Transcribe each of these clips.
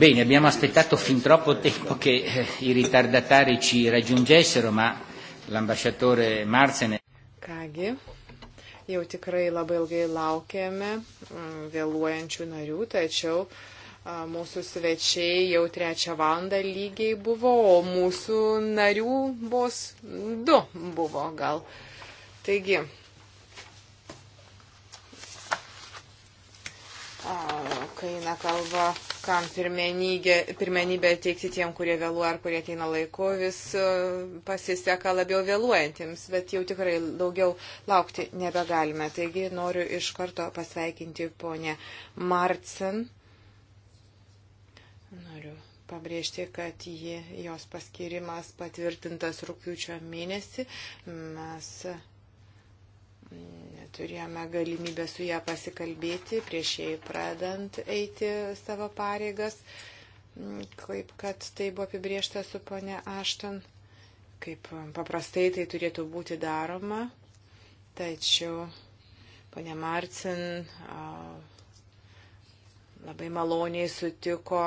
Bene, abbiamo aspettato fin troppo tempo che eh, i ritardatari ci raggiungessero, ma l'ambasciatore Marsene. Kągi, jau tikrai labai ilgai laukėme mm, vėluojančių narių, tačiau mūsų svečiai jau trečią valandą lygiai buvo, o mūsų narių vos du buvo gal. Taigi, kai eina kalba kam pirmenybė teikti tiem, kurie vėluoja ar kurie ateina laiku, vis e, pasiseka labiau vėluojantiems, bet jau tikrai daugiau laukti nebegalime. Taigi noriu iš karto pasveikinti ponę Marcen. Noriu pabrėžti, kad ji, jos paskirimas patvirtintas rūpiučio mėnesį. Mes turėjome galimybę su ją pasikalbėti prieš jai pradant eiti savo pareigas, kaip kad tai buvo apibriešta su ponė Ašton, kaip paprastai tai turėtų būti daroma, tačiau ponė Marcin labai maloniai sutiko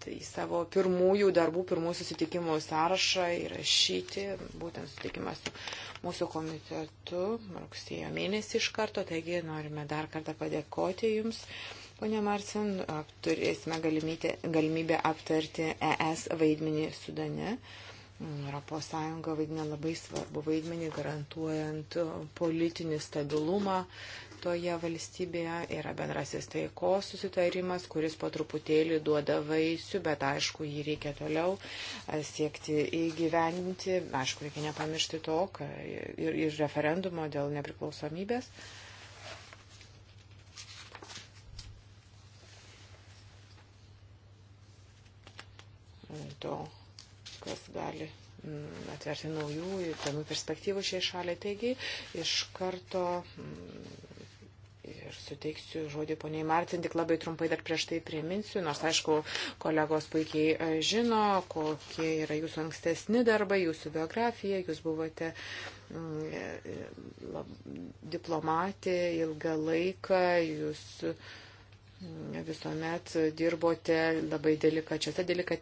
tai savo pirmųjų darbų, pirmųjų susitikimų sąrašą įrašyti, būtent susitikimas su mūsų komitetu rugsėjo mėnesį iš karto, taigi norime dar kartą padėkoti Jums. Pone Marcin, turėsime galimybę, galimybę aptarti ES vaidmenį Sudane. Mm, ES vaidina labai svarbu vaidmenį, garantuojant politinį stabilumą, toje valstybėje, yra bendrasis taikos susitarimas, kuris po truputėlį duoda vaisių, bet aišku, jį reikia toliau siekti įgyvendinti. Aišku, reikia nepamiršti to, ir, ir referendumo dėl nepriklausomybės. To, kas gali mm, atverti naujų įdomių perspektyvų šiai šaliai. Taigi iš karto mm, Ir suteiksiu žodį poniai Martin, tik labai trumpai dar prieš tai priminsiu, nors aišku, kolegos puikiai e, žino, kokie yra jūsų ankstesni darbai, jūsų biografija, jūs buvote mm, e, e, diplomatė ilgą laiką, jūs mm, visuomet dirbote labai delikačiose, delika,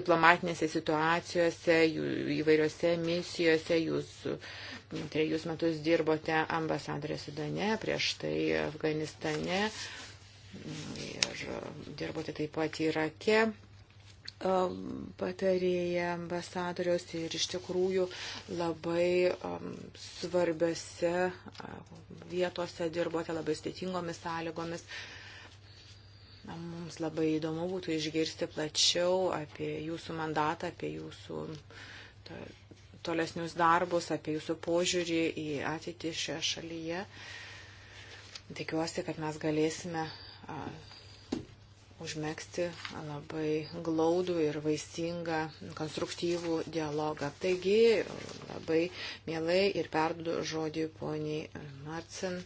diplomatinėse situacijose, jų, įvairiose misijose, jūs trejus metus dirbote ambasadorė Sudane, prieš tai Afganistane ir dirbote taip pat Irake patarėja ambasadoriaus ir iš tikrųjų labai um, svarbiose vietose dirbote labai sudėtingomis sąlygomis. Mums labai įdomu būtų išgirsti plačiau apie jūsų mandatą, apie jūsų ta, tolesnius darbus, apie jūsų požiūrį į ateitį šioje šalyje. Tikiuosi, kad mes galėsime užmėgsti labai glaudų ir vaisingą konstruktyvų dialogą. Taigi labai mielai ir perdu žodį poniai Marcin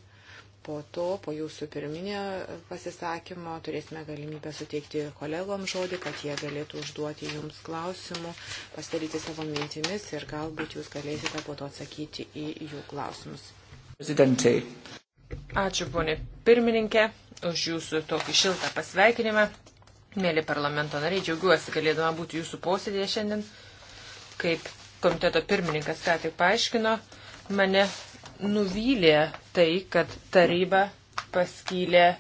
po to, po jūsų pirminio pasisakymo, turėsime galimybę suteikti kolegom žodį, kad jie galėtų užduoti jums klausimų, pasidaryti savo mintimis ir galbūt jūs galėsite po to atsakyti į jų klausimus. Prezidentai. Ačiū, ponė pirmininkė, už jūsų tokį šiltą pasveikinimą. Mėly parlamento nariai, džiaugiuosi galėdama būti jūsų posėdėje šiandien. Kaip komiteto pirmininkas ką tik paaiškino, mane nuvylė tai, kad taryba paskylė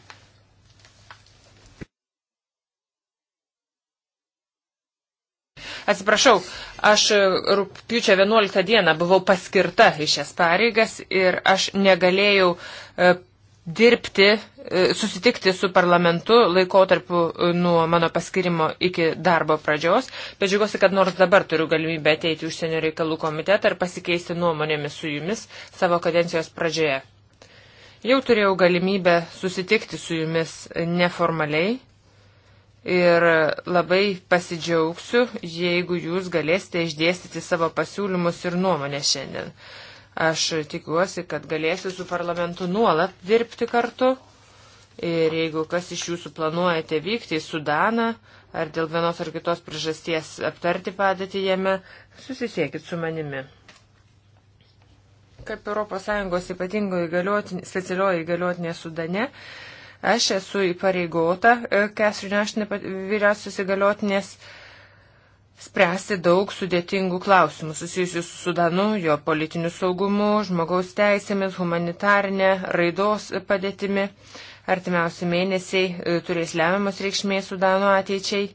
Atsiprašau, aš rūpiučio 11 dieną buvau paskirta į šias pareigas ir aš negalėjau e, dirbti E, susitikti su parlamentu laikotarpiu e, nuo mano paskirimo iki darbo pradžios, bet žiūrėsiu, kad nors dabar turiu galimybę ateiti užsienio reikalų komitetą ir pasikeisti nuomonėmis su jumis savo kadencijos pradžioje. Jau turėjau galimybę susitikti su jumis neformaliai ir labai pasidžiaugsiu, jeigu jūs galėsite išdėstyti savo pasiūlymus ir nuomonę šiandien. Aš tikiuosi, kad galėsiu su parlamentu nuolat dirbti kartu Ir jeigu kas iš jūsų planuojate vykti į Sudaną ar dėl vienos ar kitos priežasties aptarti padėtį jame, susisiekit su manimi. Kaip ES ypatingo įgaliotinė, specialioji įgaliotinė Sudane, aš esu įpareigota e, Catherine Ashton vyriausios įgaliotinės spręsti daug sudėtingų klausimų susijusių su Sudanu, jo politiniu saugumu, žmogaus teisėmis, humanitarinė, raidos padėtimi. Uh, Artimiausi mėnesiai e, turės lemiamos reikšmės Sudano ateičiai.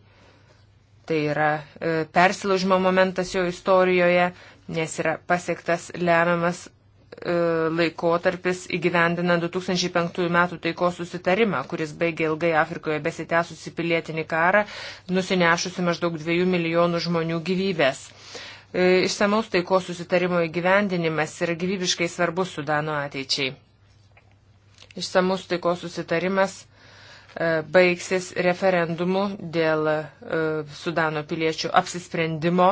Tai yra e, persilaužimo momentas jo istorijoje, nes yra pasiektas lemiamas e, laikotarpis įgyvendina 2005 metų taikos susitarimą, kuris baigė ilgai Afrikoje besitęsusi pilietinį karą, nusinešusi maždaug 2 milijonų žmonių gyvybės. Išsamaus taikos susitarimo įgyvendinimas yra gyvybiškai svarbus Sudano ateičiai išsamus taikos susitarimas e, baigsis referendumu dėl e, Sudano piliečių apsisprendimo,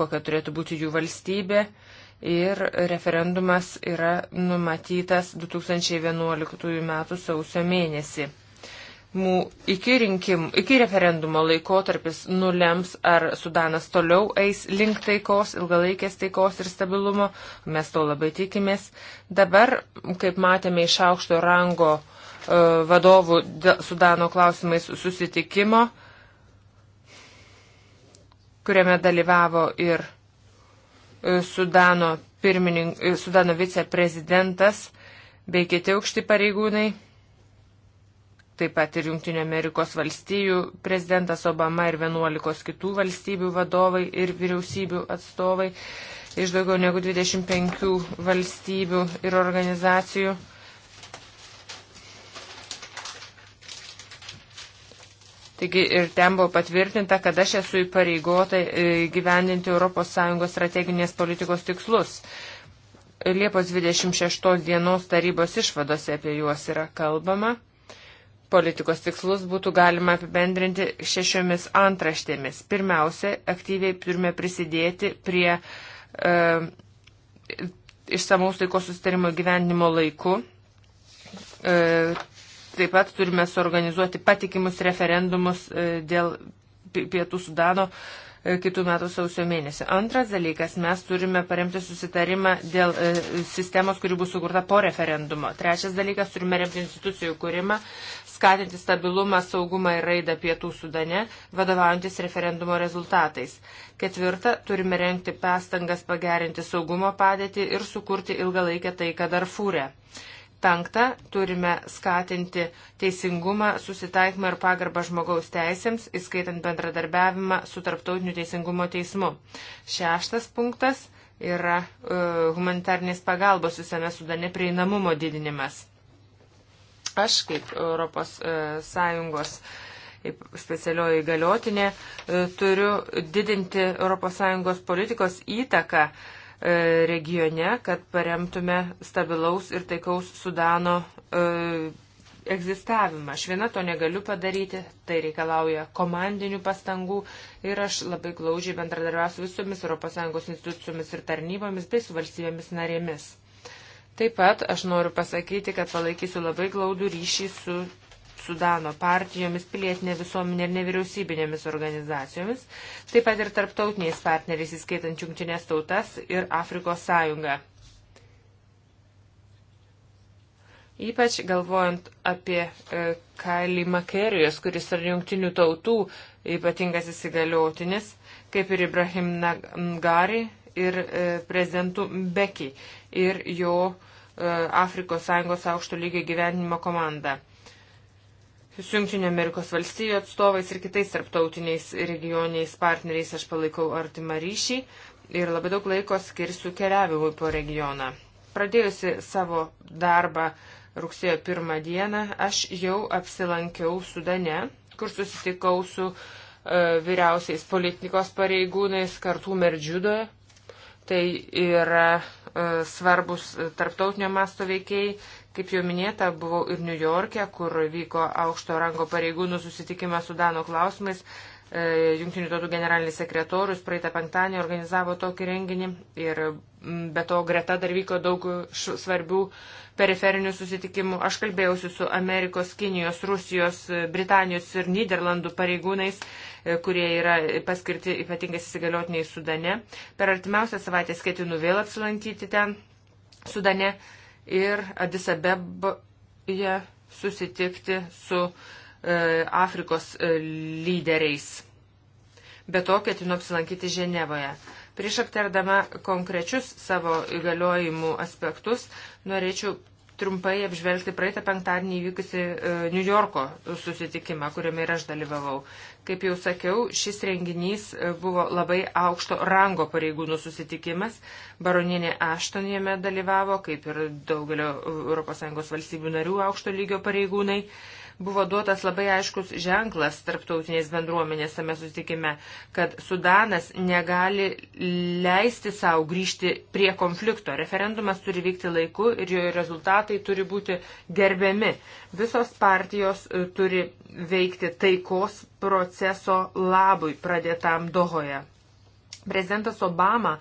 kokia turėtų būti jų valstybė. Ir referendumas yra numatytas 2011 m. sausio mėnesį iki, rinkim, iki referendumo laikotarpis nulems, ar Sudanas toliau eis link taikos, ilgalaikės taikos ir stabilumo. Mes to labai tikimės. Dabar, kaip matėme iš aukšto rango e, vadovų Sudano klausimais susitikimo, kuriame dalyvavo ir e, Sudano, pirmininkas, e, Sudano viceprezidentas bei kiti aukšti pareigūnai taip pat ir Junktinio Amerikos valstijų prezidentas Obama ir 11 kitų valstybių vadovai ir vyriausybių atstovai iš daugiau negu 25 valstybių ir organizacijų. Taigi ir ten buvo patvirtinta, kad aš esu įpareigota e, gyvendinti ES strateginės politikos tikslus. Liepos 26 dienos tarybos išvadose apie juos yra kalbama politikos tikslus būtų galima apibendrinti šešiomis antraštėmis. Pirmiausia, aktyviai turime prisidėti prie e, išsamaus taikos sustarimo gyvenimo laiku. E, taip pat turime suorganizuoti patikimus referendumus e, dėl pietų Sudano e, kitų metų sausio mėnesį. Antras dalykas, mes turime paremti susitarimą dėl e, sistemos, kuri bus sukurta po referendumo. Trečias dalykas, turime remti institucijų kūrimą, skatinti stabilumą, saugumą ir raidą pietų sudane, vadovaujantis referendumo rezultatais. Ketvirta, turime renkti pastangas pagerinti saugumo padėtį ir sukurti ilgalaikę taiką Darfūrę. Penkta, turime skatinti teisingumą, susitaikymą ir pagarbą žmogaus teisėms, įskaitant bendradarbiavimą su Tarptautiniu teisingumo teismu. Šeštas punktas yra uh, humanitarnės pagalbos visame sudane prieinamumo didinimas. Aš kaip ES e, e, specialioji galiotinė e, turiu didinti ES politikos įtaką regione, kad paremtume stabilaus ir taikaus Sudano egzistavimą. Aš viena to negaliu padaryti, tai reikalauja komandinių pastangų ir aš labai glaudžiai bendradarbiausiu visomis ES institucijomis ir tarnybomis bei su valstybėmis narėmis. Taip pat aš noriu pasakyti, kad palaikysiu labai glaudų ryšį su Sudano partijomis, pilietinė visuomenė ir nevyriausybinėmis organizacijomis, taip pat ir tarptautiniais partneriais, įskaitant Junktinės tautas ir Afrikos sąjungą. Ypač galvojant apie e, Kailį Makerijos, kuris yra Junktinių tautų ypatingas įsigaliotinis, kaip ir Ibrahim Ngari ir e, prezidentų Bekiai ir jo e, Afrikos Sąjungos aukšto lygio gyvenimo komanda su Junktinio Amerikos valstijų atstovais ir kitais tarptautiniais regioniais partneriais aš palaikau artimą ryšį ir labai daug laiko skirsiu keliavimui po regioną. Pradėjusi savo darbą rugsėjo pirmą dieną, aš jau apsilankiau Sudane, kur susitikau su uh, vyriausiais politikos pareigūnais kartų merdžiudoje. Tai yra uh, E, svarbus tarptautinio masto veikėjai. Kaip jau minėta, buvau ir Niujorke, kur vyko aukšto rango pareigūnų susitikimas Sudano klausimais. E, Junktinių tautų generalinis sekretorius praeitą penktadienį organizavo tokį renginį ir be to greta dar vyko daug svarbių periferinių susitikimų. Aš kalbėjausi su Amerikos, Kinijos, Rusijos, e, Britanijos ir Niderlandų pareigūnais, e, kurie yra paskirti ypatingai įsigaliotiniai Sudane. Per artimiausią savaitę ketinu vėl apsilankyti ten Sudane ir Adisabeboje susitikti su uh, E, Afrikos e, lyderiais. Be to ketinu apsilankyti Ženevoje. Prieš aptardama konkrečius savo įgaliojimų aspektus, norėčiau trumpai apžvelgti praeitą penktadienį įvykusi e, New Yorko susitikimą, kuriame ir aš dalyvavau. Kaip jau sakiau, šis renginys buvo labai aukšto rango pareigūnų susitikimas. Baroninė Ašton jame dalyvavo, kaip ir daugelio ES valstybių narių aukšto lygio pareigūnai buvo duotas labai aiškus ženklas tarptautinės bendruomenės tame susitikime, kad Sudanas negali leisti savo grįžti prie konflikto. Referendumas turi vykti laiku ir jo rezultatai turi būti gerbiami. Visos partijos e, turi veikti taikos proceso labui pradėtam Dohoje. Prezidentas Obama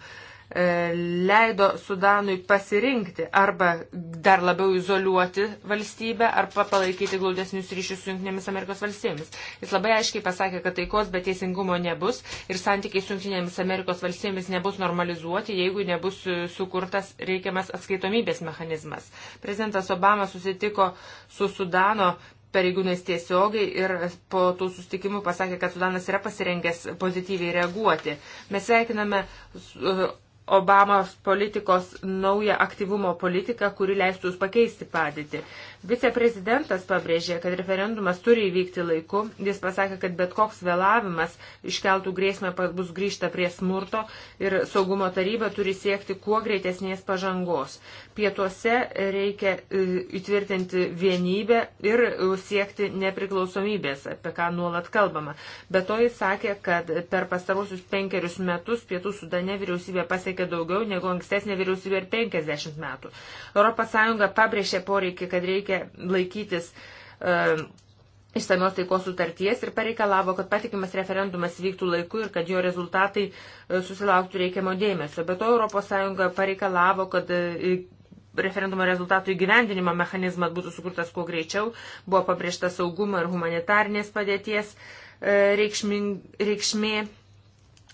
E, leido Sudanui pasirinkti arba dar labiau izoliuoti valstybę, arba palaikyti glaudesnius ryšius su Junktinėmis Amerikos valstybėmis. Jis labai aiškiai pasakė, kad taikos be teisingumo nebus ir santykiai su Junktinėmis Amerikos valstybėmis nebus normalizuoti, jeigu nebus e, sukurtas reikiamas atskaitomybės mechanizmas. Prezidentas Obama susitiko su Sudano pareigūnais tiesiogiai ir po tų sustikimų pasakė, kad Sudanas yra pasirengęs pozityviai reaguoti. Mes sveikiname e, Obamos politikos naują aktyvumo politiką, kuri leistų jūs pakeisti padėtį. Viceprezidentas pabrėžė, kad referendumas turi įvykti laiku. Jis pasakė, kad bet koks vėlavimas iškeltų grėsmę bus grįžta prie smurto ir saugumo taryba turi siekti kuo greitesnės pažangos. Pietuose reikia e, įtvirtinti vienybę ir e, siekti nepriklausomybės, apie ką nuolat kalbama. Be to jis sakė, kad per pastarosius penkerius metus Pietų Sudane vyriausybė pasiekė pasiekė daugiau negu ankstesnė vyriausybė ir 50 metų. ES pabrėžė poreikį, kad reikia laikytis. Uh, Išsamios taikos sutarties ir pareikalavo, kad patikimas referendumas vyktų laiku ir kad jo rezultatai e, susilauktų reikiamo dėmesio. Be to ES pareikalavo, kad e, referendumo rezultatų įgyvendinimo mechanizmas būtų sukurtas kuo greičiau, buvo pabrėžta saugumo ir humanitarnės padėties e, reikšming, reikšmė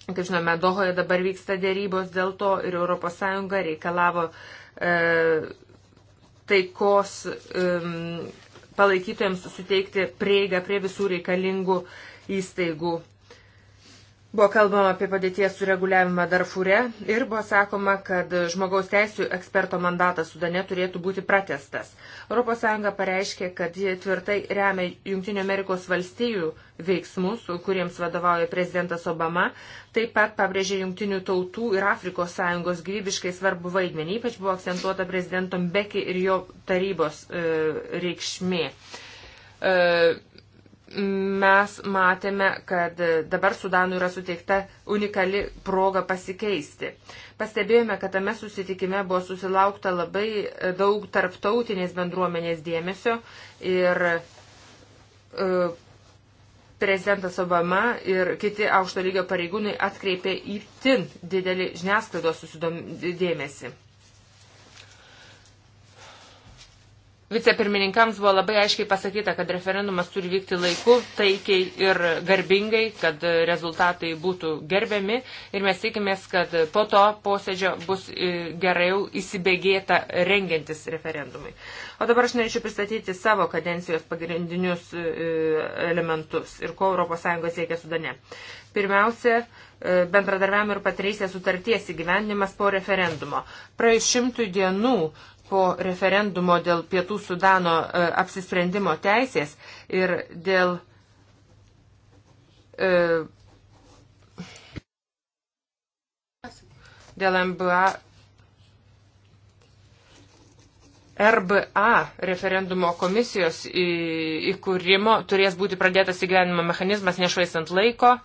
Kaip žinome, Dohoje dabar vyksta dėrybos dėl to ir ES reikalavo e, taikos e, palaikytojams suteikti prieigą prie visų reikalingų įstaigų Buvo kalbama apie padėties sureguliavimą Darfūre ir buvo sakoma, kad žmogaus teisų eksperto mandatas Sudane turėtų būti pratestas. ES pareiškė, kad jie tvirtai remia JAV veiksmus, kuriems vadovauja prezidentas Obama. Taip pat pabrėžė Junktinių tautų ir Afrikos sąjungos gyvybiškai svarbu vaidmenį, ypač buvo akcentuota prezidentom Beki ir jo tarybos e, reikšmė. E, mes matėme, kad dabar Sudanui yra suteikta unikali proga pasikeisti. Pastebėjome, kad tame susitikime buvo susilaukta labai e, daug tarptautinės bendruomenės dėmesio ir e, prezidentas Obama ir kiti aukšto lygio pareigūnai atkreipė į tin didelį žiniasklaidos susidomėjimą. Vicepirmininkams buvo labai aiškiai pasakyta, kad referendumas turi vykti laiku, taikiai ir garbingai, kad rezultatai būtų gerbiami ir mes tikimės, kad po to posėdžio bus e, gerai įsibėgėta rengiantis referendumui. O dabar aš norėčiau pristatyti savo kadencijos pagrindinius e, elementus ir ko ES siekia sudane. Pirmiausia, e, bendradarbiavimo ir patarysės sutarties įgyvendimas po referendumo. Praėjus šimtų dienų po referendumo dėl Pietų Sudano e, apsisprendimo teisės ir dėl e, dėl MBA, RBA referendumo komisijos įkūrimo turės būti pradėtas įgyvenimo mechanizmas nešvaistant laiko.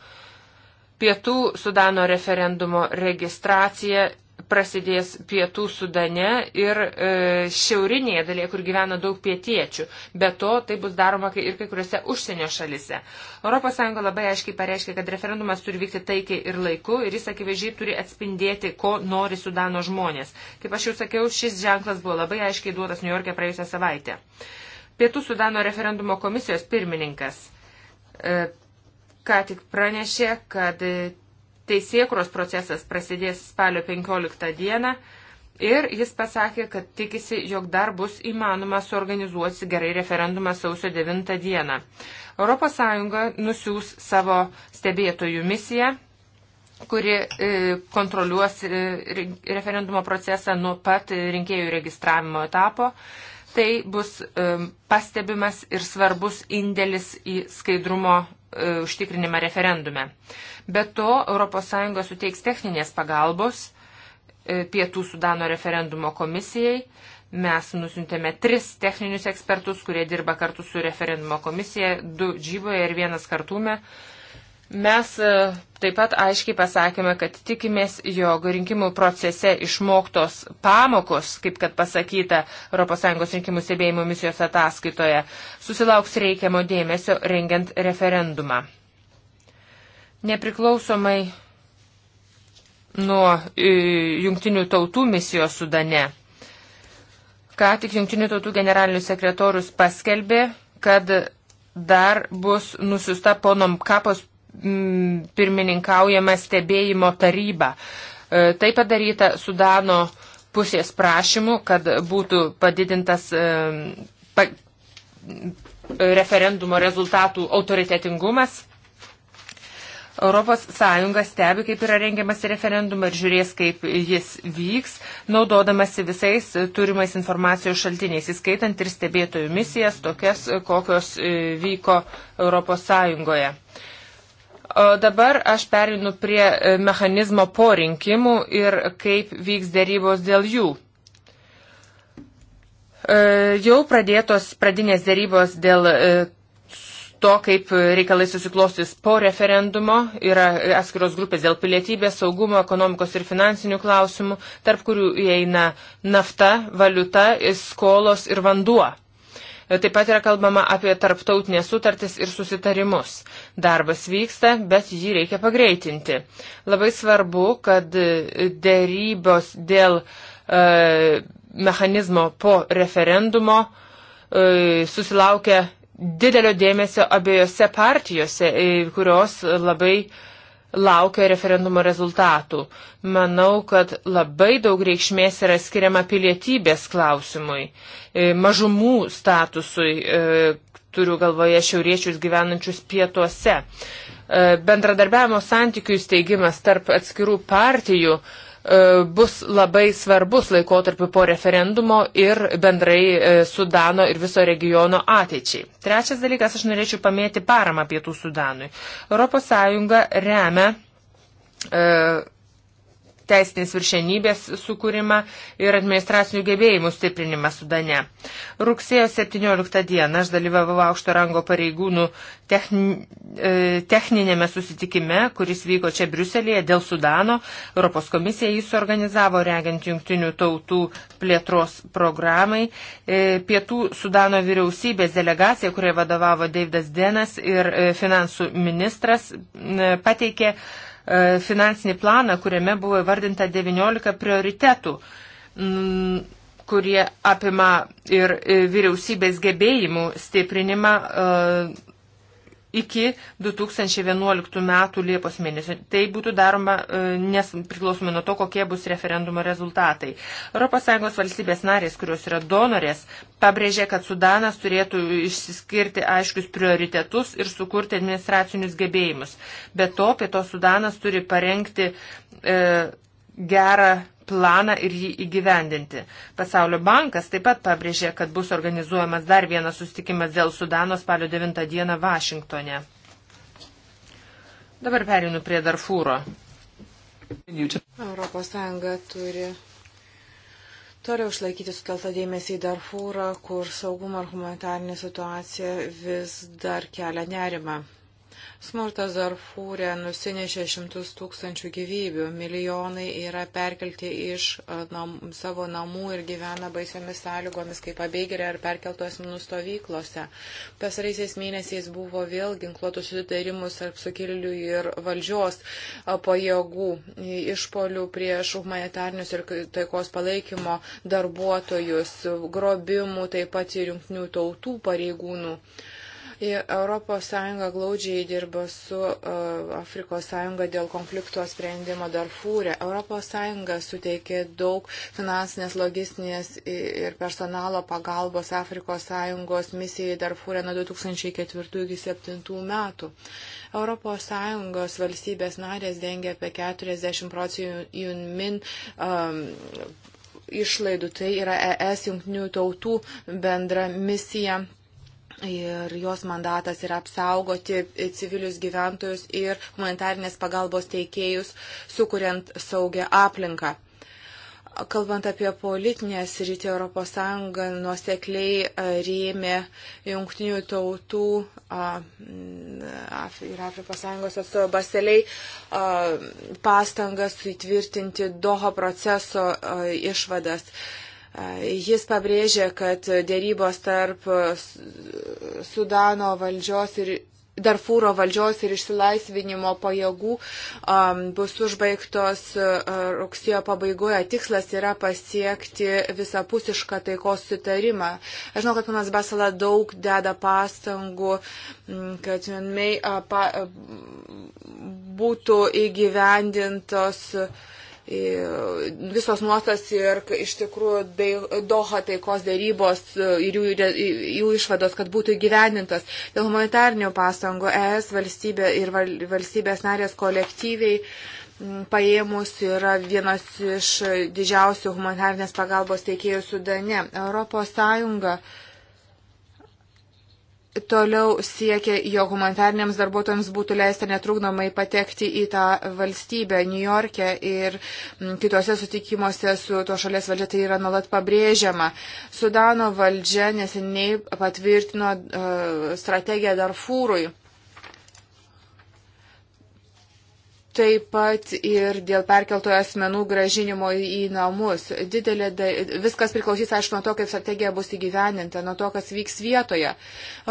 Pietų Sudano referendumo registracija prasidės pietų Sudane ir e, šiaurinėje dalyje, kur gyvena daug pietiečių. Be to, tai bus daroma ir kai kuriuose užsienio šalise. ES labai aiškiai pareiškia, kad referendumas turi vykti taikiai ir laiku ir jis akivaizdžiai turi atspindėti, ko nori Sudano žmonės. Kaip aš jau sakiau, šis ženklas buvo labai aiškiai duotas New York'e praėjusią savaitę. Pietų Sudano referendumo komisijos pirmininkas. E, ką tik pranešė, kad e, Teisėkros procesas prasidės spalio 15 dieną ir jis pasakė, kad tikisi, jog dar bus įmanoma suorganizuoti gerai referendumą sausio 9 dieną. ES nusiūs savo stebėtojų misiją kuri e, kontroliuos e, referendumo procesą nuo pat rinkėjų registravimo etapo. Tai bus e, pastebimas ir svarbus indėlis į skaidrumo E, užtikrinimą referendume. Be to, ES suteiks techninės pagalbos e, Pietų Sudano referendumo komisijai. Mes nusintėme tris techninius ekspertus, kurie dirba kartu su referendumo komisija, du Džyboje ir vienas kartume. Uh, Mes e, taip pat aiškiai pasakėme, kad tikimės, jog rinkimų procese išmoktos pamokos, kaip kad pasakyta ES rinkimų stebėjimo misijos ataskaitoje, susilauks reikiamo dėmesio rengiant referendumą. Nepriklausomai nuo e, jungtinių tautų misijos Sudane, ką tik jungtinių tautų generalinius sekretorius paskelbė, kad dar bus nusiusta ponom Kapos Mm, pirmininkaujama stebėjimo taryba. E, tai padaryta Sudano pusės prašymu, kad būtų padidintas e, pa, referendumo rezultatų autoritetingumas. Europos Sąjunga stebi, kaip yra rengiamas referendumą ir žiūrės, kaip jis vyks, naudodamasi visais turimais informacijos šaltiniais, įskaitant ir stebėtojų misijas, tokias, kokios e, vyko Europos Sąjungoje. Uh, O dabar aš perinu prie e, mechanizmo po rinkimų ir kaip vyks dėrybos dėl jų. E, jau pradėtos pradinės dėrybos dėl e, to, kaip reikalai susiklostys po referendumo, yra atskiros grupės dėl pilietybės, saugumo, ekonomikos ir finansinių klausimų, tarp kurių įeina nafta, valiuta, skolos ir vanduo. Taip pat yra kalbama apie tarptautinės sutartis ir susitarimus. Darbas vyksta, bet jį reikia pagreitinti. Labai svarbu, kad dėrybos dėl e, mechanizmo po referendumo e, susilaukia didelio dėmesio abiejose partijose, e, kurios labai uh, laukia referendumo rezultatų. Manau, kad labai daug reikšmės yra skiriama pilietybės klausimui, e, mažumų statusui, e, turiu galvoje šiauriečius gyvenančius pietuose. E, bendradarbiavimo santykių įsteigimas tarp atskirų partijų E, bus labai svarbus laikotarpiu po referendumo ir bendrai e, Sudano ir viso regiono ateičiai. Trečias dalykas, aš norėčiau pamėti paramą pietų Sudanui. ES remia e, teisinės viršenybės sukūrimą ir administracinių gebėjimų stiprinimą Sudane. Rugsėjo 17 dieną aš dalyvavau aukšto rango pareigūnų techni, e, techninėme susitikime, kuris vyko čia Briuselėje dėl Sudano. Europos komisija jį suorganizavo reagiant jungtinių tautų plėtros programai. E, Pietų Sudano vyriausybės delegacija, kuriai vadovavo Deividas Denas ir e, finansų ministras, pateikė E, finansinį planą, kuriame buvo įvardinta 19 prioritetų, mm, kurie apima ir e, vyriausybės gebėjimų stiprinimą e, iki 2011 metų Liepos mėnesio. Tai būtų daroma, e, nes priklausomai nuo to, kokie bus referendumo rezultatai. ES valstybės narės, kurios yra donorės, pabrėžė, kad Sudanas turėtų išsiskirti aiškius prioritetus ir sukurti administracinius gebėjimus. Be to, pieto Sudanas turi parengti e, gerą planą ir jį įgyvendinti. Pasaulio bankas taip pat pabrėžė, kad bus organizuojamas dar vienas sustikimas dėl Sudano spalio 9 dieną Vašingtone. Dabar perinu prie Darfūro. Europos Sąjunga turi Toliau išlaikyti suteltą dėmesį į Darfūrą, kur saugumo ir humanitarinė situacija vis dar kelia nerimą. Smurtas Darfūrė nusinešė šimtus tūkstančių gyvybių, milijonai yra perkelti iš e, nam, savo namų ir gyvena baisiomis sąlygomis, kaip pabėgėliai ar perkeltų asmenų stovyklose. Pasaraisiais mėnesiais buvo vėl ginkluotų susitarimus tarp sukilėlių ir valdžios e, pajėgų e, išpolių prieš humanitarnius ir taikos palaikymo darbuotojus, grobimų, taip pat ir jungtinių tautų pareigūnų. Europos Sąjunga glaudžiai dirba su e, Afrikos Sąjunga dėl konflikto sprendimo Darfūrė. Europos Sąjunga suteikė daug finansinės, logistinės ir personalo pagalbos Afrikos Sąjungos misijai Darfūrė nuo 2004 iki 2007 metų. Europos Sąjungos valstybės narės dengia apie 40 procentų UNMIN um, išlaidų. Tai yra ES jungtinių tautų bendra misija ir jos mandatas yra apsaugoti civilius gyventojus ir humanitarnės pagalbos teikėjus, sukuriant saugią aplinką. Kalbant apie politinę sritį, ES nuosekliai e, rėmė jungtinių tautų ir Afrikos Sąjungos atstovų baseliai pastangas įtvirtinti Doha proceso išvadas. A, Jis pabrėžė, kad dėrybos tarp Sudano valdžios ir Darfūro valdžios ir išsilaisvinimo pajėgų um, bus užbaigtos uh, rugsėjo pabaigoje. Tikslas yra pasiekti visapusišką taikos sutarimą. Aš žinau, kad panas Basala daug deda pastangų, mm, kad jinai uh, pa, uh, būtų įgyvendintos. Uh, E, visos nuostas ir iš tikrųjų Doha taikos darybos e, ir jų, jų išvados, kad būtų įgyvendintas. Dėl humanitarnių pastangų ES valstybė ir valstybės narės kolektyviai paėmus yra vienas iš didžiausių humanitarnės pagalbos teikėjų Sudane. Europos Sąjunga uh, toliau siekia, jog humanitariniams darbuotojams būtų leista netrukdomai patekti į tą valstybę, New York'e ir mm, kitose sutikimuose su to šalies valdžia tai yra nuolat pabrėžiama. Sudano valdžia neseniai patvirtino uh, strategiją Darfūrui. Taip pat ir dėl perkeltojo asmenų gražinimo į namus. Didelė, da... viskas priklausys, aišku, nuo to, kaip strategija bus įgyveninta, nuo to, kas vyks vietoje.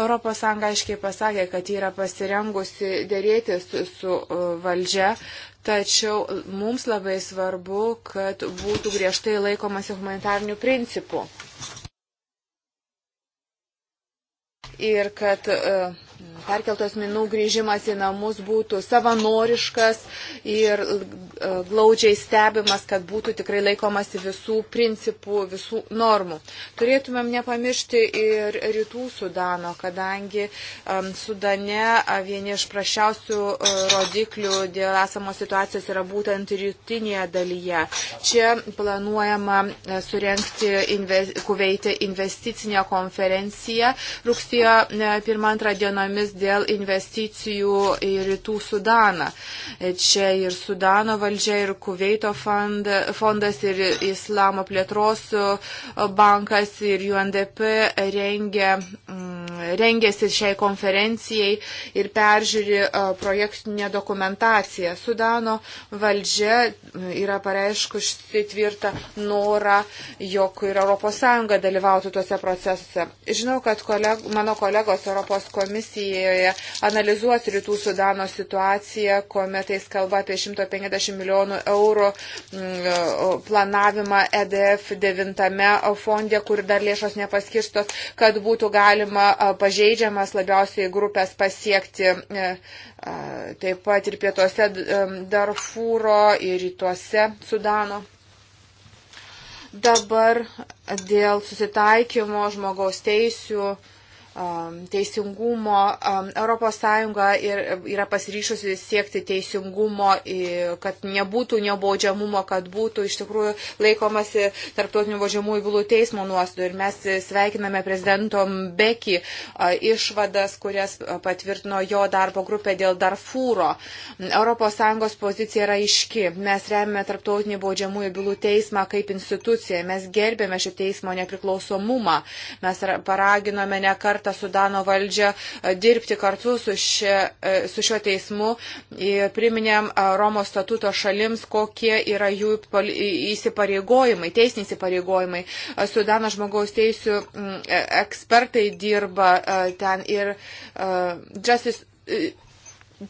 ES aiškiai pasakė, kad yra pasirengusi dėrėtis su uh, valdžia, tačiau mums labai svarbu, kad būtų griežtai laikomasi humanitarnių principų. Ir kad uh, perkeltų asmenų grįžimas į namus būtų savanoriškas ir e, glaudžiai stebimas, kad būtų tikrai laikomasi visų principų, visų normų. Turėtumėm nepamiršti ir rytų Sudano, kadangi Sudane vieni iš prašiausių e, rodiklių dėl esamos situacijos yra būtent rytinėje dalyje. Čia planuojama e, surenkti inve, kuveitę investicinę konferenciją rugsėjo 1-2 dienomis sutartis dėl investicijų į rytų Sudaną. Čia ir Sudano valdžia, ir Kuveito fondas, ir Islamo plėtros bankas, ir UNDP rengia, mm, rengėsi šiai konferencijai ir peržiūri e, projektinę dokumentaciją. Sudano valdžia yra pareiškusi tvirtą norą, jog ir ES dalyvautų tuose procesuose. Žinau, kad koleg, mano kolegos Europos komisijai Asamblėjoje analizuos rytų Sudano situaciją, kuomet jis kalba apie 150 milijonų eurų mm, planavimą EDF 9 fonde, kur dar lėšos nepaskirstos, kad būtų galima pažeidžiamas labiausiai grupės pasiekti e, taip pat ir pietuose e, Darfūro ir rytuose Sudano. Dabar dėl susitaikymo žmogaus teisių Um, teisingumo. Um, Europos Sąjunga yra pasiryšusi siekti teisingumo, kad nebūtų nebaudžiamumo, kad būtų iš tikrųjų laikomasi tarptautinių baudžiamųjų bylų teismo nuostų. Ir mes sveikiname prezidento Beki išvadas, kurias patvirtino jo darbo grupė dėl Darfūro. Europos Sąjungos pozicija yra iški. Mes remiame tarptautinį baudžiamųjų bylų teismą kaip instituciją. Mes gerbėme šio teismo nepriklausomumą. Mes paraginome nekart kartą Sudano valdžią e, dirbti kartu su, šia, e, su šiuo teismu. Priminėm e, Romos statuto šalims, kokie yra jų įsipareigojimai, teisiniai įsipareigojimai. Sudano žmogaus teisų ekspertai dirba ten ir Justice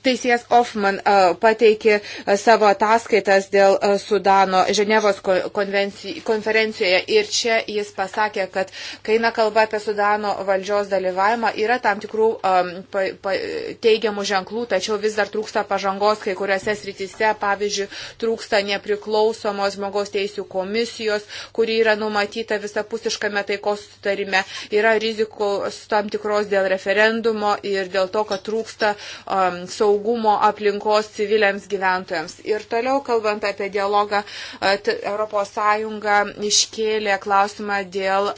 Teisėjas Hoffman e, pateikė e, savo ataskaitas dėl e, Sudano Ženevos konferencijoje ir čia jis pasakė, kad kai eina kalba apie Sudano valdžios dalyvavimą, yra tam tikrų teigiamų ženklų, tačiau vis dar trūksta pažangos kai kuriuose srityse, pavyzdžiui, trūksta nepriklausomos žmogaus teisų komisijos, kuri yra numatyta visapusiškame taikos sutarime, yra rizikos tam tikros dėl referendumo ir dėl to, kad trūksta um, saugumo aplinkos civiliams gyventojams. Ir toliau, kalbant apie dialogą, ES iškėlė klausimą dėl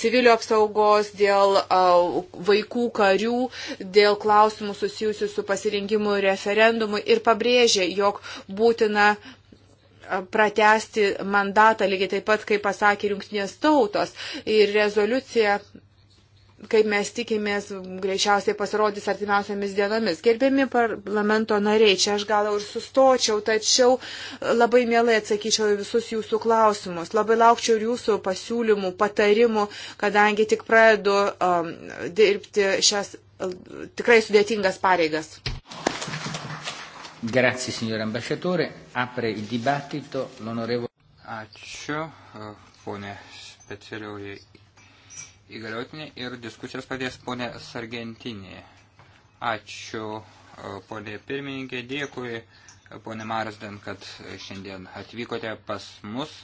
civilio apsaugos, dėl vaikų karių, dėl klausimų susijusių su pasirinkimu referendumu ir pabrėžė, jog būtina pratesti mandatą, lygiai taip pat, kaip pasakė rinktinės tautos. Ir rezoliucija kaip mes tikimės, greičiausiai pasirodys artimiausiamis dienomis. Gerbiami parlamento nariai, čia aš gal ir sustočiau, tačiau labai mielai atsakyčiau į visus jūsų klausimus. Labai laukčiau ir jūsų pasiūlymų, patarimų, kadangi tik pradedu um, dirbti šias tikrai sudėtingas pareigas. Grazie, signor ambasciatore. Apre il dibattito l'onorevole. Ačiū, uh, ponė specialioji įgaliotinį ir diskusijas pradės ponė Sargentinė. Ačiū e, ponė pirmininkė, dėkui e, ponė Marsden, kad šiandien atvykote pas mus.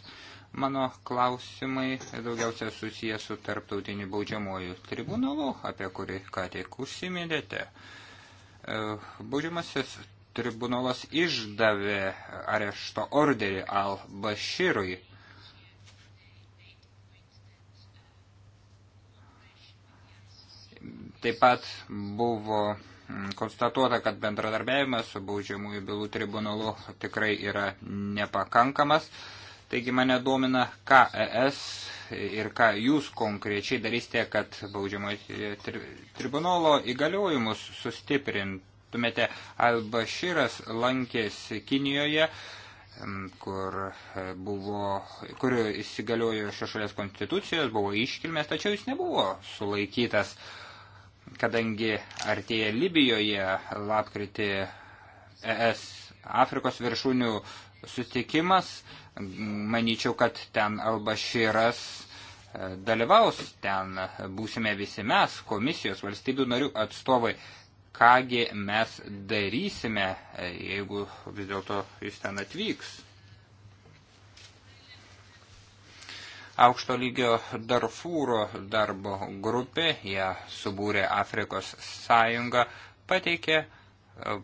Mano klausimai daugiausia susijęs su tarptautiniu baudžiamuoju tribunalu, apie kurį ką tik užsiminėte. E, baudžiamasis tribunolas išdavė arešto orderį Al Bashirui Taip pat buvo mm, konstatuota, kad bendradarbiavimas su baudžiamųjų bylų tribunalu tikrai yra nepakankamas. Taigi mane domina, ką ES ir ką jūs konkrečiai darysite, kad baudžiamojo tri tribunolo įgaliojimus sustiprintumėte. Albaširas lankėsi Kinijoje, mm, kur, e, buvo, kur įsigaliojo šios šalies konstitucijos, buvo iškilmės, tačiau jis nebuvo sulaikytas. Uh, kadangi artėja Libijoje lapkritį ES Afrikos viršūnių sutikimas, manyčiau, kad ten Albašyras e, dalyvaus, ten būsime visi mes, komisijos valstybių narių atstovai, kągi mes darysime, e, jeigu vis dėlto jis ten atvyks. aukšto lygio Darfūro darbo grupė, ją subūrė Afrikos sąjunga, pateikė e,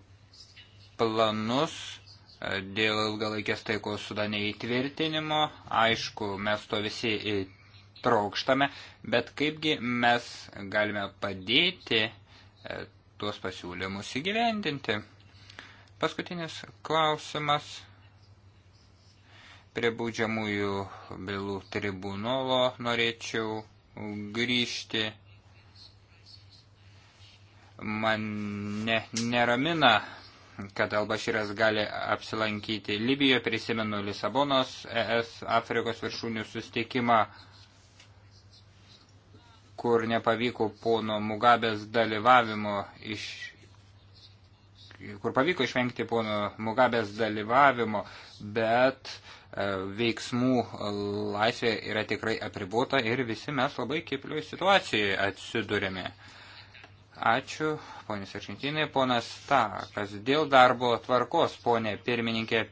planus e, dėl ilgalaikės taikos sudane įtvirtinimo. Aišku, mes to visi trokštame, bet kaipgi mes galime padėti e, tuos pasiūlymus įgyvendinti. Paskutinis klausimas Prie baudžiamųjų bylų tribunolo norėčiau grįžti. Mane neramina, kad Albaširas gali apsilankyti Libijoje, prisimenu Lisabonos ES Afrikos viršūnių sustikimą kur nepavyko pono Mugabės dalyvavimo iš kur pavyko išvengti pono Mugabės dalyvavimo, bet E, veiksmų laisvė yra tikrai apribuota ir visi mes labai kiplioj situacijoje atsidurėme. Ačiū, ponis Aršintinai, ponas Takas. Dėl darbo tvarkos, ponė pirmininkė,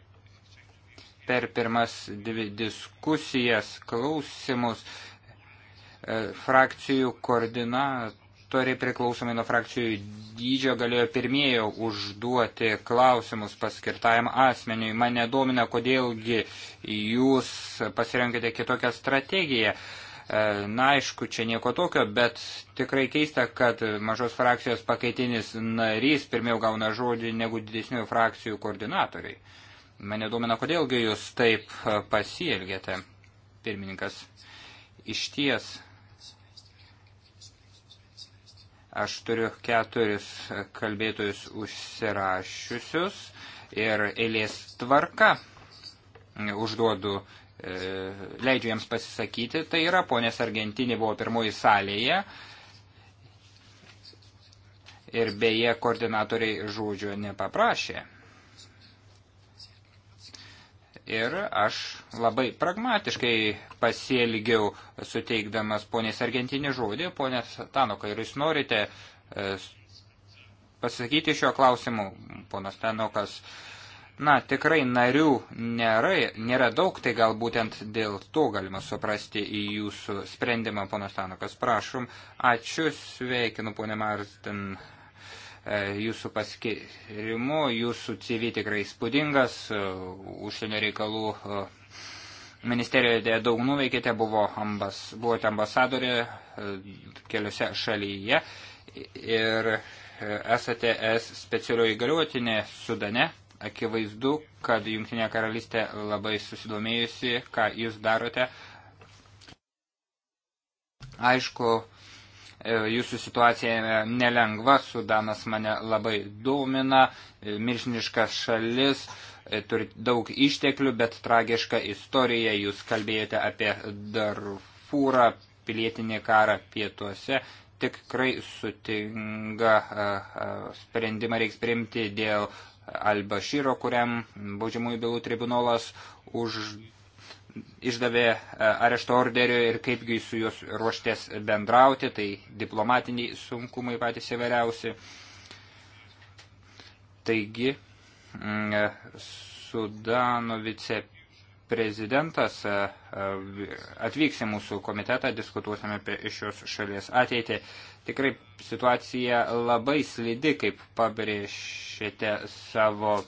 per pirmas dvi diskusijas, klausimus, e, frakcijų koordinatų koordinatoriai priklausomai nuo frakcijų dydžio galėjo pirmieji užduoti klausimus paskirtajam asmeniui. Mane domina, kodėlgi jūs pasirenkate kitokią strategiją. E, na, aišku, čia nieko tokio, bet tikrai keista, kad mažos frakcijos pakaitinis narys pirmiau gauna žodį negu didesnių frakcijų koordinatoriai. Mane domina, kodėlgi jūs taip pasielgėte, pirmininkas. Iš ties Aš turiu keturis kalbėtojus užsirašiusius ir eilės tvarka užduodu, e, leidžiu jiems pasisakyti. Tai yra, ponės Argentinė buvo pirmoji salėje ir beje koordinatoriai žodžio nepaprašė ir aš labai pragmatiškai pasielgiau, suteikdamas ponės Argentinį žodį, ponės Tanoka, ir jūs norite e, pasakyti šiuo klausimu, ponas Tanokas, na, tikrai narių nėra, nėra daug, tai gal būtent dėl to galima suprasti į jūsų sprendimą, ponas Tanokas, prašom, ačiū, sveikinu, ponė Martin E, jūsų paskirimu, jūsų CV tikrai spūdingas, e, užsienio reikalų e, ministerijoje daug nuveikėte, buvo ambas, buvote ambasadorė keliose šalyje ir esate es specialioji galiuotinė Sudane. Akivaizdu, kad Junktinė karalystė labai susidomėjusi, ką jūs darote. Aišku, E, jūsų situacija nelengva, Sudanas mane labai domina, e, milžiniška šalis, e, turi daug išteklių, bet tragiška istorija. Jūs kalbėjote apie Darfūrą, pilietinį karą pietuose. Tikrai sutinga sprendimą reiks priimti dėl Albašyro, kuriam baudžiamųjų bylų tribunolas už išdavė e, arešto orderio ir kaipgi su juos ruoštės bendrauti, tai diplomatiniai sunkumai patys įvairiausi. Taigi, mm, e, Sudano viceprezidentas e, atvyks į mūsų komitetą, diskutuosime apie šios šalies ateitį. Tikrai situacija labai slidi, kaip pabrėžėte savo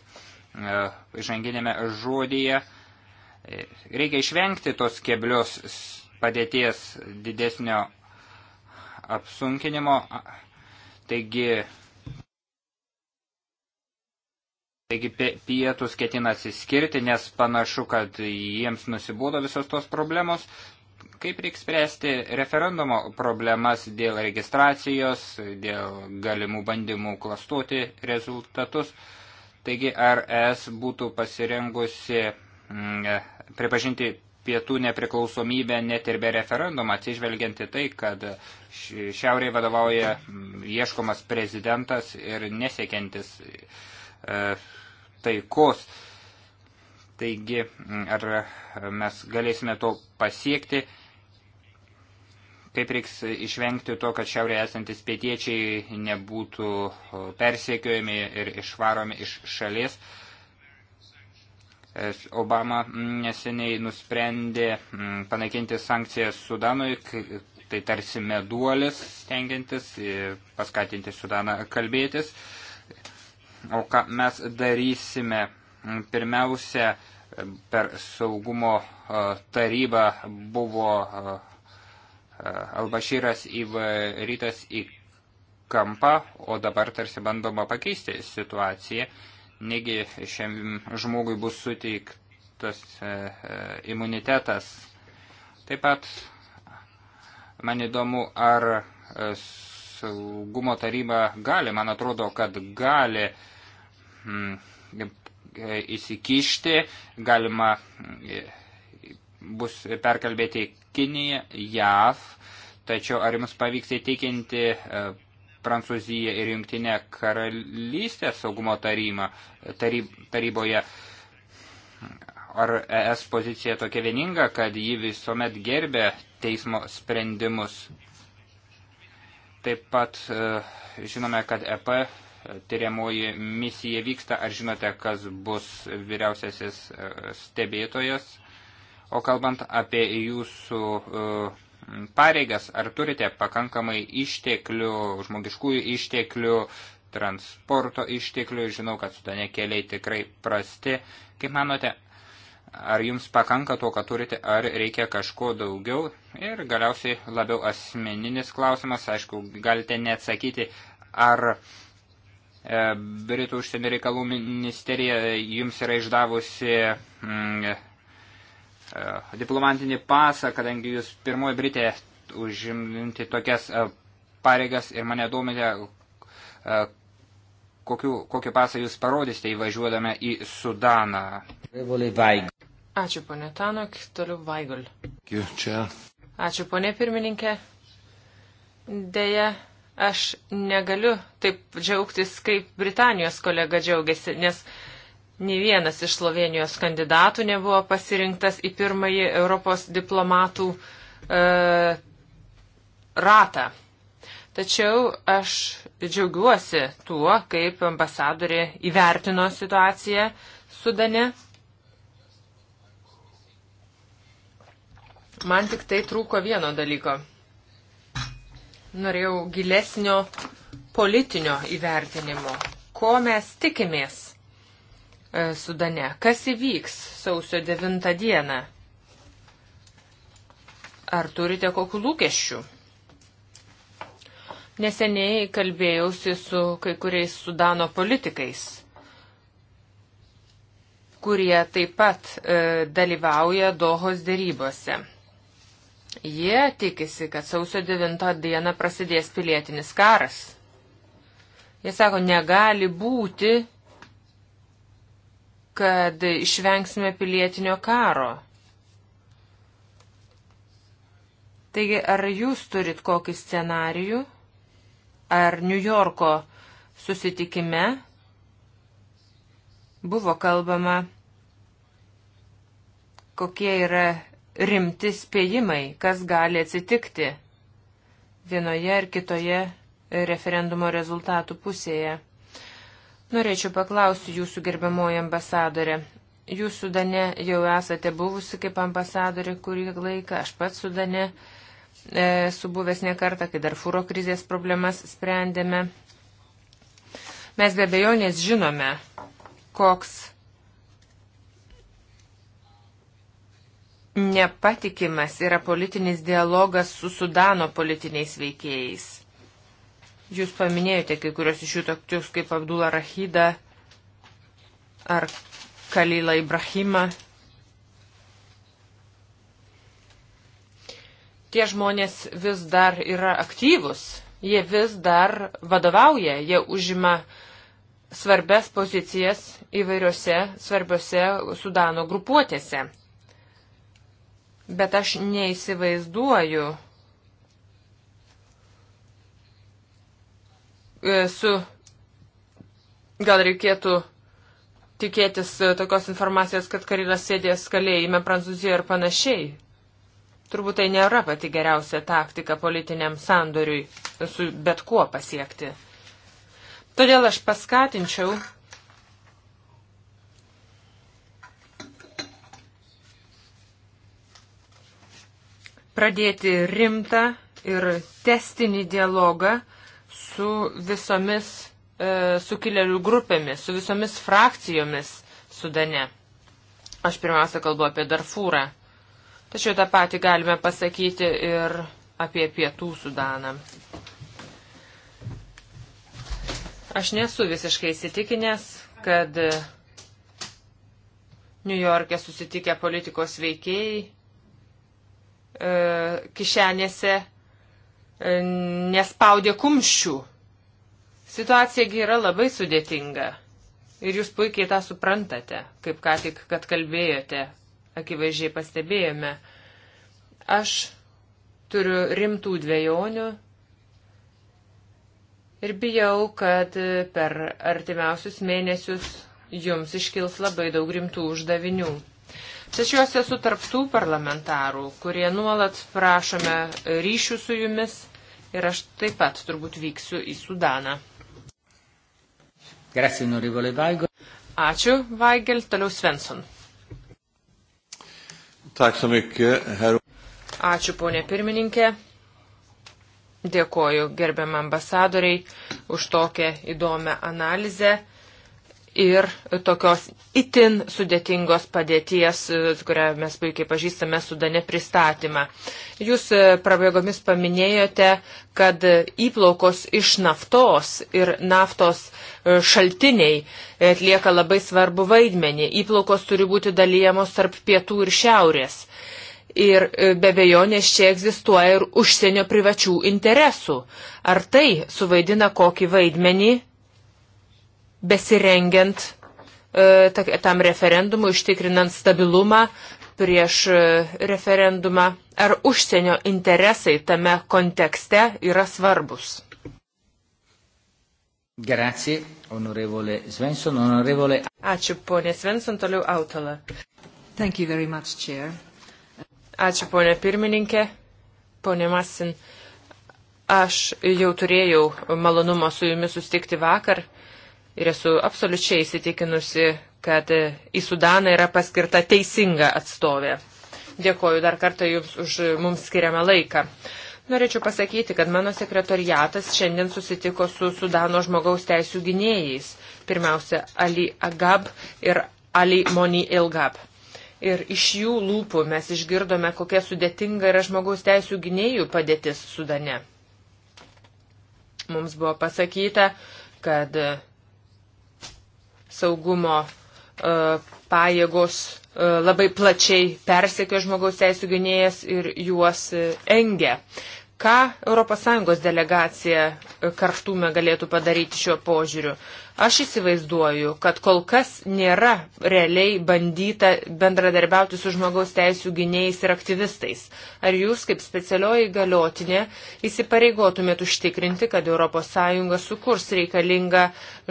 įžanginėme žodyje. Uh, Reikia išvengti tos keblios padėties didesnio apsunkinimo. Taigi, taigi pietus ketina atsiskirti, nes panašu, kad jiems nusibodo visos tos problemos. Kaip reikia spręsti referendumo problemas dėl registracijos, dėl galimų bandymų klastuoti rezultatus? Taigi, ar es būtų pasirengusi mm, pripažinti pietų nepriklausomybę net ir be referendumą, atsižvelgianti tai, kad šiauriai vadovauja mm, ieškomas prezidentas ir nesiekiantis e, taikos. Taigi, mm, ar mes galėsime to pasiekti, kaip reiks išvengti to, kad šiaurėje esantis pietiečiai nebūtų persiekiojami ir išvaromi iš šalies. Uh, Obama neseniai nusprendė mm, panaikinti sankcijas Sudanui, tai tarsi meduolis stengiantis e, paskatinti Sudaną kalbėtis. O ką mes darysime mm, pirmiausia per saugumo e, tarybą buvo e, Albašyras įvarytas į kampą, o dabar tarsi bandoma pakeisti situaciją negi šiam žmogui bus suteiktas e, e, imunitetas. Taip pat man įdomu, ar e, saugumo taryba gali, man atrodo, kad gali mm, įsikišti, galima bus perkalbėti Kiniją, JAV, tačiau ar jums pavyks įtikinti Prancūziją ir Jungtinę karalystę saugumo tarybą, taryb, taryboje. Ar ES pozicija tokia vieninga, kad ji visuomet gerbė teismo sprendimus? Taip pat e, žinome, kad EP tyriamoji misija vyksta. Ar žinote, kas bus vyriausiasis e, stebėtojas? O kalbant apie jūsų uh, pareigas, ar turite pakankamai išteklių, žmogiškųjų išteklių, transporto išteklių, žinau, kad sudane keliai tikrai prasti. Kaip manote, ar jums pakanka to, ką turite, ar reikia kažko daugiau? Ir galiausiai labiau asmeninis klausimas, aišku, galite neatsakyti, ar e, Britų užsienio reikalų ministerija jums yra išdavusi mm, E, diplomatinį pasą, kadangi jūs pirmoji Britė užimti tokias e, pareigas ir mane domite, e, kokiu, kokį pasą jūs parodysite įvažiuodame į Sudaną. Ačiū, ponė Tanok, toliau Vaigol. Ačiū, ponė pirmininkė. Deja, aš negaliu taip džiaugtis, kaip Britanijos kolega džiaugiasi, nes uh, Ne vienas iš Slovenijos kandidatų nebuvo pasirinktas į pirmąjį Europos diplomatų e, ratą. Tačiau aš džiaugiuosi tuo, kaip ambasadorė įvertino situaciją Sudane. Man tik tai trūko vieno dalyko. Norėjau gilesnio politinio įvertinimo. Ko mes tikimės? E, Sudane. Kas įvyks sausio 9 dieną? Ar turite kokių lūkesčių? Neseniai kalbėjausi su kai kuriais Sudano politikais, kurie taip pat e, dalyvauja Dohos dėrybose. Jie tikisi, kad sausio 9 dieną prasidės pilietinis karas. Jie sako, negali būti kad išvengsime pilietinio karo. Taigi, ar jūs turit kokį scenarijų, ar New Yorko susitikime buvo kalbama, kokie yra rimti spėjimai, kas gali atsitikti vienoje ar kitoje referendumo rezultatų pusėje. Norėčiau paklausti jūsų gerbiamoji ambasadorė. Jūs Sudane jau esate buvusi kaip ambasadorė kurį laiką, aš pats Sudane e, subuvęs ne kartą, kai dar fūro krizės problemas sprendėme. Mes be abejonės žinome, koks nepatikimas yra politinis dialogas su Sudano politiniais veikėjais Jūs paminėjote kai kurios iš jų tokius kaip Abdullah Rahida ar Kalila Ibrahima. Tie žmonės vis dar yra aktyvus, jie vis dar vadovauja, jie užima svarbes pozicijas įvairiose svarbiose Sudano grupuotėse. Bet aš neįsivaizduoju, E, su gal reikėtų tikėtis e, tokios informacijos, kad Karinas sėdės kalėjime Prancūzijoje ir panašiai. Turbūt tai nėra pati geriausia taktika politiniam sandoriui su bet kuo pasiekti. Todėl aš paskatinčiau pradėti rimtą ir testinį dialogą su visomis e, sukilėlių grupėmis, su visomis frakcijomis Sudane. Aš pirmiausia kalbu apie Darfūrą. Tačiau tą patį galime pasakyti ir apie pietų Sudaną. Aš nesu visiškai įsitikinęs, kad New York'e susitikę politikos veikėjai e, kišenėse nespaudė kumščių. Situacijagi yra labai sudėtinga. Ir jūs puikiai tą suprantate, kaip ką tik, kad kalbėjote, akivaizdžiai pastebėjome. Aš turiu rimtų dviejonių ir bijau, kad per artimiausius mėnesius jums iškils labai daug rimtų uždavinių. Tačiau esu tarptų parlamentarų, kurie nuolat prašome ryšių su jumis ir aš taip pat turbūt vyksiu į Sudaną. Grazie, onorevole Vaigel. Ačiū, Vaigel. Toliau Svensson. Ačiū, ponė pirmininkė. Dėkoju gerbiam ambasadoriai už tokią įdomią analizę ir tokios itin sudėtingos padėties, kurią mes puikiai pažįstame Sudane pristatymą. Jūs e, prabėgomis paminėjote, kad įplaukos iš naftos ir naftos e, šaltiniai e, atlieka labai svarbu vaidmenį. Įplaukos turi būti dalyjamos tarp pietų ir šiaurės. Ir be bejonės čia egzistuoja ir užsienio privačių interesų. Ar tai suvaidina kokį vaidmenį besirengiant e, tam referendumui, užtikrinant stabilumą prieš e, referendumą, ar užsienio interesai tame kontekste yra svarbus. Grazie, onorevole Svensson, onorevole... Ačiū, ponė Svensson, toliau autola. Thank you very much, Chair. Ačiū, ponė pirmininkė, ponė Masin. Aš jau turėjau malonumą su jumis sustikti vakar ir esu absoliučiai įsitikinusi, kad į Sudaną yra paskirta teisinga atstovė. Dėkoju dar kartą Jums už mums skiriamą laiką. Norėčiau pasakyti, kad mano sekretoriatas šiandien susitiko su Sudano žmogaus teisų gynėjais. Pirmiausia, Ali Agab ir Ali Moni Ilgab. Ir iš jų lūpų mes išgirdome, kokia sudėtinga yra žmogaus teisų gynėjų padėtis Sudane. Mums buvo pasakyta, kad saugumo e, pajėgos e, labai plačiai persekio žmogaus teisų gynėjas ir juos e, engia. Ką ES delegacija kartume galėtų padaryti šiuo požiūriu? Aš įsivaizduoju, kad kol kas nėra realiai bandyta bendradarbiauti su žmogaus teisų gynėjais ir aktyvistais. Ar jūs, kaip specialioji galiotinė, įsipareigotumėt užtikrinti, kad ES sukurs reikalingą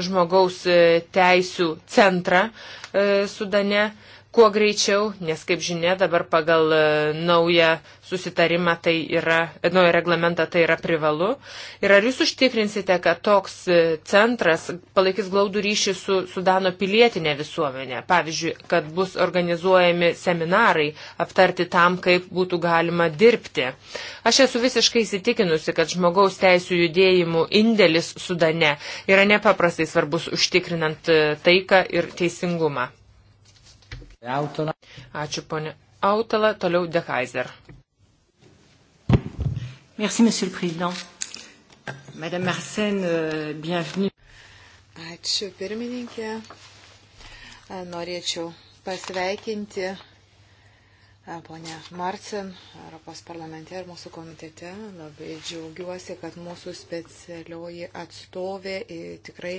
žmogaus e, teisų centrą e, Sudane, kuo greičiau, nes, kaip žinia, dabar pagal e, naują susitarimą tai yra, e, naują reglamentą tai yra privalu. Ir ar jūs užtikrinsite, kad toks e, centras palaikys glaudų ryšį su Sudano pilietinė visuomenė? Pavyzdžiui, kad bus organizuojami seminarai aptarti tam, kaip būtų galima dirbti. Aš esu visiškai įsitikinusi, kad žmogaus teisų judėjimų indėlis Sudane yra nepaprastai svarbus užtikrinant taiką ir teisingumą. Autola. Ačiū, ponė Autola. Toliau Dekaiser. Merci, monsieur le président. Madame Arsène, euh, bienvenue. Ačiū, pirmininkė. Norėčiau pasveikinti Pone Marcin, Europos parlamente ir mūsų komitete labai džiaugiuosi, kad mūsų specialioji atstovė tikrai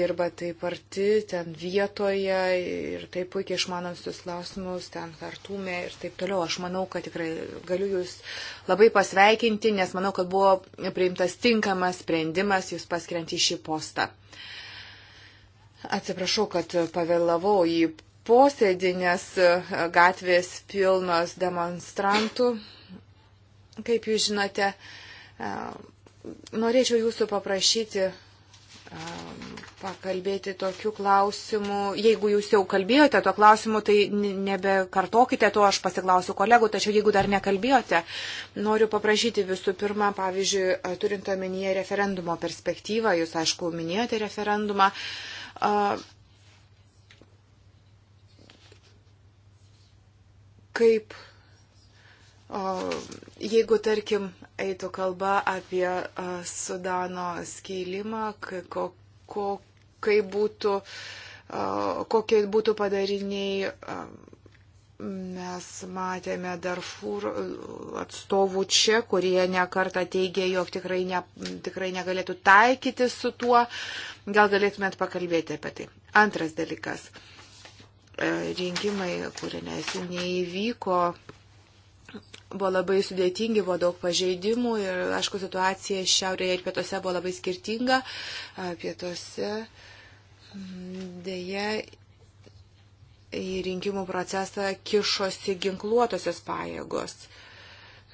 dirba taip arti, ten vietoje ir taip puikiai išmanom visus klausimus, ten kartume ir taip toliau. Aš manau, kad tikrai galiu Jūs labai pasveikinti, nes manau, kad buvo priimtas tinkamas sprendimas Jūs paskiriant į šį postą. Atsiprašau, kad pavėlavau į posėdį, nes e, gatvės pilnos demonstrantų. Kaip jūs žinote, e, norėčiau jūsų paprašyti e, pakalbėti tokiu klausimu. Jeigu jūs jau kalbėjote tuo klausimu, tai nebekartokite to, aš pasiklausiu kolegų, tačiau jeigu dar nekalbėjote, noriu paprašyti visų pirma, pavyzdžiui, turint omenyje referendumo perspektyvą, jūs aišku minėjote referendumą, kaip Jeigu, tarkim, eitų kalba apie Sudano skylimą, kokie būtų, kokie būtų padariniai, mes matėme Darfūr atstovų čia, kurie nekarta teigė, jog tikrai, ne, tikrai negalėtų taikyti su tuo. Gal galėtumėt pakalbėti apie tai. Antras dalykas. Uh, rinkimai, kurie neseniai įvyko, buvo labai sudėtingi, buvo daug pažeidimų ir, aišku, situacija šiaurėje ir pietuose buvo labai skirtinga. Pietuose mm, dėja į rinkimų procesą kišosi ginkluotosios pajėgos.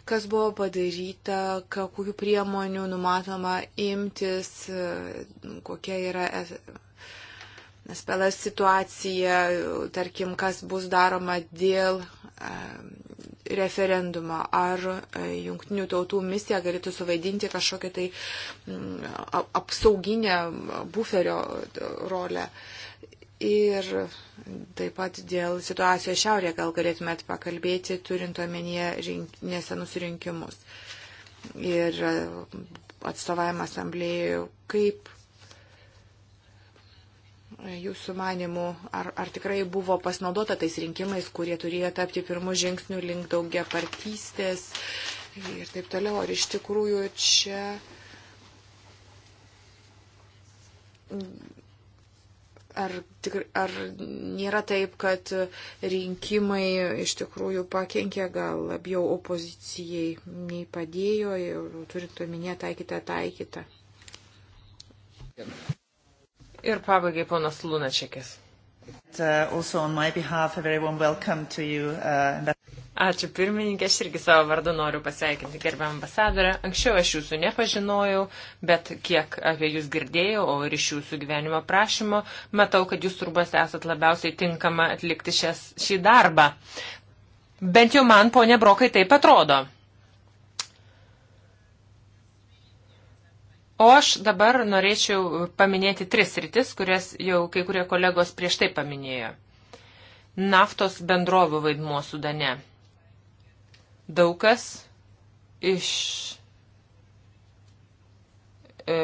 Kas buvo padaryta, kokių priemonių numatoma imtis, kokia yra spelas situacija, tarkim, kas bus daroma dėl referendumo, ar e, jungtinių tautų misija galėtų suvaidinti kažkokią tai mm, apsauginę buferio rolę. Ir taip pat dėl situacijos šiaurėje gal galėtumėt pakalbėti, turint omenyje rink, nesenus rinkimus. Ir e, atstovavimą asamblėjų, kaip jūsų manimų, ar, ar tikrai buvo pasinaudota tais rinkimais, kurie turėjo tapti pirmų žingsnių link daugia partystės ir taip toliau, ar iš tikrųjų čia ar, tikr, ar nėra taip, kad rinkimai iš tikrųjų pakenkė gal labiau opozicijai nei padėjo, turint omenyje taikytą taikytą. Ir pabaigai ponas Lunačekis. Uh, uh, Ačiū pirmininkė, aš irgi savo vardu noriu pasveikinti gerbę ambasadorę. Anksčiau aš jūsų nepažinojau, bet kiek apie jūs girdėjau, o ir iš jūsų gyvenimo prašymo, matau, kad jūs turbūt esat labiausiai tinkama atlikti šias, šį darbą. Bent jau man, ponė Brokai, taip atrodo. O aš dabar norėčiau paminėti tris rytis, kurias jau kai kurie kolegos prieš tai paminėjo. Naftos bendrovių vaidmuo Sudane. Daug kas iš e,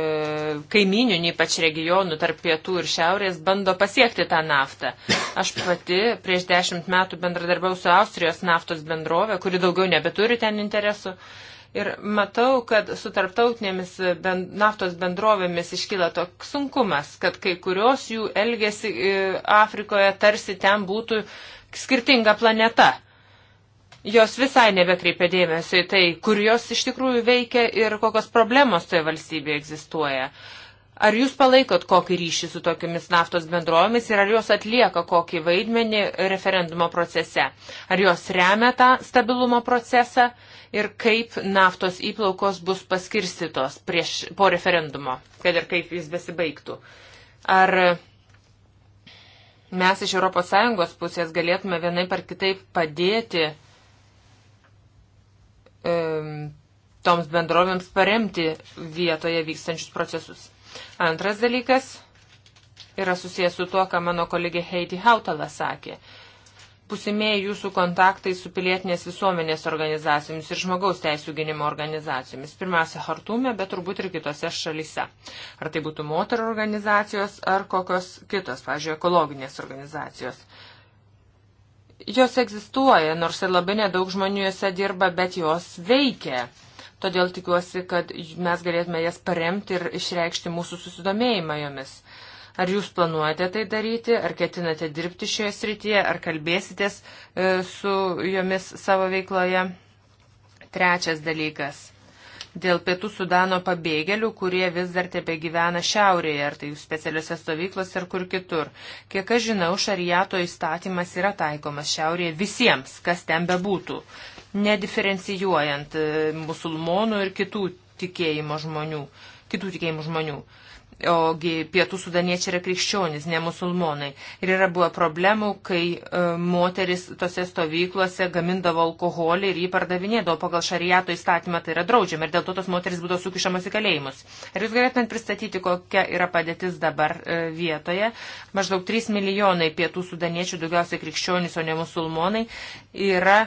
kaimyninių, ypač regionų tarp pietų ir šiaurės, bando pasiekti tą naftą. Aš pati prieš dešimt metų bendradarbiau su Austrijos naftos bendrovė, kuri daugiau nebeturi ten interesų. Uh, Ir matau, kad su tarptautinėmis bend, naftos bendrovėmis iškyla toks sunkumas, kad kai kurios jų elgesi e, Afrikoje tarsi ten būtų skirtinga planeta. Jos visai nebekreipia dėmesio į tai, kur jos iš tikrųjų veikia ir kokios problemos toje valstybėje egzistuoja. Ar jūs palaikot kokį ryšį su tokiamis naftos bendrovėmis ir ar jos atlieka kokį vaidmenį referendumo procese? Ar jos remia tą stabilumo procesą? ir kaip naftos įplaukos bus paskirstytos prieš, po referendumo, kad ir kaip jis besibaigtų. Ar mes iš ES pusės galėtume vienai par kitaip padėti um, toms bendrovėms paremti vietoje vykstančius procesus. Antras dalykas yra susijęs su tuo, ką mano kolegė Heidi Hautala sakė. Uh, pusimieji jūsų kontaktai su pilietinės visuomenės organizacijomis ir žmogaus teisų gynimo organizacijomis? Pirmiausia, Hartume, bet turbūt ir kitose šalise. Ar tai būtų moterų organizacijos ar kokios kitos, pavyzdžiui, ekologinės organizacijos? Jos egzistuoja, nors ir labai nedaug žmonių jose dirba, bet jos veikia. Todėl tikiuosi, kad mes galėtume jas paremti ir išreikšti mūsų susidomėjimą jomis. Ar jūs planuojate tai daryti, ar ketinate dirbti šioje srityje, ar kalbėsitės e, su jomis savo veikloje? Trečias dalykas. Dėl pietų Sudano pabėgėlių, kurie vis dar tebe gyvena šiaurėje, ar tai specialiuose stovyklose, ar kur kitur. Kiek aš žinau, šariato įstatymas yra taikomas šiaurėje visiems, kas ten bebūtų, nediferencijuojant e, musulmonų ir kitų tikėjimo žmonių. Kitų tikėjimų žmonių. Uh, ogi pietų sudaniečiai yra krikščionys, ne musulmonai. Ir yra buvo problemų, kai e, moteris tose stovyklose gamindavo alkoholį ir jį pardavinėdavo pagal šariato įstatymą, tai yra draudžiama ir dėl to tos moteris būdavo sukišamas į kalėjimus. Ar jūs galėtumėt pristatyti, kokia yra padėtis dabar e, vietoje? Maždaug 3 milijonai pietų sudaniečių, daugiausiai krikščionys, o ne musulmonai, yra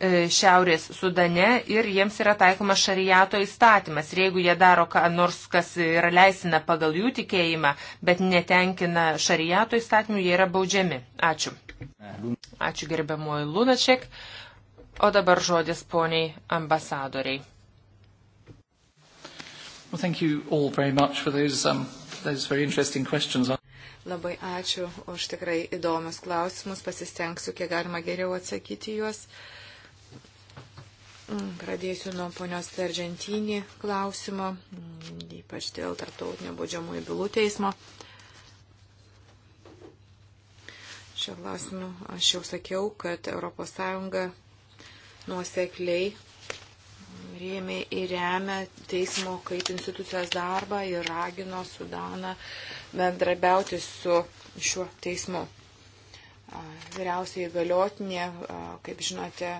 E, šiaurės Sudane ir jiems yra taikomas šarijato įstatymas. Ir jeigu jie daro ką nors, kas yra leisina pagal jų tikėjimą, bet netenkina šarijato įstatymų, jie yra baudžiami. Ačiū. Ačiū gerbiamoji Lunačiek. O dabar žodis poniai ambasadoriai. Well, thank you all very much for those, um, those very interesting questions. Labai ačiū už tikrai įdomius klausimus, pasistengsiu kiek galima geriau atsakyti juos. Uh, Pradėsiu nuo ponios Seržantinį klausimo, ypač dėl tarptautinio baudžiamųjų bylų teismo. Šio klausimu aš jau sakiau, kad ES nuosekliai rėmė ir remia teismo kaip institucijos darbą ir ragino Sudaną bendrabiauti su šiuo teismu. Vyriausiai galiotinė, kaip žinote,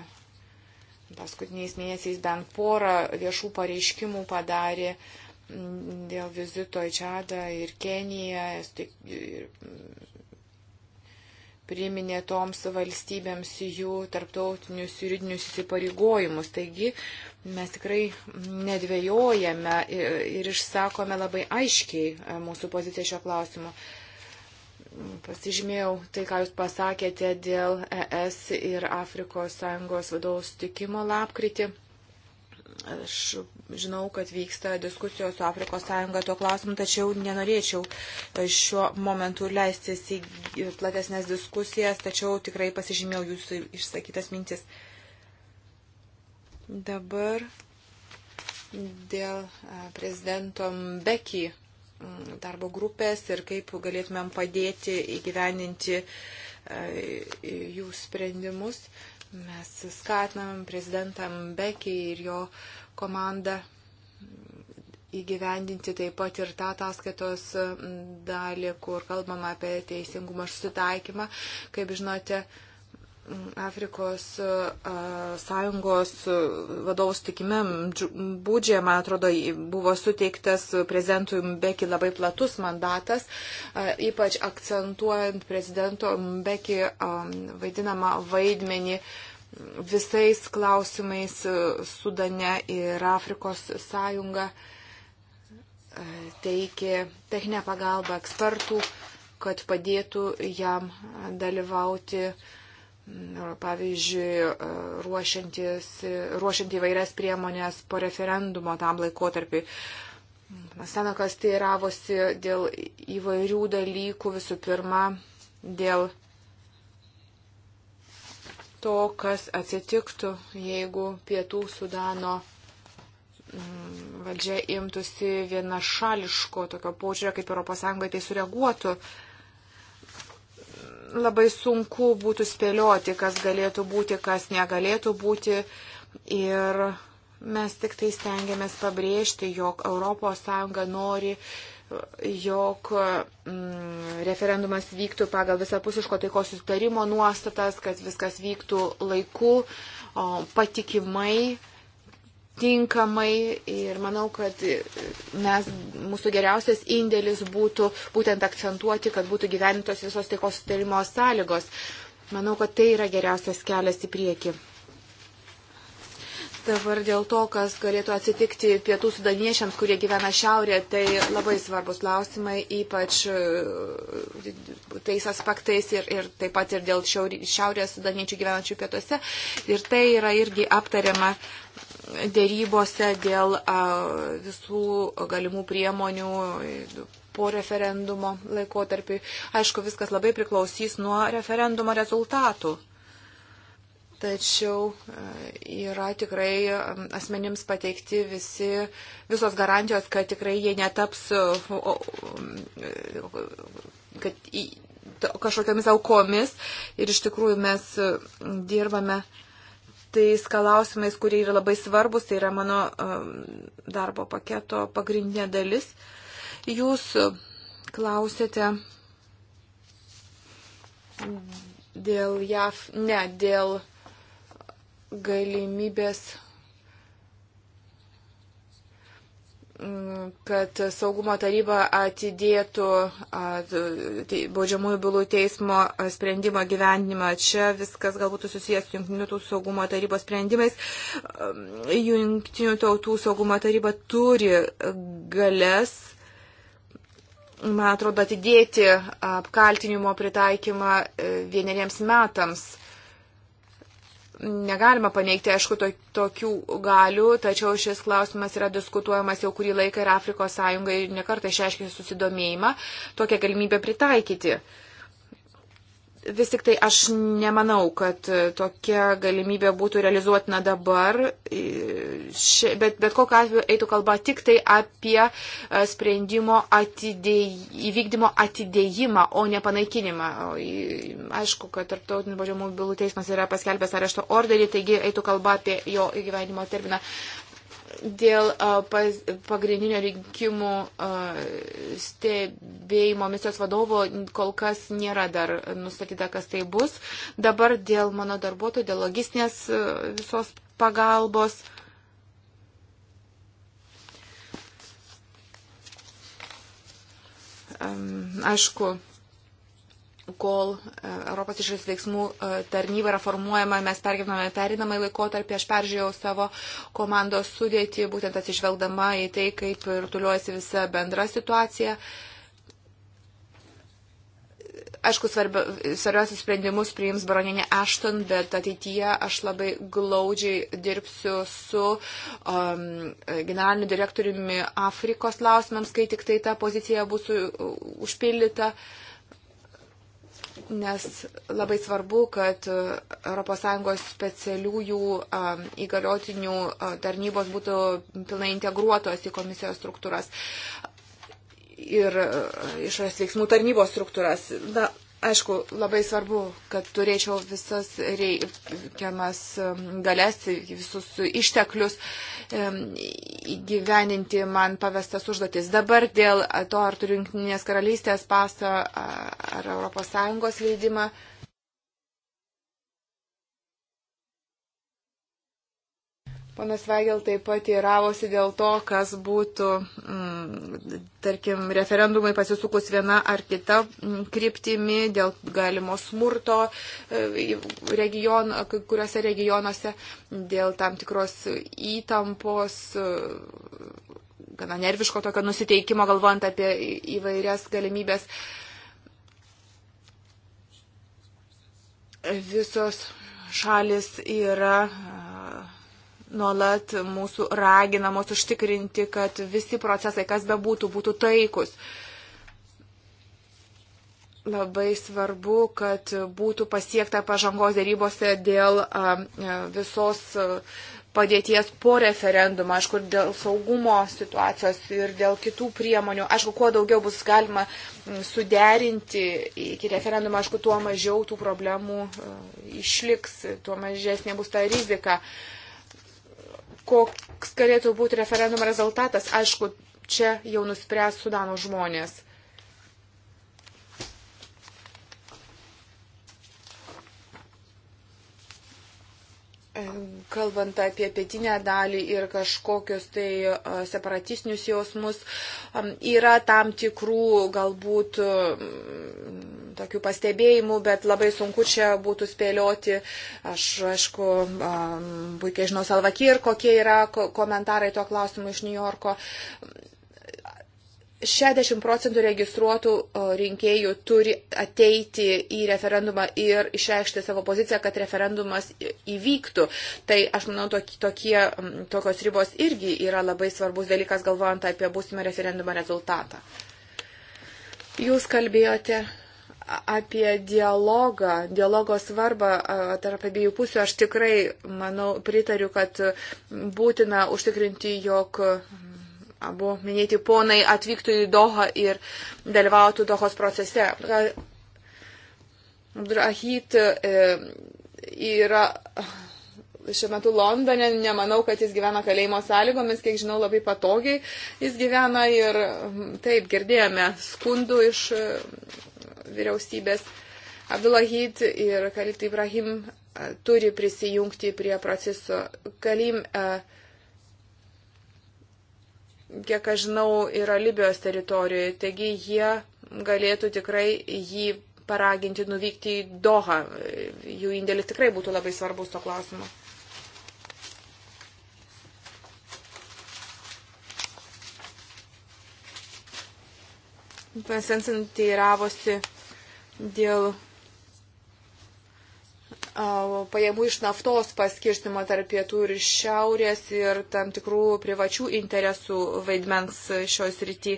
paskutiniais mėnesiais bent porą viešų pareiškimų padarė dėl vizito į Čadą ir Keniją. Ir priminė toms valstybėms jų tarptautinius juridinius įsipareigojimus. Taigi mes tikrai nedvėjojame ir išsakome labai aiškiai e, mūsų poziciją šio klausimu. Pasižymėjau tai, ką Jūs pasakėte dėl ES ir Afrikos Sąjungos vadovų sutikimo lapkritį. Aš žinau, kad vyksta diskusijos su Afrikos Sąjunga tuo klausimu, tačiau nenorėčiau šiuo momentu leistis į platesnės diskusijas, tačiau tikrai pasižymėjau Jūsų išsakytas mintis. Dabar dėl prezidento Beki Mm, darbo grupės ir kaip galėtumėm padėti įgyveninti e, jų sprendimus. Mes skatinam prezidentam Bekį ir jo komandą įgyvendinti taip pat ir tą ataskaitos mm, dalį, kur kalbama apie teisingumą ir sutaikymą. Kaip žinote, Afrikos sąjungos vadovų sutikime būdžiai, man atrodo, buvo suteiktas prezidentui Mbeki labai platus mandatas, ypač akcentuojant prezidento Mbeki vaidinamą vaidmenį visais klausimais Sudane ir Afrikos sąjunga teikė techninę pagalbą ekspertų, kad padėtų jam dalyvauti uh, pavyzdžiui, e, ruošiant įvairias priemonės po referendumo tam laikotarpiu. Senakas teiravosi dėl įvairių dalykų, visų pirma, dėl to, kas atsitiktų, jeigu pietų Sudano mm, valdžia imtųsi vienašališko tokio požiūrio, kaip ES tai sureaguotų. Uh, labai sunku būtų spėlioti, kas galėtų būti, kas negalėtų būti. Ir mes tik tai stengiamės pabrėžti, jog ES nori jog mm, referendumas vyktų pagal visapusiško taikos sustarimo nuostatas, kad viskas vyktų laiku, o, patikimai tinkamai ir manau, kad mes, mūsų geriausias indėlis būtų būtent akcentuoti, kad būtų gyvenintos visos taikos sutarimo sąlygos. Manau, kad tai yra geriausias kelias į priekį. Dabar dėl to, kas galėtų atsitikti pietų sudaniečiams, kurie gyvena šiaurė, tai labai svarbus klausimai, ypač e, tais aspektais ir, ir taip pat ir dėl šiaurės sudaniečių gyvenančių pietuose. Ir tai yra irgi aptariama dėrybose dėl visų galimų priemonių po referendumo laikotarpiu. Aišku, viskas labai priklausys nuo referendumo rezultatų. Tačiau yra tikrai asmenims pateikti visi, visos garantijos, kad tikrai jie netaps kad į, kažkokiamis aukomis. Ir iš tikrųjų mes dirbame uh, tais klausimais, kurie yra labai svarbus, tai yra mano um, darbo paketo pagrindinė dalis. Jūs um, klausėte dėl JAF, ne, dėl galimybės Mm, kad saugumo taryba atidėtų tai baudžiamųjų bylų teismo sprendimo gyvenimą. Čia viskas galbūt susijęs su Junktinių tautų saugumo tarybos sprendimais. Mm, Junktinių tautų saugumo taryba turi galės, man atrodo, atidėti apkaltinimo pritaikymą e, vieneriems metams negalima paneigti, aišku, to, tokių galių, tačiau šis klausimas yra diskutuojamas jau kurį laiką ir Afrikos sąjungai nekartą išreiškė susidomėjimą tokią galimybę pritaikyti. Uh, Vis tik tai aš nemanau, kad e, tokia galimybė būtų realizuotina dabar, e, bet, bet kokiu atveju eitų kalba tik tai apie e, sprendimo atidėj, įvykdymo atidėjimą, o ne panaikinimą. Aišku, kad tarptautinių baudžiamų bylų teismas yra paskelbęs arešto orderį, taigi eitų kalba apie jo įgyvenimo terminą dėl pagrindinio rinkimų stebėjimo misijos vadovo kol kas nėra dar nustatyta, kas tai bus. Dabar dėl mano darbuotojų, dėl logistinės visos pagalbos. Aišku, kol e, Europos išorės veiksmų e, tarnyba yra formuojama, mes pergyvenome perinamą laikotarpį, aš peržiūrėjau savo komandos sudėtį, būtent atsižvelgdama į tai, kaip ir tuliuojasi visa bendra situacija. Aišku, svarbiausius sprendimus priims baroninė Ashton, bet ateityje aš labai glaudžiai dirbsiu su um, generaliniu direktoriumi Afrikos klausimams, kai tik tai ta pozicija bus užpildyta. Uh, nes labai svarbu, kad ES specialiųjų e, įgaliotinių e, tarnybos būtų pilnai integruotos į komisijos struktūras ir e, išorės veiksmų tarnybos struktūras. Na, aišku, labai svarbu, kad turėčiau visas reikiamas galės, visus išteklius įgyveninti man pavestas užduotis. Dabar dėl to, ar turiu Junktinės karalystės pasą ar ES leidimą, Ponas Vagel taip pat įravosi dėl to, kas būtų, mm, tarkim, referendumai pasisukus viena ar kita mm, kryptimi dėl galimo smurto e, region, kuriuose regionuose, dėl tam tikros įtampos, e, gana nerviško tokio nusiteikimo, galvojant apie įvairias galimybės. Visos šalis yra nuolat mūsų raginamos užtikrinti, kad visi procesai, kas be būtų, būtų taikus. Labai svarbu, kad būtų pasiekta pažangos dėrybose dėl visos padėties po referendumą, aišku, dėl saugumo situacijos ir dėl kitų priemonių. Aišku, kuo daugiau bus galima suderinti iki referendumą, aišku, tuo mažiau tų problemų išliks, tuo mažesnė bus ta rizika. Uh, koks galėtų būti referendumo rezultatas, aišku, čia jau nuspręs Sudano žmonės. kalbant apie pietinę dalį ir kažkokius tai separatistinius jausmus, yra tam tikrų galbūt tokių pastebėjimų, bet labai sunku čia būtų spėlioti. Aš, aišku, puikiai žinau Salvakir, kokie yra komentarai tuo klausimu iš New Yorko. 60 procentų registruotų rinkėjų turi ateiti į referendumą ir išreikšti savo poziciją, kad referendumas įvyktų. Tai aš manau, tokie, tokios ribos irgi yra labai svarbus dalykas, galvojant apie būsimą referendumo rezultatą. Jūs kalbėjote apie dialogą, dialogo svarbą tarp abiejų pusių. Aš tikrai, manau, pritariu, kad būtina užtikrinti, jog abu minėti ponai atvyktų į Dohą ir dalyvautų Dohos procese. Drahit e, yra šiuo metu Londone, nemanau, kad jis gyvena kalėjimo sąlygomis, kiek žinau, labai patogiai jis gyvena ir taip girdėjome skundų iš e, vyriausybės. Abdulahid ir Kalit Ibrahim e, turi prisijungti prie proceso. Kalim uh, kiek aš žinau, yra Libijos teritorijoje, taigi jie galėtų tikrai jį paraginti nuvykti į Doha. Jų indėlis tikrai būtų labai svarbus to klausimo. Sensen teiravosi dėl pajamų iš naftos paskirstimo tarp pietų ir šiaurės ir tam tikrų privačių interesų vaidmens šios rytį.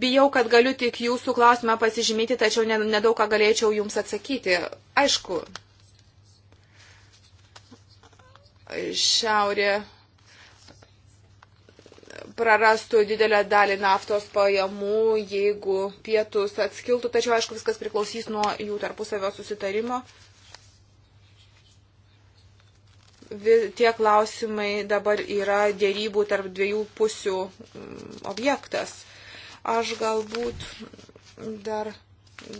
Bijau, kad galiu tik jūsų klausimą pasižymėti, tačiau nedaug ką galėčiau jums atsakyti. Aišku, šiaurė prarastų didelę dalį naftos pajamų, jeigu pietus atskiltų, tačiau aišku viskas priklausys nuo jų tarpusavio susitarimo. Tie klausimai dabar yra dėrybų tarp dviejų pusių mm, objektas. Aš galbūt dar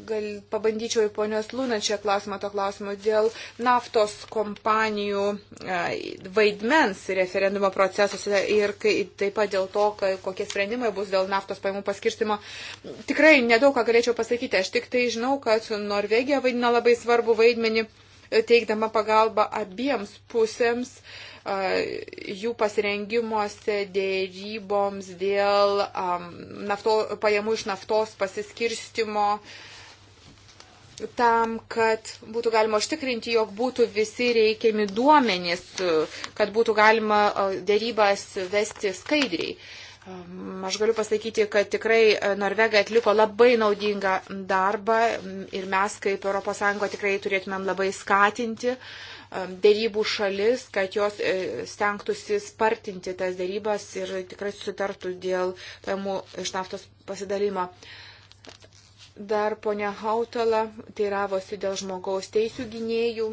gal, pabandyčiau į ponios Lunačią klausimą to klausimo dėl naftos kompanijų vaidmens referendumo procesuose ir kai, taip pat dėl to, kai, kokie sprendimai bus dėl naftos paimų paskirstimo. Tikrai nedaug ką galėčiau pasakyti, aš tik tai žinau, kad Norvegija vaidina labai svarbu vaidmenį teikdama pagalbą abiems pusėms. Uh, jų pasirengimuose dėryboms dėl nafto, pajamų iš naftos pasiskirstimo tam, kad būtų galima užtikrinti, jog būtų visi reikiami duomenys, kad būtų galima dėrybas vesti skaidriai. Aš galiu pasakyti, kad tikrai Norvegai atliko labai naudingą darbą ir mes kaip ES tikrai turėtumėm labai skatinti uh, Um, dėrybų šalis, kad jos e, stengtųsi spartinti tas dėrybas ir tikrai sutartų dėl pajamų iš naftos pasidalymo. Dar ponia Hautala teiravosi dėl žmogaus teisų gynėjų.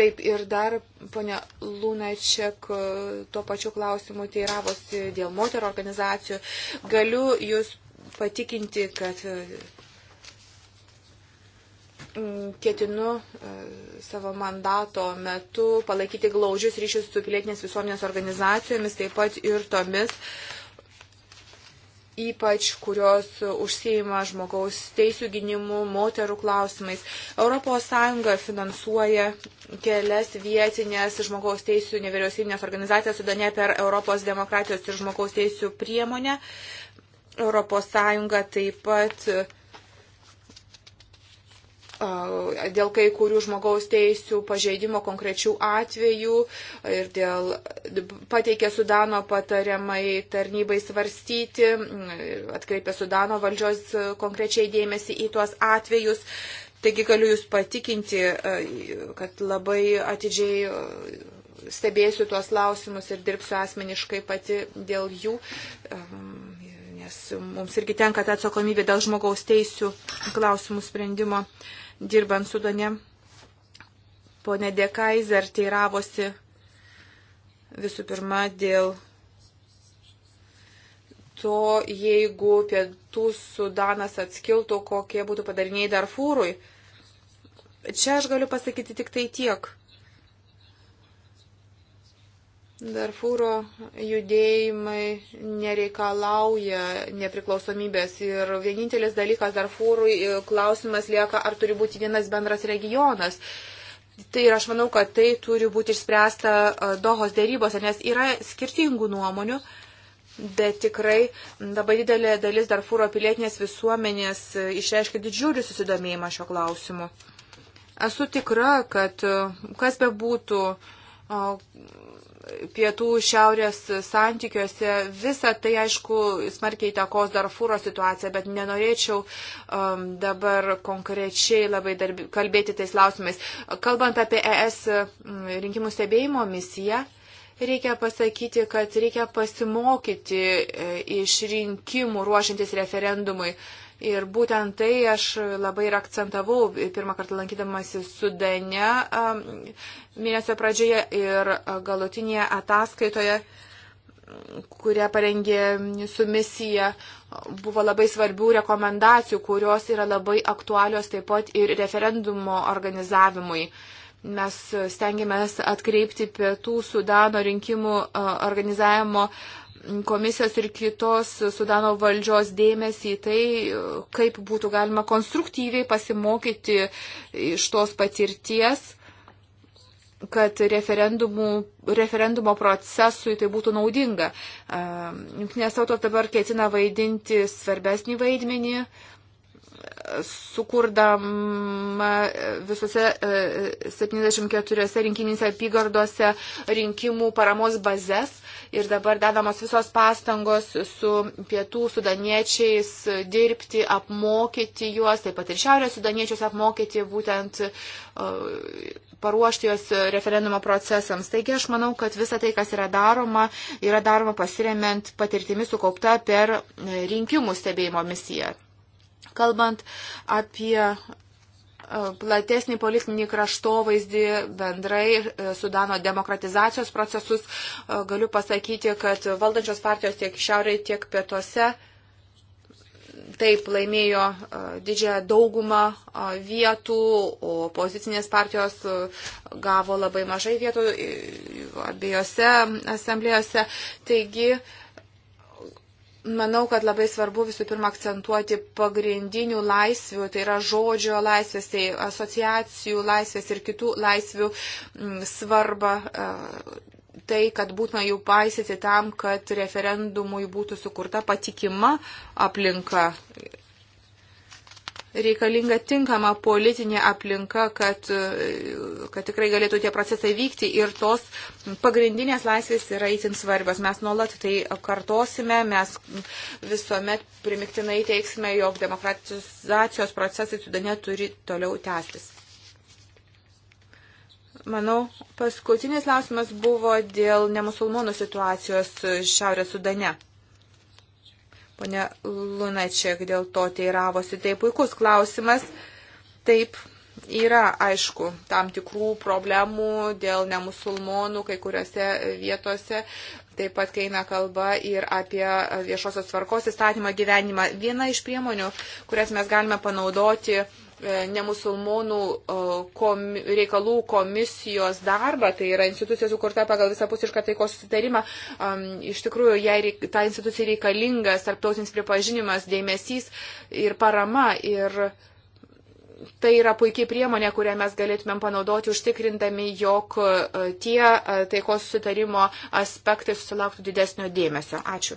Taip ir dar ponia Lunačiak e, tuo pačiu klausimu teiravosi dėl moterų organizacijų. Galiu jūs patikinti, kad Mm, ketinu e, savo mandato metu palaikyti glaužius ryšius su pilietinės visuomenės organizacijomis, taip pat ir tomis, ypač kurios užsieima žmogaus teisų gynimu, moterų klausimais. ES finansuoja kelias vietinės žmogaus teisų nevyriausybinės organizacijas sudane per Europos demokratijos ir žmogaus teisų priemonę. ES taip pat dėl kai kurių žmogaus teisų pažeidimo konkrečių atvejų ir dėl pateikė Sudano patariamai tarnybai svarstyti, atkreipė Sudano valdžios konkrečiai dėmesį į tuos atvejus. Taigi galiu Jūs patikinti, kad labai atidžiai stebėsiu tuos klausimus ir dirbsiu asmeniškai pati dėl jų, nes mums irgi tenka ta atsakomybė dėl žmogaus teisų klausimų sprendimo. Uh, dirbant Sudane. Pone Dekaiser teiravosi visų pirma dėl to, jeigu pietų Sudanas atskiltų, kokie būtų padariniai Darfūrui. Čia aš galiu pasakyti tik tai tiek. Darfūro judėjimai nereikalauja nepriklausomybės ir vienintelis dalykas Darfūrui e, klausimas lieka, ar turi būti vienas bendras regionas. Tai ir aš manau, kad tai turi būti išspręsta e, Dohos dėrybose, nes yra skirtingų nuomonių, bet tikrai dabar didelė dalis Darfūro pilietinės visuomenės e, išreiškia didžiulį susidomėjimą šio klausimu. Esu tikra, kad kas be būtų pietų šiaurės santykiuose. Visa tai, aišku, smarkiai įtakos Darfūro situaciją, bet nenorėčiau um, dabar konkrečiai labai darbi, kalbėti tais klausimais. Kalbant apie ES mm, rinkimų stebėjimo misiją, reikia pasakyti, kad reikia pasimokyti e, iš rinkimų ruošiantis referendumui. Uh, Ir būtent tai aš labai ir akcentavau e, pirmą kartą lankydamasi Sudane mėnesio pradžioje ir e, galutinėje ataskaitoje kurią parengė su misija, buvo labai svarbių rekomendacijų, kurios yra labai aktualios taip pat ir referendumo organizavimui mes stengiamės atkreipti pietų Sudano rinkimų e, organizavimo komisijos ir kitos Sudano valdžios dėmesį į tai, kaip būtų galima konstruktyviai pasimokyti iš tos patirties kad referendumo procesui tai būtų naudinga. Ehm, Junktinės tautos dabar ketina vaidinti svarbesnį vaidmenį, sukurdama visose 74 e, e, rinkiminėse apygardose rinkimų paramos bazės ir dabar dedamos visos pastangos su pietų sudaniečiais dirbti, apmokyti juos, taip pat ir šiaurės sudaniečius apmokyti, būtent paruošti juos referendumo procesams. Taigi aš manau, kad visa tai, kas yra daroma, yra daroma pasiremiant patirtimi sukaupta per rinkimų stebėjimo misiją. Kalbant apie platesnį politinį kraštovaizdį, bendrai e, Sudano demokratizacijos procesus. E, galiu pasakyti, kad valdančios partijos tiek šiaurėje, tiek pietuose taip laimėjo e, didžiąją daugumą vietų, o pozicinės partijos gavo labai mažai vietų abiejose asamblėjose. Taigi Manau, kad labai svarbu visų pirma akcentuoti pagrindinių laisvių, tai yra žodžio laisvės, tai asociacijų laisvės ir kitų laisvių mm, svarbą. E, tai, kad būtina jų paisyti tam, kad referendumui būtų sukurta patikima aplinka reikalinga tinkama politinė aplinka, kad, kad tikrai galėtų tie procesai vykti ir tos pagrindinės laisvės yra įtin svarbios. Mes nuolat tai kartosime, mes visuomet primiktinai teiksime, jog demokratizacijos procesai sudane turi toliau tęstis. Manau, paskutinis klausimas buvo dėl nemusulmonų situacijos Šiaurės sudane. Pone Lunačiak dėl to teiravosi. Tai puikus klausimas. Taip, yra, aišku, tam tikrų problemų dėl nemusulmonų kai kuriuose vietose. Taip pat, kai eina kalba ir apie viešosios tvarkos įstatymo gyvenimą. Viena iš priemonių, kurias mes galime panaudoti E, nemusulmonų e, komi, reikalų komisijos darbą, tai yra institucija sukurta pagal visapusišką taikos susitarimą. Iš tikrųjų, jai, ta institucija reikalingas tarptautinis pripažinimas, dėmesys ir parama. Ir tai yra puikiai priemonė, kurią mes galėtumėm panaudoti, užtikrindami, jog e, tie taikos sutarimo aspektai susilauktų didesnio dėmesio. Ačiū.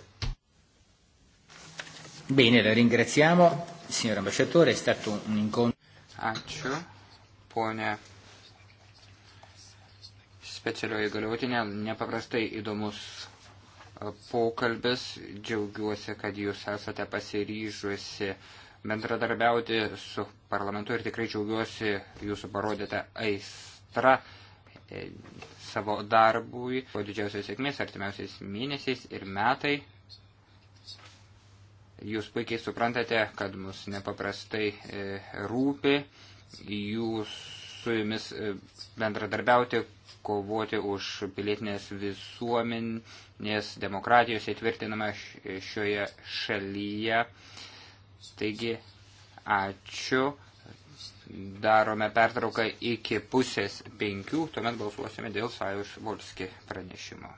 Bene, la ringraziamo signor ambasciatore, è stato un incontro. Ačiū, ponė specialioji galiotinė, nepaprastai įdomus e, pokalbis. Džiaugiuosi, kad jūs esate pasiryžusi bendradarbiauti su parlamentu ir tikrai džiaugiuosi jūsų parodytą aistrą e, savo darbui. Po didžiausios sėkmės artimiausiais mėnesiais ir metai. Jūs puikiai suprantate, kad mus nepaprastai e, rūpi jūs su jumis e, bendradarbiauti, kovoti už pilietinės visuomenės demokratijos įtvirtinamą e, šioje šalyje. Taigi, ačiū. Darome pertrauką iki pusės penkių, tuomet balsuosime dėl Sajus Volski pranešimo.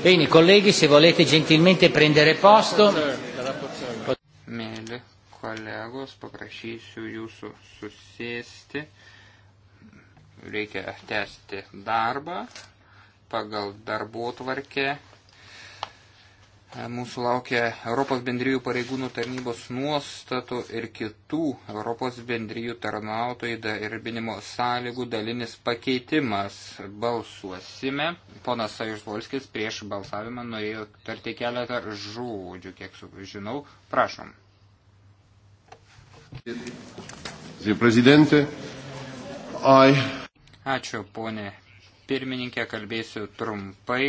Bene, colleghi, se volete gentilmente prendere posto. Mėly kolegos, paprašysiu jūsų susėsti. Reikia tęsti darbą pagal darbų tvarkę. E, mūsų laukia Europos bendrijų pareigūnų tarnybos nuostatų ir kitų Europos bendrijų tarnautojų darbinimo sąlygų dalinis pakeitimas. Balsuosime. Ponas Sajužvolskis prieš balsavimą norėjo tarti keletą žodžių, kiek žinau. Prašom. Ačiū, ponė pirmininkė, kalbėsiu trumpai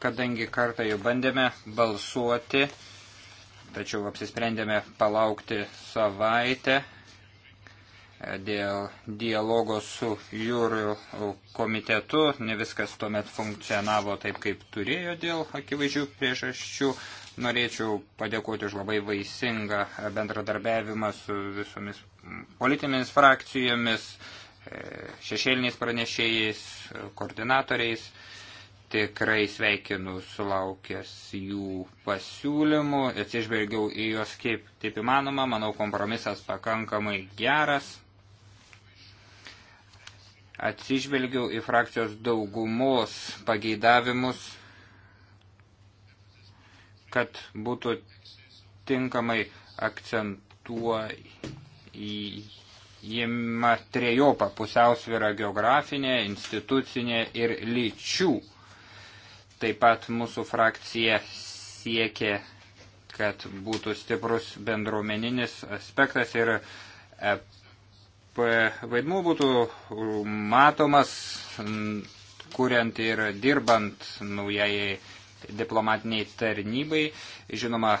kadangi kartą jau bandėme balsuoti, tačiau apsisprendėme palaukti savaitę e, dėl dialogo su jūrų komitetu. Ne viskas tuomet funkcionavo taip, kaip turėjo dėl akivaizdžių priežasčių. Norėčiau padėkoti už labai vaisingą bendradarbiavimą su visomis politinėmis frakcijomis, e, šešėliniais pranešėjais, koordinatoriais tikrai sveikinu sulaukęs jų pasiūlymų, atsižvelgiau į juos kaip taip įmanoma, manau kompromisas pakankamai geras. Atsižvelgiau į frakcijos daugumos pageidavimus, kad būtų tinkamai akcentuojama trejopa pusiausvyrą geografinė, institucinė ir lyčių Taip pat mūsų frakcija siekė, kad būtų stiprus bendruomeninis aspektas ir EP vaidmų būtų matomas, kuriant ir dirbant naujai diplomatiniai tarnybai. Žinoma,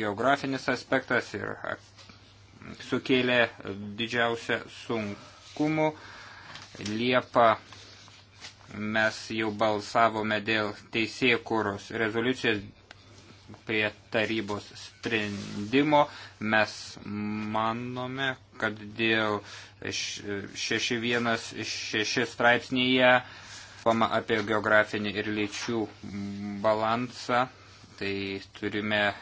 geografinis aspektas ir e, sukėlė didžiausią sunkumų. Liepa Mes jau balsavome dėl teisėkūros rezoliucijos prie tarybos sprendimo. Mes manome, kad dėl 6.1.6 straipsnėje kalbama apie geografinį ir lyčių balansą, tai turime e,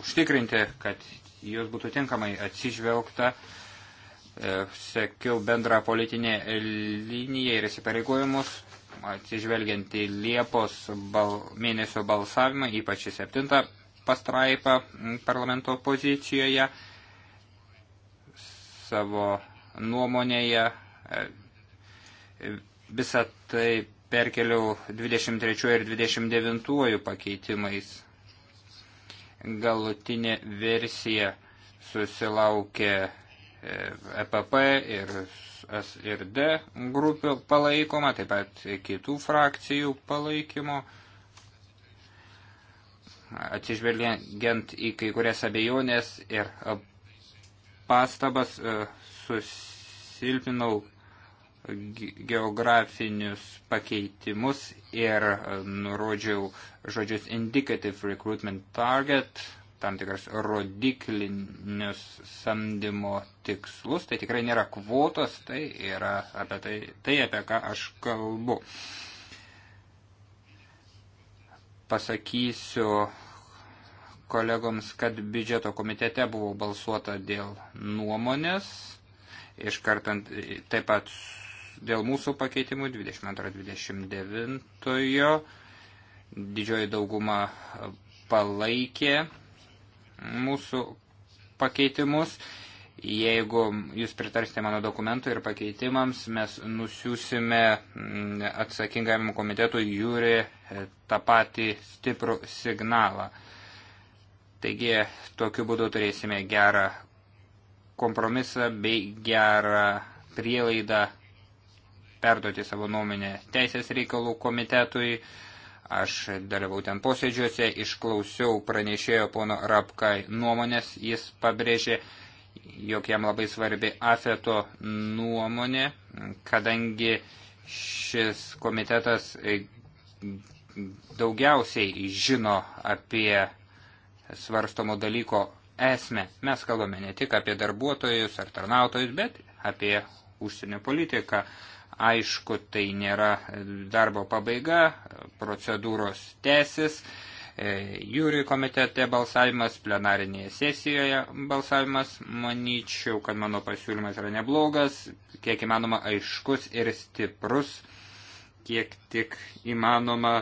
užtikrinti, kad jos būtų tinkamai atsižvelgta. E, E, sekiau bendrą politinę liniją ir įsipareigojimus, atsižvelgiant į Liepos bal, mėnesio balsavimą, ypač į septintą pastraipą parlamento pozicijoje, savo nuomonėje e, visą tai perkeliau 23 ir 29 pakeitimais. Galutinė versija susilaukė EPP ir S ir D grupių palaikoma, taip pat kitų frakcijų palaikymo. Atsižvelgiant į kai kurias abejonės ir pastabas e, susilpinau geografinius pakeitimus ir e, nurodžiau žodžius indicative recruitment target tam tikras rodiklinius samdymo tikslus. Tai tikrai nėra kvotos, tai yra apie tai, tai apie ką aš kalbu. Pasakysiu kolegoms, kad biudžeto komitete buvo balsuota dėl nuomonės, iškartant taip pat dėl mūsų pakeitimų 22-29 didžioji dauguma palaikė mūsų pakeitimus. Jeigu jūs pritarsite mano dokumentui ir pakeitimams, mes nusiusime mm, atsakingam komitetui jūri e, tą patį stiprų signalą. Taigi tokiu būdu turėsime gerą kompromisą bei gerą prielaidą perduoti savo nuomonę Teisės reikalų komitetui. Aš dalyvau ten posėdžiuose, išklausiau pranešėjo pono Rapkai nuomonės, jis pabrėžė, jog jam labai svarbi afeto nuomonė, kadangi šis komitetas daugiausiai žino apie svarstomo dalyko esmę. Mes kalbame ne tik apie darbuotojus ar tarnautojus, bet apie užsienio politiką. Aišku, tai nėra darbo pabaiga, procedūros tesis. E, jūrių komitete balsavimas, plenarinėje sesijoje balsavimas, manyčiau, kad mano pasiūlymas yra neblogas, kiek įmanoma aiškus ir stiprus, kiek tik įmanoma,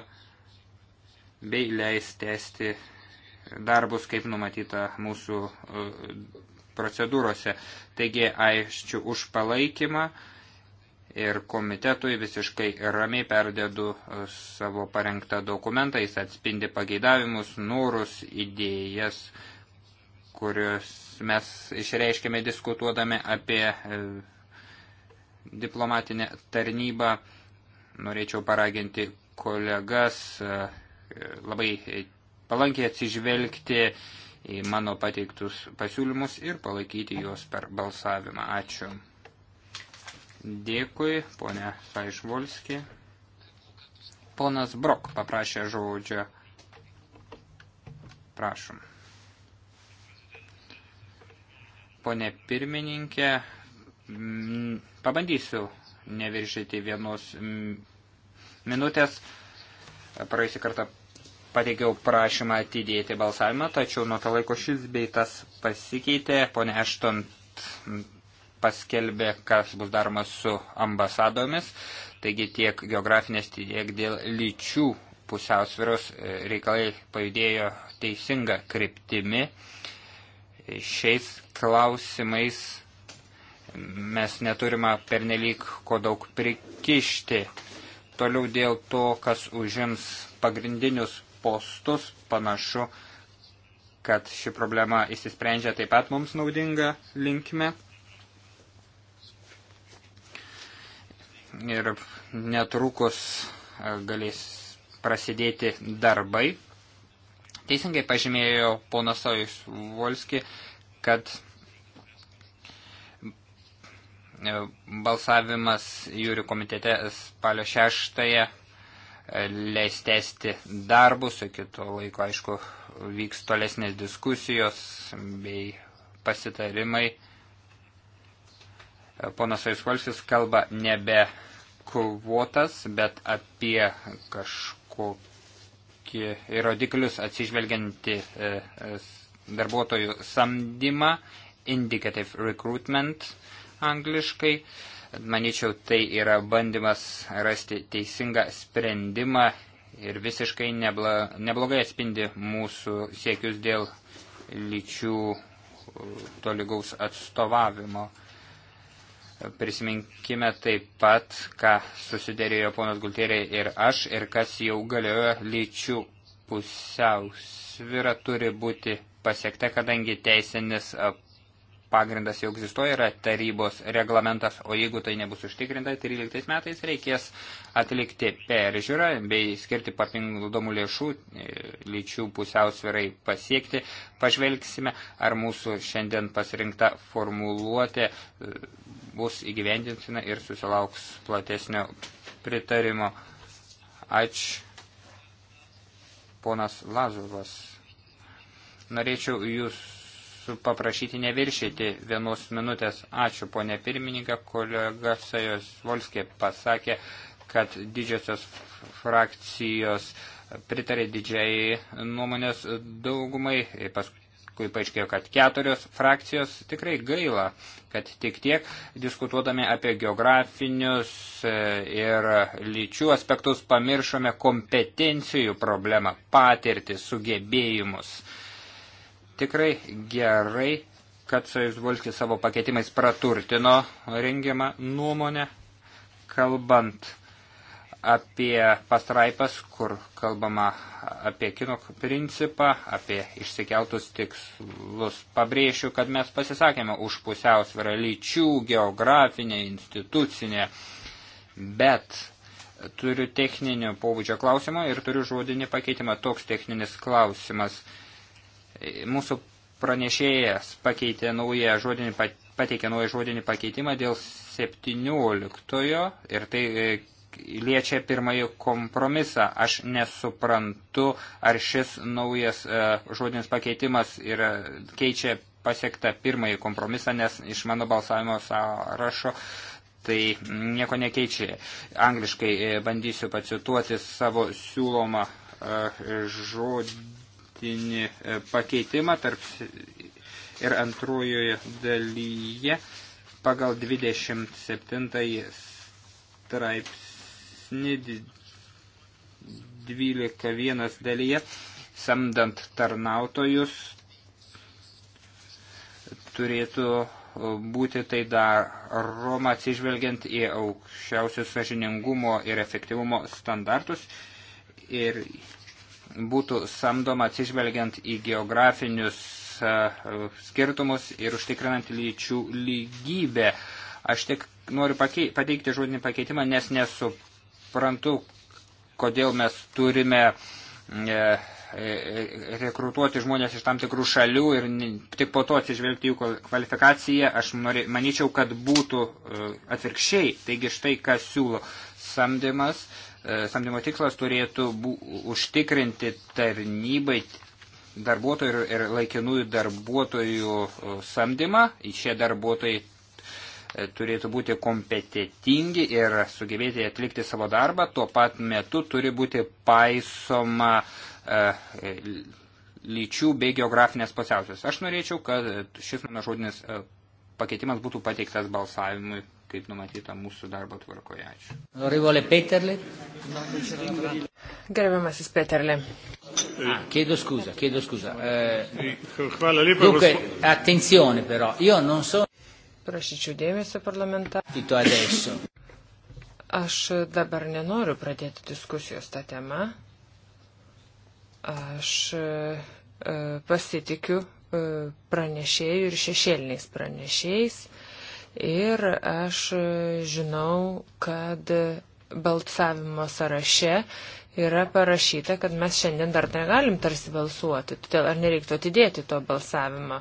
bei leis tęsti darbus, kaip numatyta mūsų e, procedūrose. Taigi, aiškiu už palaikymą ir komitetui visiškai ramiai perdedu e, savo parengtą dokumentą, jis atspindi pageidavimus, norus, idėjas, kurios mes išreiškėme diskutuodami apie e, diplomatinę tarnybą. Norėčiau paraginti kolegas e, labai palankiai atsižvelgti į mano pateiktus pasiūlymus ir palaikyti juos per balsavimą. Ačiū. Dėkui, ponė Saišvolski. Ponas Brok paprašė žodžio. Prašom. Pone pirmininkė, pabandysiu neviršyti vienos minutės. Praėjusį kartą pateikiau prašymą atidėti balsavimą, tačiau nuo to laiko šis beitas pasikeitė. Pone Ešton paskelbė, kas bus daroma su ambasadomis, taigi tiek geografinės, tiek dėl lyčių pusiausviros e, reikalai pajudėjo teisinga kryptimi. Šiais klausimais mes neturime pernelyg ko daug prikišti. Toliau dėl to, kas užims pagrindinius postus, panašu, kad ši problema įsisprendžia taip pat mums naudinga linkme. ir netrukus e, galės prasidėti darbai. Teisingai pažymėjo ponas Sojus Volski, kad e, balsavimas jūrių komitete spalio 6 e, leis tęsti darbus, su kitu laiku, aišku, vyks tolesnės diskusijos bei pasitarimai ponas Aiskolskis kalba nebe kvotas, bet apie kažkokį rodiklius atsižvelgianti e, e, darbuotojų samdymą, indicative recruitment angliškai. Manyčiau, tai yra bandymas rasti teisingą sprendimą ir visiškai nebla, neblogai atspindi mūsų siekius dėl lyčių e, tolygaus atstovavimo. Prisiminkime taip pat, ką susidėrėjo ponas Gulterė ir aš, ir kas jau galioja lyčių pusiausvyra turi būti pasiekta, kadangi teisinis pagrindas jau egzistuoja, yra tarybos reglamentas, o jeigu tai nebus užtikrinta, 13 metais reikės atlikti peržiūrą bei skirti papildomų lėšų e, lyčių pusiausvirai pasiekti. Pažvelgsime, ar mūsų šiandien pasirinkta formuluotė e, bus įgyvendinsina ir susilauks platesnio pritarimo. Ačiū, ponas Lazovas. Norėčiau jūs paprašyti neviršyti vienos minutės. Ačiū, ponė pirmininkė, kolega Sajos Volskė pasakė, kad didžiosios frakcijos pritarė didžiai nuomonės daugumai. Paskui kai paaiškėjo, kad keturios frakcijos tikrai gaila, kad tik tiek diskutuodami apie geografinius e, ir lyčių aspektus pamiršome kompetencijų problemą, patirtį, sugebėjimus. Tikrai gerai, kad Sojusvolskis savo pakeitimais praturtino rengiamą nuomonę, kalbant apie pastraipas, kur kalbama apie kino principą, apie išsikeltus tikslus. Pabrėšiu, kad mes pasisakėme už pusiausvyrą lyčių, geografinę, institucinę, bet turiu techninio pobūdžio klausimą ir turiu žodinį pakeitimą. Toks techninis klausimas. Mūsų pranešėjas pakeitė naują žodinį, pateikė naują žodinį pakeitimą dėl 17 ir tai e, liečia pirmąjį kompromisą. Aš nesuprantu, ar šis naujas e, žodinis pakeitimas yra, keičia pasiektą pirmąjį kompromisą, nes iš mano balsavimo sąrašo tai nieko nekeičia. Angliškai e, bandysiu pacituoti savo siūlomą e, žodinį pakeitimą tarp ir antrojoje dalyje pagal 27 straipsnį didesni 12.1 dalyje, samdant tarnautojus, turėtų būti tai daroma atsižvelgiant į aukščiausius sažiningumo ir efektyvumo standartus ir būtų samdoma atsižvelgiant į geografinius skirtumus ir užtikrinant lyčių lygybę. Aš tik noriu pakei, pateikti žodinį pakeitimą, nes nesu suprantu, kodėl mes turime e, e, e, rekrutuoti žmonės iš tam tikrų šalių ir tik po to atsižvelgti jų kvalifikaciją, aš norė, manyčiau, kad būtų atvirkščiai. Taigi štai, ką siūlo samdymas. Samdymo tikslas turėtų bū, užtikrinti tarnybai darbuotojų ir, ir laikinųjų darbuotojų samdymą. Šie darbuotojai turėtų būti kompetitingi ir sugebėti atlikti savo darbą, tuo pat metu turi būti paisoma e, lyčių bei geografinės pasiausios. Aš norėčiau, kad šis mano žodinis e, pakeitimas būtų pateiktas balsavimui, kaip numatyta mūsų darbo tvarkoje. Ačiū. Norivole Peterle. Gerbiamasis Peterle. Ah, chiedo scusa, chiedo scusa. Eh, Dunque, attenzione però, io non so... Prašyčiau dėmesio parlamentą. Aš dabar nenoriu pradėti diskusijos tą temą. Aš e, pasitikiu e, pranešėjų ir šešėliniais pranešėjais. Ir aš e, žinau, kad balsavimo sąraše yra parašyta, kad mes šiandien dar negalim tarsi balsuoti, todėl ar nereiktų atidėti to balsavimo.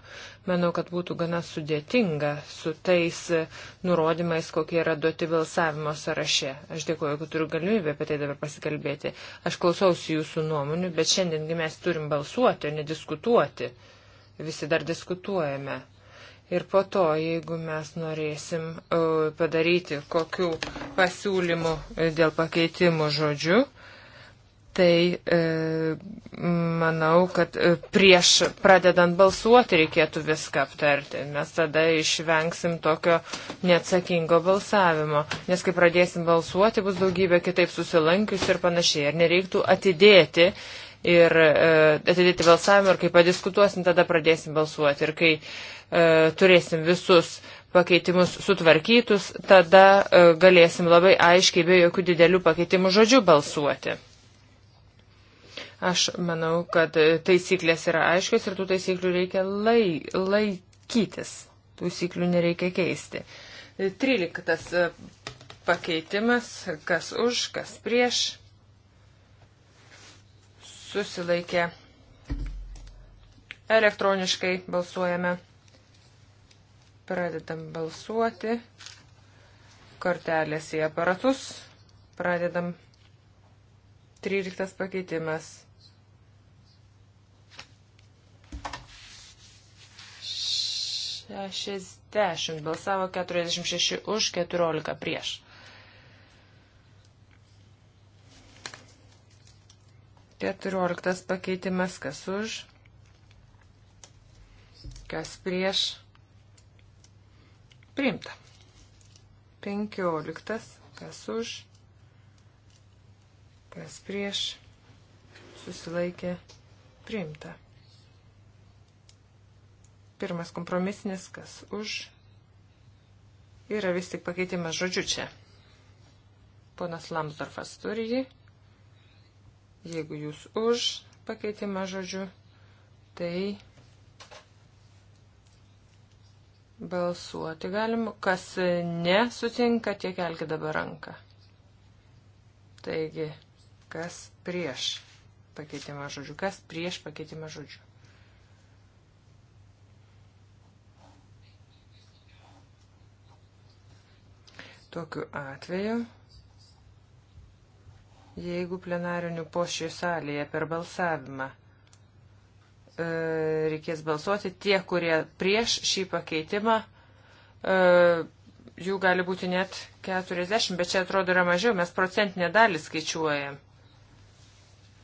Manau, kad būtų gana sudėtinga su tais nurodymais, kokie yra duoti balsavimo sąraše. Aš dėkuoju, kad turiu galimybę apie tai dabar pasikalbėti. Aš klausausi jūsų nuomonių, bet šiandiengi mes turim balsuoti, o ne diskutuoti. Visi dar diskutuojame. Ir po to, jeigu mes norėsim e, padaryti kokių pasiūlymų e, dėl pakeitimų žodžių, tai e, manau, kad e, prieš pradedant balsuoti reikėtų viską aptarti. Mes tada išvengsim tokio neatsakingo balsavimo, nes kai pradėsim balsuoti, bus daugybė kitaip susilankius ir panašiai. Ir nereiktų atidėti ir e, atidėti balsavimą ir kai padiskutuosim, tada pradėsim balsuoti. Ir kai e, turėsim visus pakeitimus sutvarkytus, tada e, galėsim labai aiškiai be jokių didelių pakeitimų žodžių balsuoti. Aš manau, kad taisyklės yra aiškios ir tų taisyklių reikia lai, laikytis. Tų taisyklių nereikia keisti. Tryliktas e, pakeitimas, kas už, kas prieš. Susilaikė. Elektroniškai balsuojame. Pradedam balsuoti. Kortelės į aparatus. Pradedam. 13 pakeitimas. 60 balsavo 46 už 14 prieš. Keturioliktas pakeitimas, kas už, kas prieš, priimta. Penkioliktas, kas už, kas prieš, susilaikė, priimta. Pirmas kompromisinis, kas už. Yra vis tik pakeitimas žodžiu čia. Ponas Lamsdorfas turi jį. Jeigu jūs už pakeitimą žodžiu, tai balsuoti galima. Kas nesutinka, tiek kelkite dabar ranką. Taigi, kas prieš pakeitimą žodžių, kas prieš pakeitimą žodžių. Tokiu atveju, jeigu plenarinių pošių salėje per balsavimą e, reikės balsuoti, tie, kurie prieš šį pakeitimą, e, jų gali būti net 40, bet čia atrodo yra mažiau, mes procentinę dalį skaičiuojam.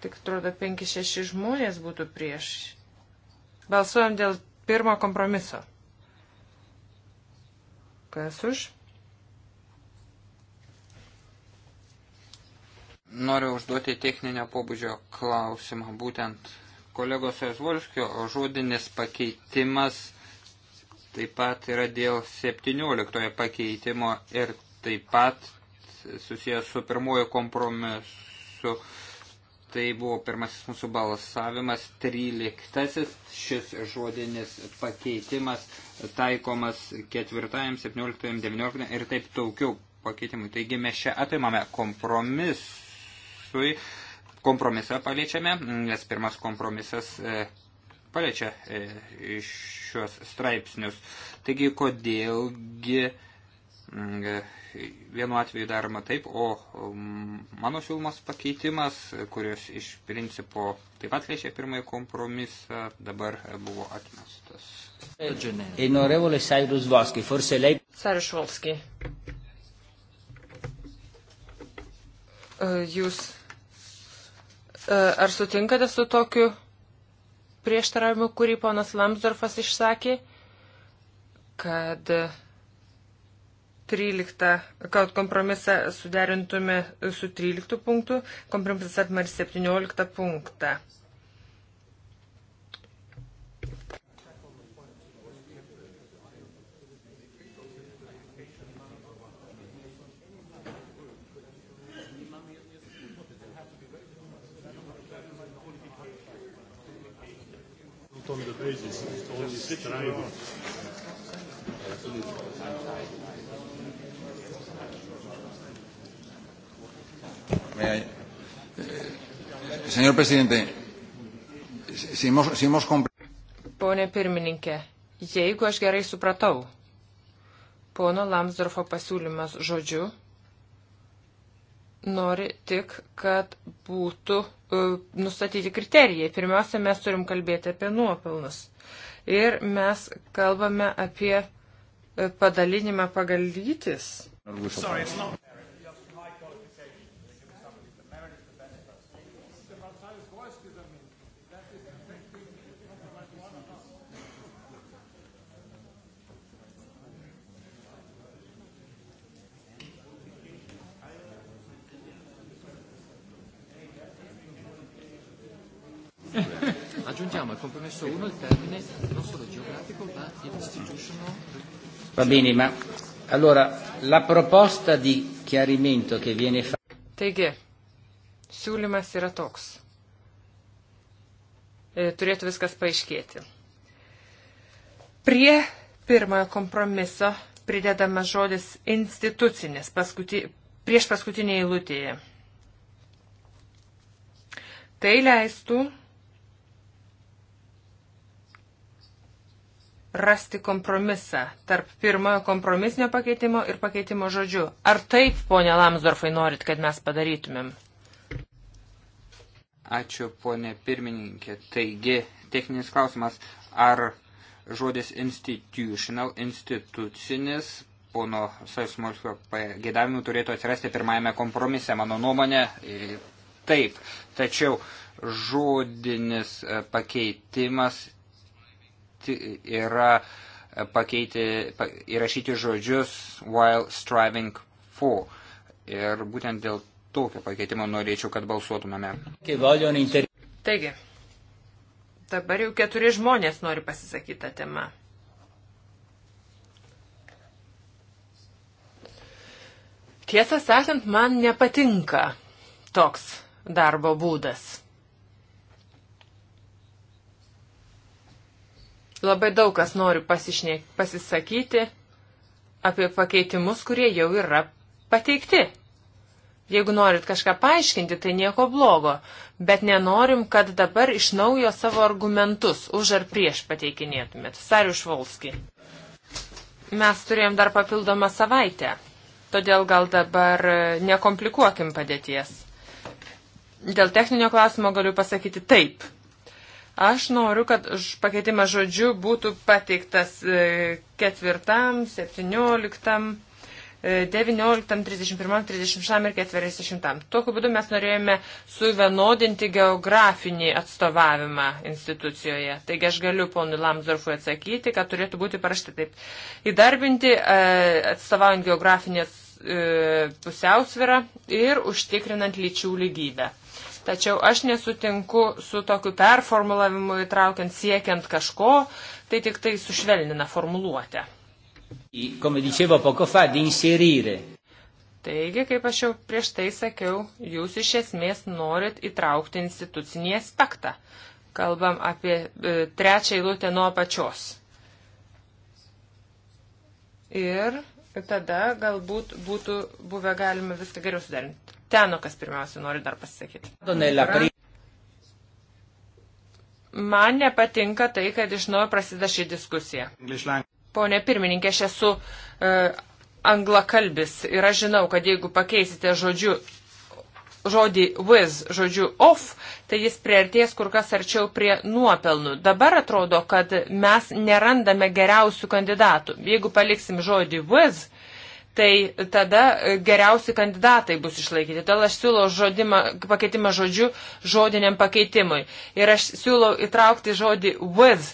Tik atrodo 5-6 žmonės būtų prieš. Balsuojam dėl pirmo kompromiso. Kas už? Noriu užduoti techninio pobūdžio klausimą. Būtent kolegos Esvolskio žodinis pakeitimas taip pat yra dėl 17 pakeitimo ir taip pat susijęs su pirmoju kompromisu. Tai buvo pirmasis mūsų balsavimas, 13. Šis žodinis pakeitimas taikomas 4, 17, 19 ir taip daugiau pakeitimų. Taigi mes čia apimame kompromisu kompromisui, kompromisą paliečiame, nes pirmas kompromisas e, paliečia e, šios straipsnius. Taigi, kodėlgi mm, e, vienu atveju daroma taip, o mano siūlomas pakeitimas, kurios iš principo taip pat lėčia pirmąjį kompromisą, dabar buvo atmestas. Enorevole Sairus Voski, forse lei... Sairus Voski. Jūs E, ar sutinkate su tokiu prieštaravimu, kurį ponas Lamsdorfas išsakė, kad 13, kad kompromisą suderintume su 13 punktu, kompromisas apmar 17 punktą. not on the bridges, it's only striving. Eh, señor presidente, si hemos, si hemos Pone pirmininkė, jeigu aš gerai supratau, pono Lamsdorfo pasiūlymas žodžiu nori tik, kad būtų uh, nustatyti kriterijai. Pirmiausia, mes turim kalbėti apie nuopelnus. Ir mes kalbame apie e, padalinimą pagal lytis. Sorry, aggiungiamo al compromesso 1 il termine non solo geografico ma institutional. Va bene, ma allora la proposta di chiarimento che viene fatta. Taigi, siūlymas yra toks. E, turėtų viskas paaiškėti. Prie pirmojo kompromiso pridedamas žodis institucinės paskuti, prieš paskutinėje eilutėje. Tai leistų rasti kompromisą tarp pirmojo kompromisinio pakeitimo ir pakeitimo žodžiu. Ar taip, ponė Lamsdorfai, norit, kad mes padarytumėm? Ačiū, ponė pirmininkė. Taigi, techninis klausimas, ar žodis institutional, institucinis, pono Saismolskio gėdavimų turėtų atsirasti pirmajame kompromise, mano nuomonė, e, taip. Tačiau žodinis e, pakeitimas yra e, pakeiti, įrašyti žodžius while striving for. Ir būtent dėl tokio pakeitimo norėčiau, kad balsuotumėme. Taigi, dabar jau keturi žmonės nori pasisakyti tą temą. Tiesą sakant, man nepatinka toks darbo būdas. Labai daug kas nori pasišne, pasisakyti apie pakeitimus, kurie jau yra pateikti. Jeigu norit kažką paaiškinti, tai nieko blogo, bet nenorim, kad dabar iš naujo savo argumentus už ar prieš pateikinėtumėt. Sarius Volski. Mes turėjom dar papildomą savaitę, todėl gal dabar e, nekomplikuokim padėties. Dėl techninio klausimo galiu pasakyti taip. Aš noriu, kad pakeitimas žodžiu būtų pateiktas e, ketvirtam, septynioliktam. 19, 31, 36 ir 40. Tokiu būdu mes norėjome suvienodinti geografinį atstovavimą institucijoje. Taigi aš galiu ponui Lamsdorfui atsakyti, kad turėtų būti parašta taip. Įdarbinti e, atstovaujant geografinį e, pusiausvirą ir užtikrinant lyčių lygybę. Tačiau aš nesutinku su tokiu performulavimu įtraukiant siekiant kažko, tai tik tai sušvelnina formuluotę. Taigi, kaip aš jau prieš tai sakiau, jūs iš esmės norit įtraukti institucinį aspektą. Kalbam apie e, trečią eilutę nuo apačios. Ir tada galbūt būtų buvę galima viską geriau suderinti. Tenukas pirmiausia nori dar pasisakyti. Man nepatinka tai, kad iš naujo prasideda ši diskusija. Pone pirmininkė, aš esu uh, anglakalbis ir aš žinau, kad jeigu pakeisite žodžiu, žodį with, žodžiu off, tai jis priartės kur kas arčiau prie nuopelnų. Dabar atrodo, kad mes nerandame geriausių kandidatų. Jeigu paliksim žodį with, tai tada geriausi kandidatai bus išlaikyti. Todėl aš siūlau žodimą, pakeitimą žodžiu žodiniam pakeitimui. Ir aš siūlau įtraukti žodį with,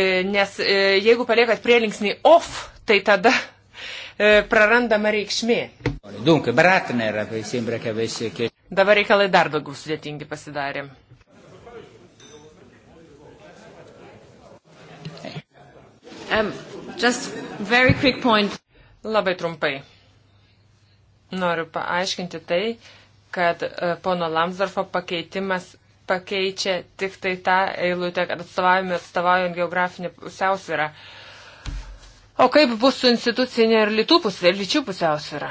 e, nes e, jeigu paliekat prielinksnį off, tai tada e, prarandama reikšmė. Dabar reikalai dar daugiau sudėtingi pasidarė. Um, just very quick point. Labai trumpai. Noriu paaiškinti tai, kad e, pono Lamsdorfo pakeitimas pakeičia tik tai tą eilutę, kad atstovavime atstovaujant geografinį pusiausvyrą. O kaip bus su institucinė ir lytų pusė, lyčių pusiausvyrą?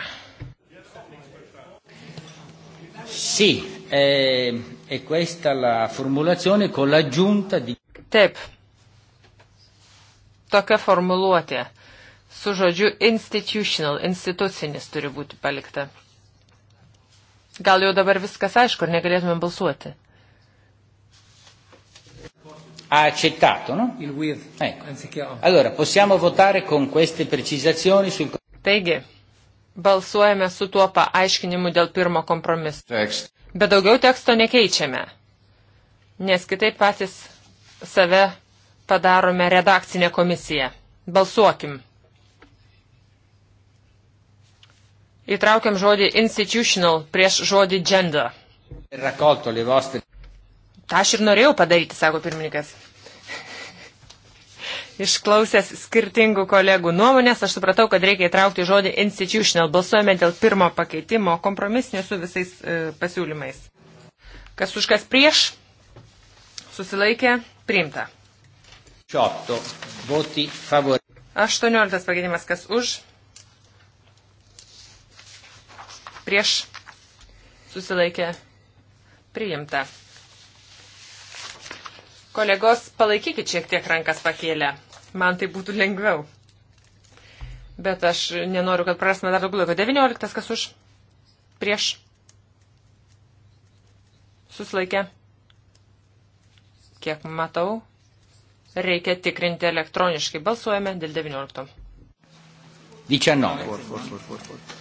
Sì, eh, è questa la formulazione con l'aggiunta di. Taip. Tokia formuluotė su žodžiu institutional, institucinis turi būti palikta. Gal jau dabar viskas aišku ir negalėtume balsuoti? Ha accettato, no? Il with. Ecco. Allora, possiamo votare con queste precisazioni sul... Taigi, balsuojame su tuo paaiškinimu dėl pirmo kompromiso. Tekst. Bet daugiau teksto nekeičiame, nes kitaip patys save padarome redakcinę komisiją. Balsuokim. Įtraukiam žodį institutional prieš žodį gender. Ta aš ir norėjau padaryti, sako pirmininkas. Išklausęs skirtingų kolegų nuomonės, aš supratau, kad reikia įtraukti žodį institutional. Balsuojame dėl pirmo pakeitimo, kompromisinio su visais e, pasiūlymais. Kas už kas prieš? Susilaikė, priimta. 18 pakeitimas, kas už, prieš susilaikė priimta. Kolegos, palaikykit šiek tiek rankas pakėlę. Man tai būtų lengviau. Bet aš nenoriu, kad prarastume dar daugiau laiko. 19. Kas už? Prieš. Suslaikė. Kiek matau, reikia tikrinti elektroniškai. Balsuojame dėl 19. 19.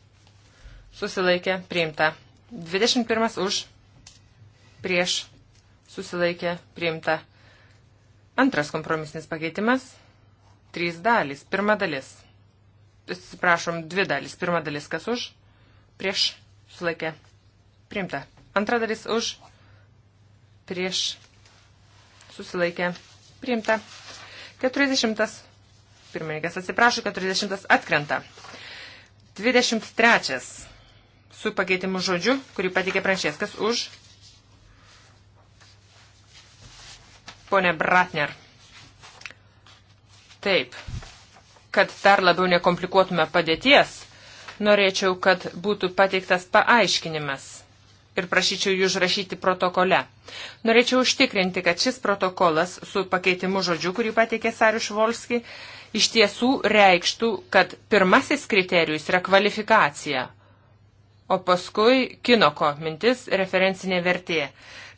susilaikė, priimta. 21 už, prieš, susilaikė, priimta. Antras kompromisinis pakeitimas, trys dalys, pirma dalis. Atsiprašom, dvi dalys, pirma dalis kas už, prieš, susilaikė, priimta. Antra dalis už, prieš, susilaikė, priimta. 40. Pirmininkas atsiprašo, 40 atkrenta. 23 su pakeitimu žodžiu, kurį patikė pranešės. Kas už? Pone Bratner. Taip. Kad dar labiau nekomplikuotume padėties, norėčiau, kad būtų pateiktas paaiškinimas ir prašyčiau jų užrašyti protokole. Norėčiau užtikrinti, kad šis protokolas su pakeitimu žodžiu, kurį pateikė Sarius Volski, iš tiesų reikštų, kad pirmasis kriterijus yra kvalifikacija, o paskui kinoko mintis referencinė vertė.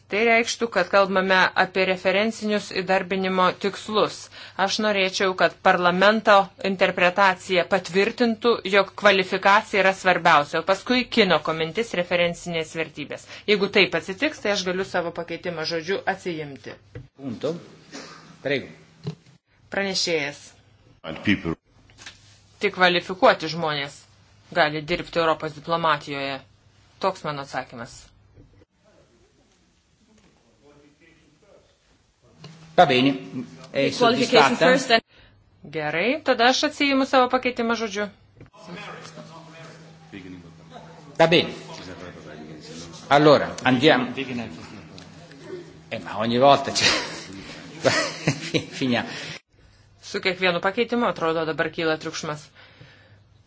Tai reikštų, kad kalbame apie referencinius įdarbinimo tikslus. Aš norėčiau, kad parlamento interpretacija patvirtintų, jog kvalifikacija yra svarbiausia, o paskui kino komintis referencinės vertybės. Jeigu taip atsitiks, tai aš galiu savo pakeitimą žodžiu atsijimti. Punto. Prego. Pranešėjas. Tik kvalifikuoti žmonės gali dirbti Europos diplomatijoje. Toks mano atsakymas. Va bene. E, Gerai, tada aš atsijimu savo pakeitimą žodžiu. Va bene. Allora, andiamo. Eh, ma ogni volta c'è. Finiamo. Su kiekvienu pakeitimu atrodo dabar kyla triukšmas.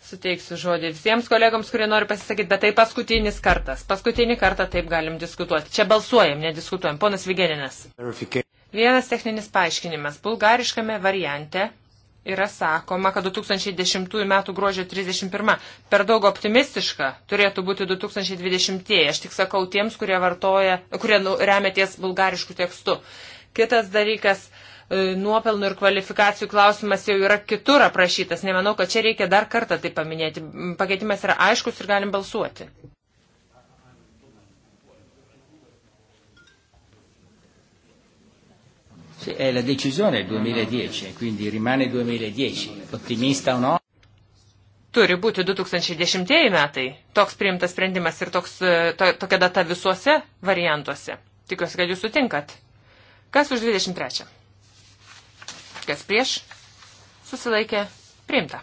Suteiksiu žodį visiems kolegams, kurie nori pasisakyti, bet tai paskutinis kartas. Paskutinį kartą taip galim diskutuoti. Čia balsuojam, nediskutuojam. Ponas Vigeninas. Vienas techninis paaiškinimas. Bulgariškame variante yra sakoma, kad 2010 m. gruodžio 31 per daug optimistiška turėtų būti 2020. Aš tik sakau tiems, kurie, vartoja, kurie nu, remia ties bulgariškų tekstų. Kitas dalykas E, nuopelnų ir kvalifikacijų klausimas jau yra kitur aprašytas. Nemanau, kad čia reikia dar kartą tai paminėti. Pakeitimas yra aiškus ir galim balsuoti. È la decisione del 2010, quindi rimane 2010, ottimista o no? Turi būti 2010 metai. Toks priimtas sprendimas ir toks, e, to, tokia data visuose variantuose. Tikiuosi, kad jūs sutinkat. Kas už 23? kas prieš, susilaikė, priimta.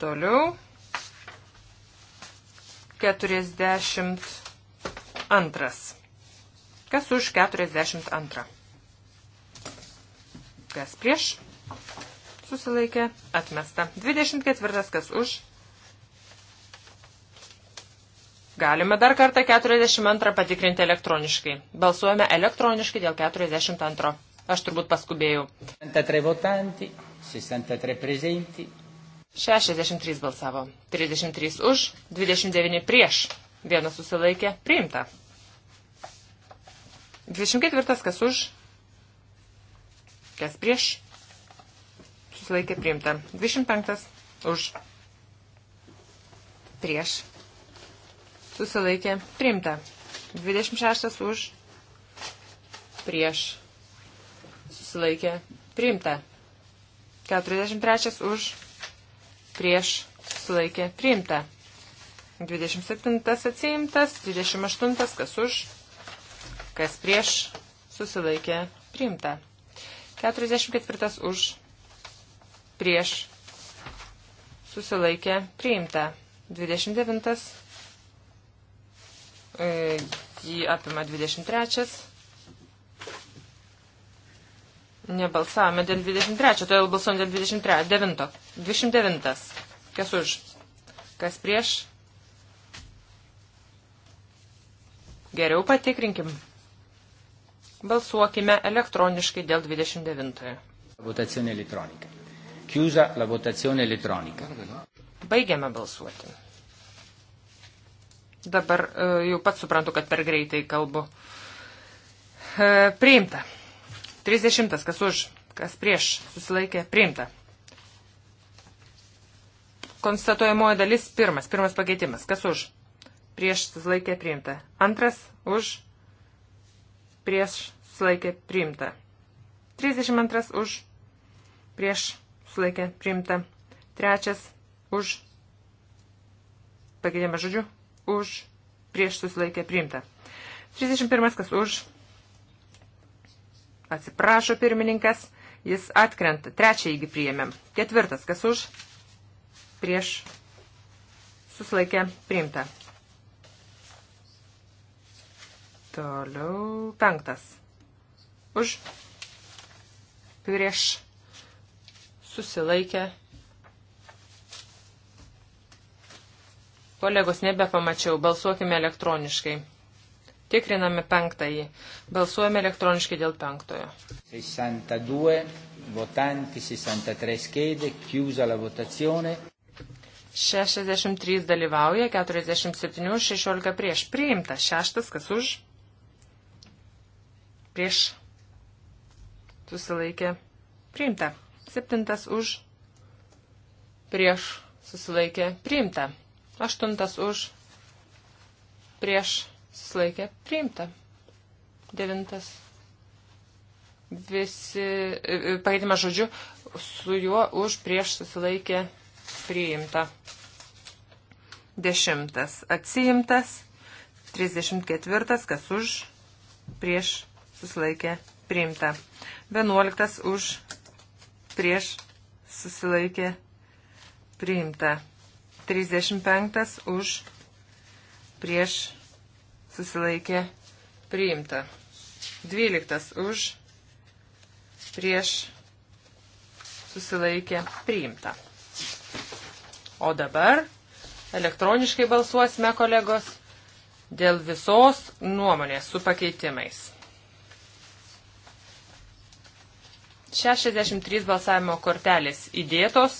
Toliau. 42. Kas už 42? Kas prieš? Susilaikė, atmesta. 24. Kas už? Galime dar kartą 42 patikrinti elektroniškai. Balsuojame elektroniškai dėl 42. Aš turbūt paskubėjau. 63 votanti, 63 prezenti. 63 balsavo, 33 už, 29 prieš, vienas susilaikė, priimta. 24 kas už, kas prieš, susilaikė, priimta. 25 už, prieš, susilaikė, priimta. 26 už, prieš, susilaikė priimta. 43 už prieš susilaikė priimta. 27 atsiimtas, 28 kas už, kas prieš susilaikė priimta. 44 už prieš susilaikė priimta. 29 e, jį apima 23 Nebalsavome dėl 23, todėl balsuom dėl 23. 9. 29. Kas už? Kas prieš? Geriau patikrinkim. Balsuokime elektroniškai dėl 29. Votazione elettronica. Chiusa la votazione elettronica. Baigiame balsuoti. Dabar eh, jau pat suprantu, kad per greitai kalbu. Eh, priimta. 30. Kas už, kas prieš, susilaikė, priimta. Konstatuojamoji dalis pirmas, pirmas pakeitimas. Kas už, prieš, susilaikė, priimta. Antras, už, prieš, susilaikė, priimta. 32 už, prieš, susilaikė, priimta. Trečias, už, pakeitėme žodžiu, už, prieš, susilaikė, priimta. 31 kas už, Atsiprašo pirmininkas, jis atkrenta. Trečią įgi priėmėm. Ketvirtas, kas už? Prieš susilaikė priimta. Toliau penktas. Už. Prieš susilaikė. Kolegos, nebepamačiau. Balsuokime elektroniškai. Tikriname penktąjį. Balsuojame elektroniškai dėl penktojo. 62, votanti 63 skėdė, chiusa la votazione. 63 dalyvauja, 47, 16 prieš. Priimta. Šeštas, kas už? Prieš. Susilaikė. Priimta. Septintas už. Prieš. Susilaikė. Priimta. Aštuntas už. Prieš susilaikė priimta. Devintas. Visi, e, e, pakeitimas žodžiu, su juo už prieš susilaikė priimta. Dešimtas atsiimtas. 34, kas už prieš susilaikė priimta. 11 už prieš susilaikė priimta. 35 už prieš susilaikė priimta. 12 už prieš susilaikė priimta. O dabar elektroniškai balsuosime, kolegos, dėl visos nuomonės su pakeitimais. 63 balsavimo kortelės įdėtos,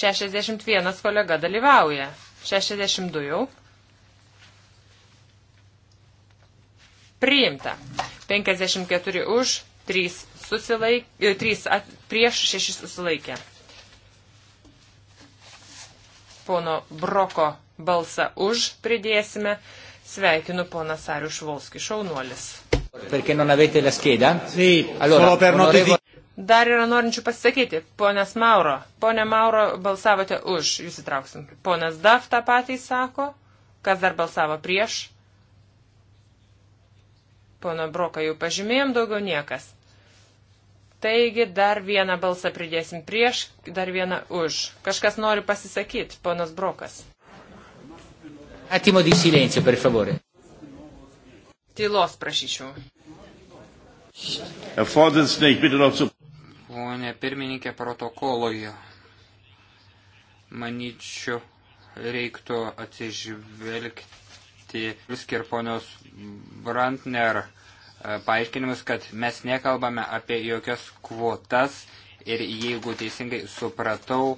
61 kolega dalyvauja, 62 jau. priimta. 54 už, 3, susilaik, 3 e, at, prieš, 6 susilaikė. Pono Broko balsą už pridėsime. Sveikinu poną Sarių Švolskį, šaunuolis. Dar yra norinčių pasakyti. Ponas Mauro. Pone Mauro, balsavote už. Jūs įtrauksim. Ponas Daf tą patį sako. Kas dar balsavo prieš? pono Broką jau pažymėjom, daugiau niekas. Taigi dar vieną balsą pridėsim prieš, dar vieną už. Kažkas nori pasisakyti, ponas Brokas. Atimo di silencio, per favore. Tylos prašyčiau. Pone pirmininkė protokoloje, manyčiau, reiktų atsižvelgti tokį viskį ir ponios Brantner e, paaiškinimus, kad mes nekalbame apie jokias kvotas ir jeigu teisingai supratau,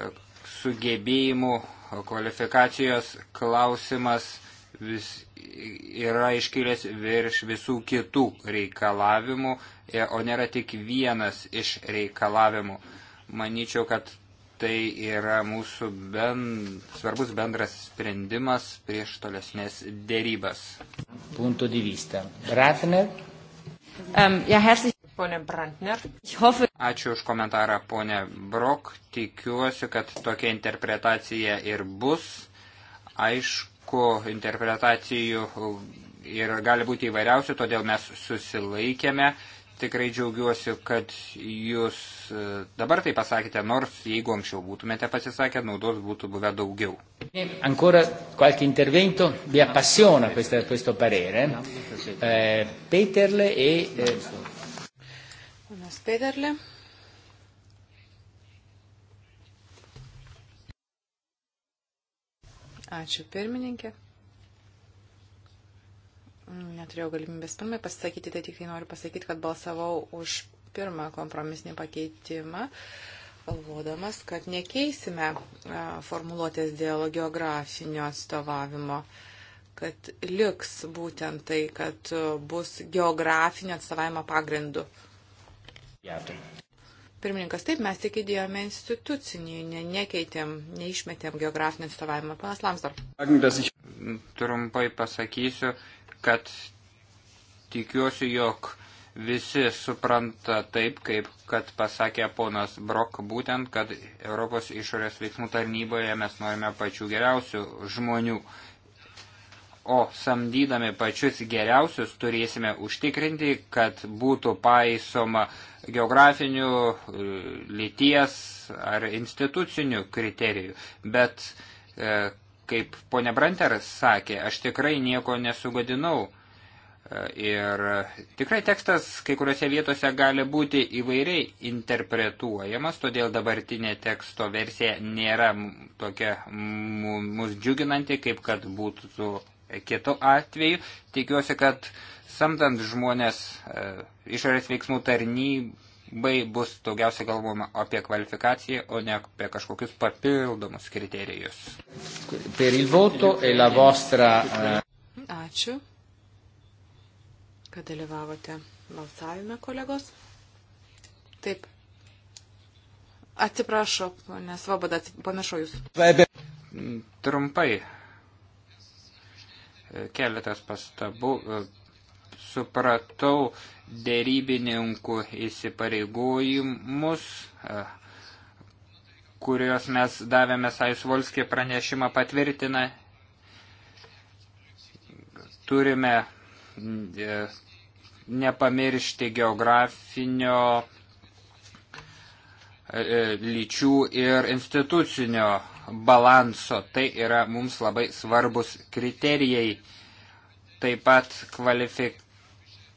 e, sugebėjimų kvalifikacijos klausimas vis yra iškilęs virš visų kitų reikalavimų, e, o nėra tik vienas iš reikalavimų. Manyčiau, kad Tai yra mūsų ben, svarbus bendras sprendimas prieš tolesnės dėrybas. Punto di vista. Ratner. Um, ja, herzlich. Pone Brantner. Ačiū už komentarą, ponė Brok. Tikiuosi, kad tokia interpretacija ir bus. Aišku, interpretacijų ir gali būti įvairiausių, todėl mes susilaikėme. Uh, tikrai džiaugiuosi, kad jūs e, dabar tai pasakėte, nors jeigu anksčiau būtumėte pasisakę, naudos būtų buvę daugiau. Ancora qualche intervento vi appassiona questo, questo parere. Eh, Peterle e... Eh... Ponas Peterle. Ačiū pirmininkė neturėjau galimybės pirmai pasisakyti, tai tik tai noriu pasakyti, kad balsavau už pirmą kompromisinį pakeitimą, galvodamas, kad nekeisime formuluotės dėl geografinio atstovavimo kad liks būtent tai, kad bus geografinio atstovavimo pagrindu. Pirmininkas, taip, mes tik įdėjome institucinį, ne, nekeitėm, neišmetėm geografinį atstovavimą. Panas Lamsdor. Trumpai pasakysiu, kad tikiuosi, jog visi supranta taip, kaip kad pasakė ponas Brok, būtent, kad Europos išorės veiksmų tarnyboje mes norime pačių geriausių žmonių. O samdydami pačius geriausius turėsime užtikrinti, kad būtų paisoma geografinių, lyties ar institucinių kriterijų. Bet e, Kaip ponia Branteras sakė, aš tikrai nieko nesugadinau. Ir tikrai tekstas kai kuriuose vietose gali būti įvairiai interpretuojamas, todėl dabartinė teksto versija nėra tokia mus džiuginanti, kaip kad būtų kitu atveju. Tikiuosi, kad samdant žmonės e, išorės veiksmų tarnybą bai bus daugiausia galvoma apie kvalifikaciją, o ne apie kažkokius papildomus kriterijus. Per il voto e la vostra. Eh, Ačiū, kad dalyvavote balsavime, kolegos. Taip. Atsiprašau, nes vabada, pamiršau jūs. Trumpai. Keletas pastabų supratau dėrybininkų įsipareigojimus, e, kuriuos mes davėme Saisvolskį pranešimą patvirtina. Turime e, nepamiršti geografinio e, lyčių ir institucinio balanso. Tai yra mums labai svarbus kriterijai. Taip pat kvalifikacija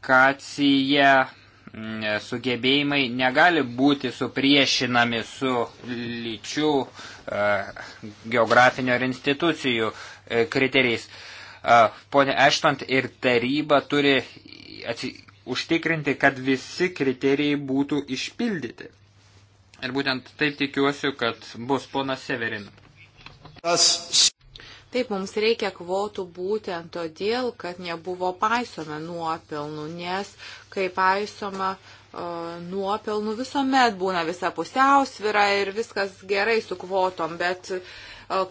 komunikacija, mm, sugebėjimai negali būti supriešinami su lyčių e, geografinio ir institucijų e, kriterijais. E, pone Eštant ir taryba turi atsi... užtikrinti, kad visi kriterijai būtų išpildyti. Ir būtent taip tikiuosi, kad bus ponas Severin. Taip, mums reikia kvotų būtent todėl, kad nebuvo paisoma nuopelnų, nes kai paisoma e, nuopelnų visuomet būna visa pusiausvyra ir viskas gerai su kvotom, bet e,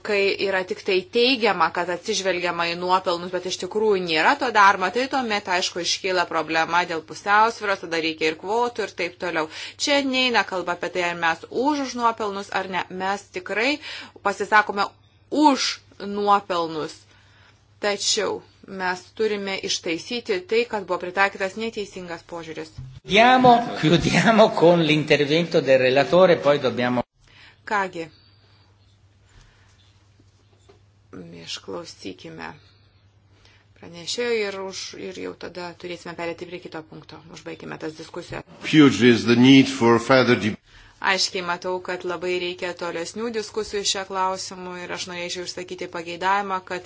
kai yra tik tai teigiama, kad atsižvelgiama į nuopelnus, bet iš tikrųjų nėra to daroma, tai tuomet, aišku, iškyla problema dėl pusiausvyros, tada reikia ir kvotų ir taip toliau. Čia neina kalba apie tai, ar mes už už nuopelnus ar ne. Mes tikrai pasisakome už nuopelnus. Tačiau mes turime ištaisyti tai, kad buvo pritaikytas neteisingas požiūris. Kągi, išklausykime pranešėjo ir, už, ir jau tada turėsime perėti prie kito punkto. Užbaigime tas diskusijas. Aiškiai matau, kad labai reikia tolesnių diskusijų šią klausimą ir aš norėčiau išsakyti pageidavimą, kad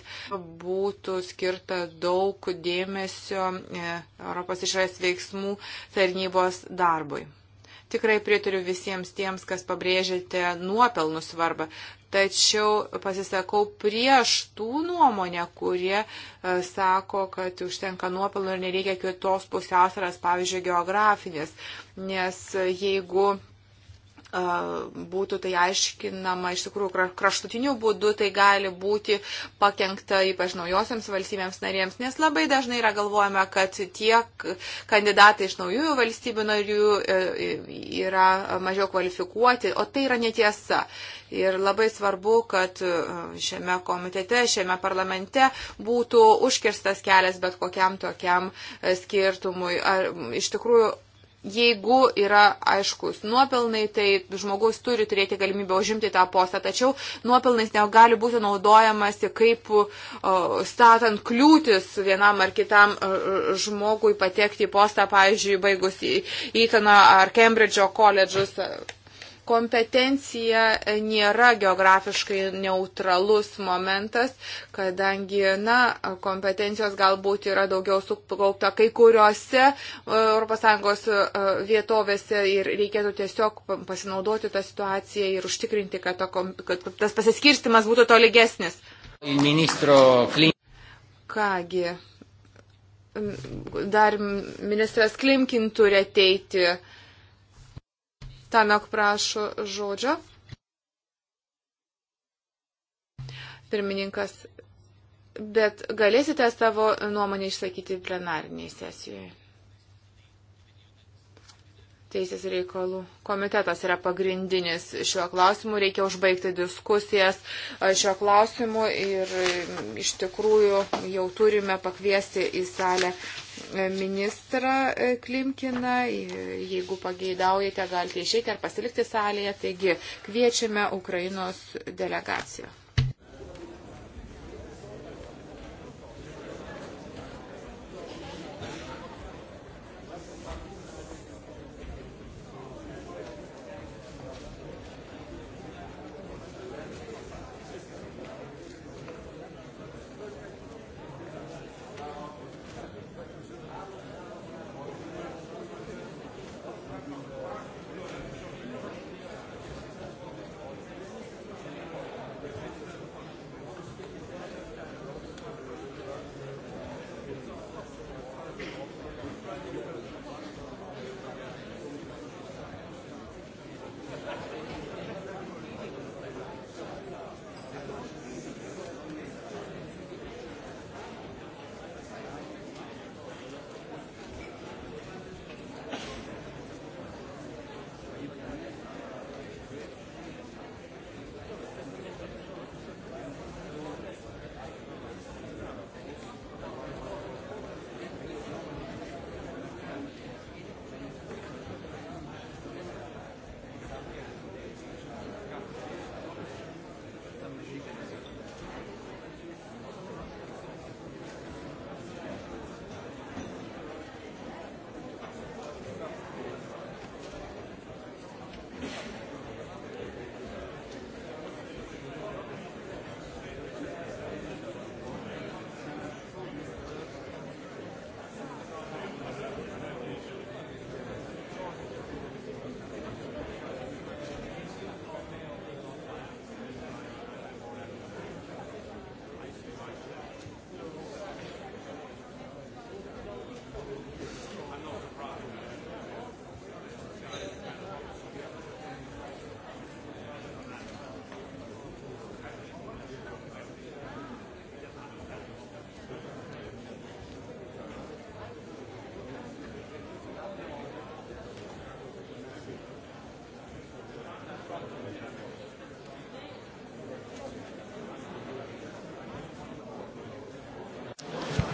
būtų skirta daug dėmesio e, Europos išorės veiksmų tarnybos darbui. Tikrai pritariu visiems tiems, kas pabrėžėte nuopelnų svarbą tačiau pasisakau prieš tų nuomonę, kurie e, sako, kad užtenka nuopelnų ir nereikia kitos pusiausvėras, pavyzdžiui, geografinės. Nes jeigu būtų tai aiškinama iš tikrųjų kraštutiniu būdu, tai gali būti pakengta ypač naujosiams valstybėms narėms, nes labai dažnai yra galvojama, kad tie kandidatai iš naujųjų valstybių narių e, yra mažiau kvalifikuoti, o tai yra netiesa. Ir labai svarbu, kad e, šiame komitete, šiame parlamente būtų užkirstas kelias bet kokiam tokiam e, skirtumui. Ar, iš tikrųjų, Jeigu yra aiškus nuopelnai, tai žmogus turi turėti galimybę užimti tą postą, tačiau nuopelnais negali būti naudojamasi kaip o, statant kliūtis vienam ar kitam žmogui patekti į postą, pavyzdžiui, baigus į Eitoną ar Kembridžo koledžus Kompetencija nėra geografiškai neutralus momentas, kadangi, na, kompetencijos galbūt yra daugiau sukaupta kai kuriuose e, ES e, vietovėse ir reikėtų tiesiog pasinaudoti tą situaciją ir užtikrinti, kad, to, kad tas pasiskirstimas būtų tolygesnis. Kągi, dar ministras Klimkin turi ateiti. Tanok prašo žodžio. Pirmininkas, bet galėsite savo nuomonę išsakyti plenariniai sesijoje. Teisės reikalų komitetas yra pagrindinis šiuo klausimu. Reikia užbaigti diskusijas e, šiuo klausimu ir e, iš tikrųjų jau turime pakviesti į salę e, ministrą Klimkiną. Jeigu pageidaujate, galite išeiti ar pasilikti salėje. Taigi kviečiame Ukrainos delegaciją.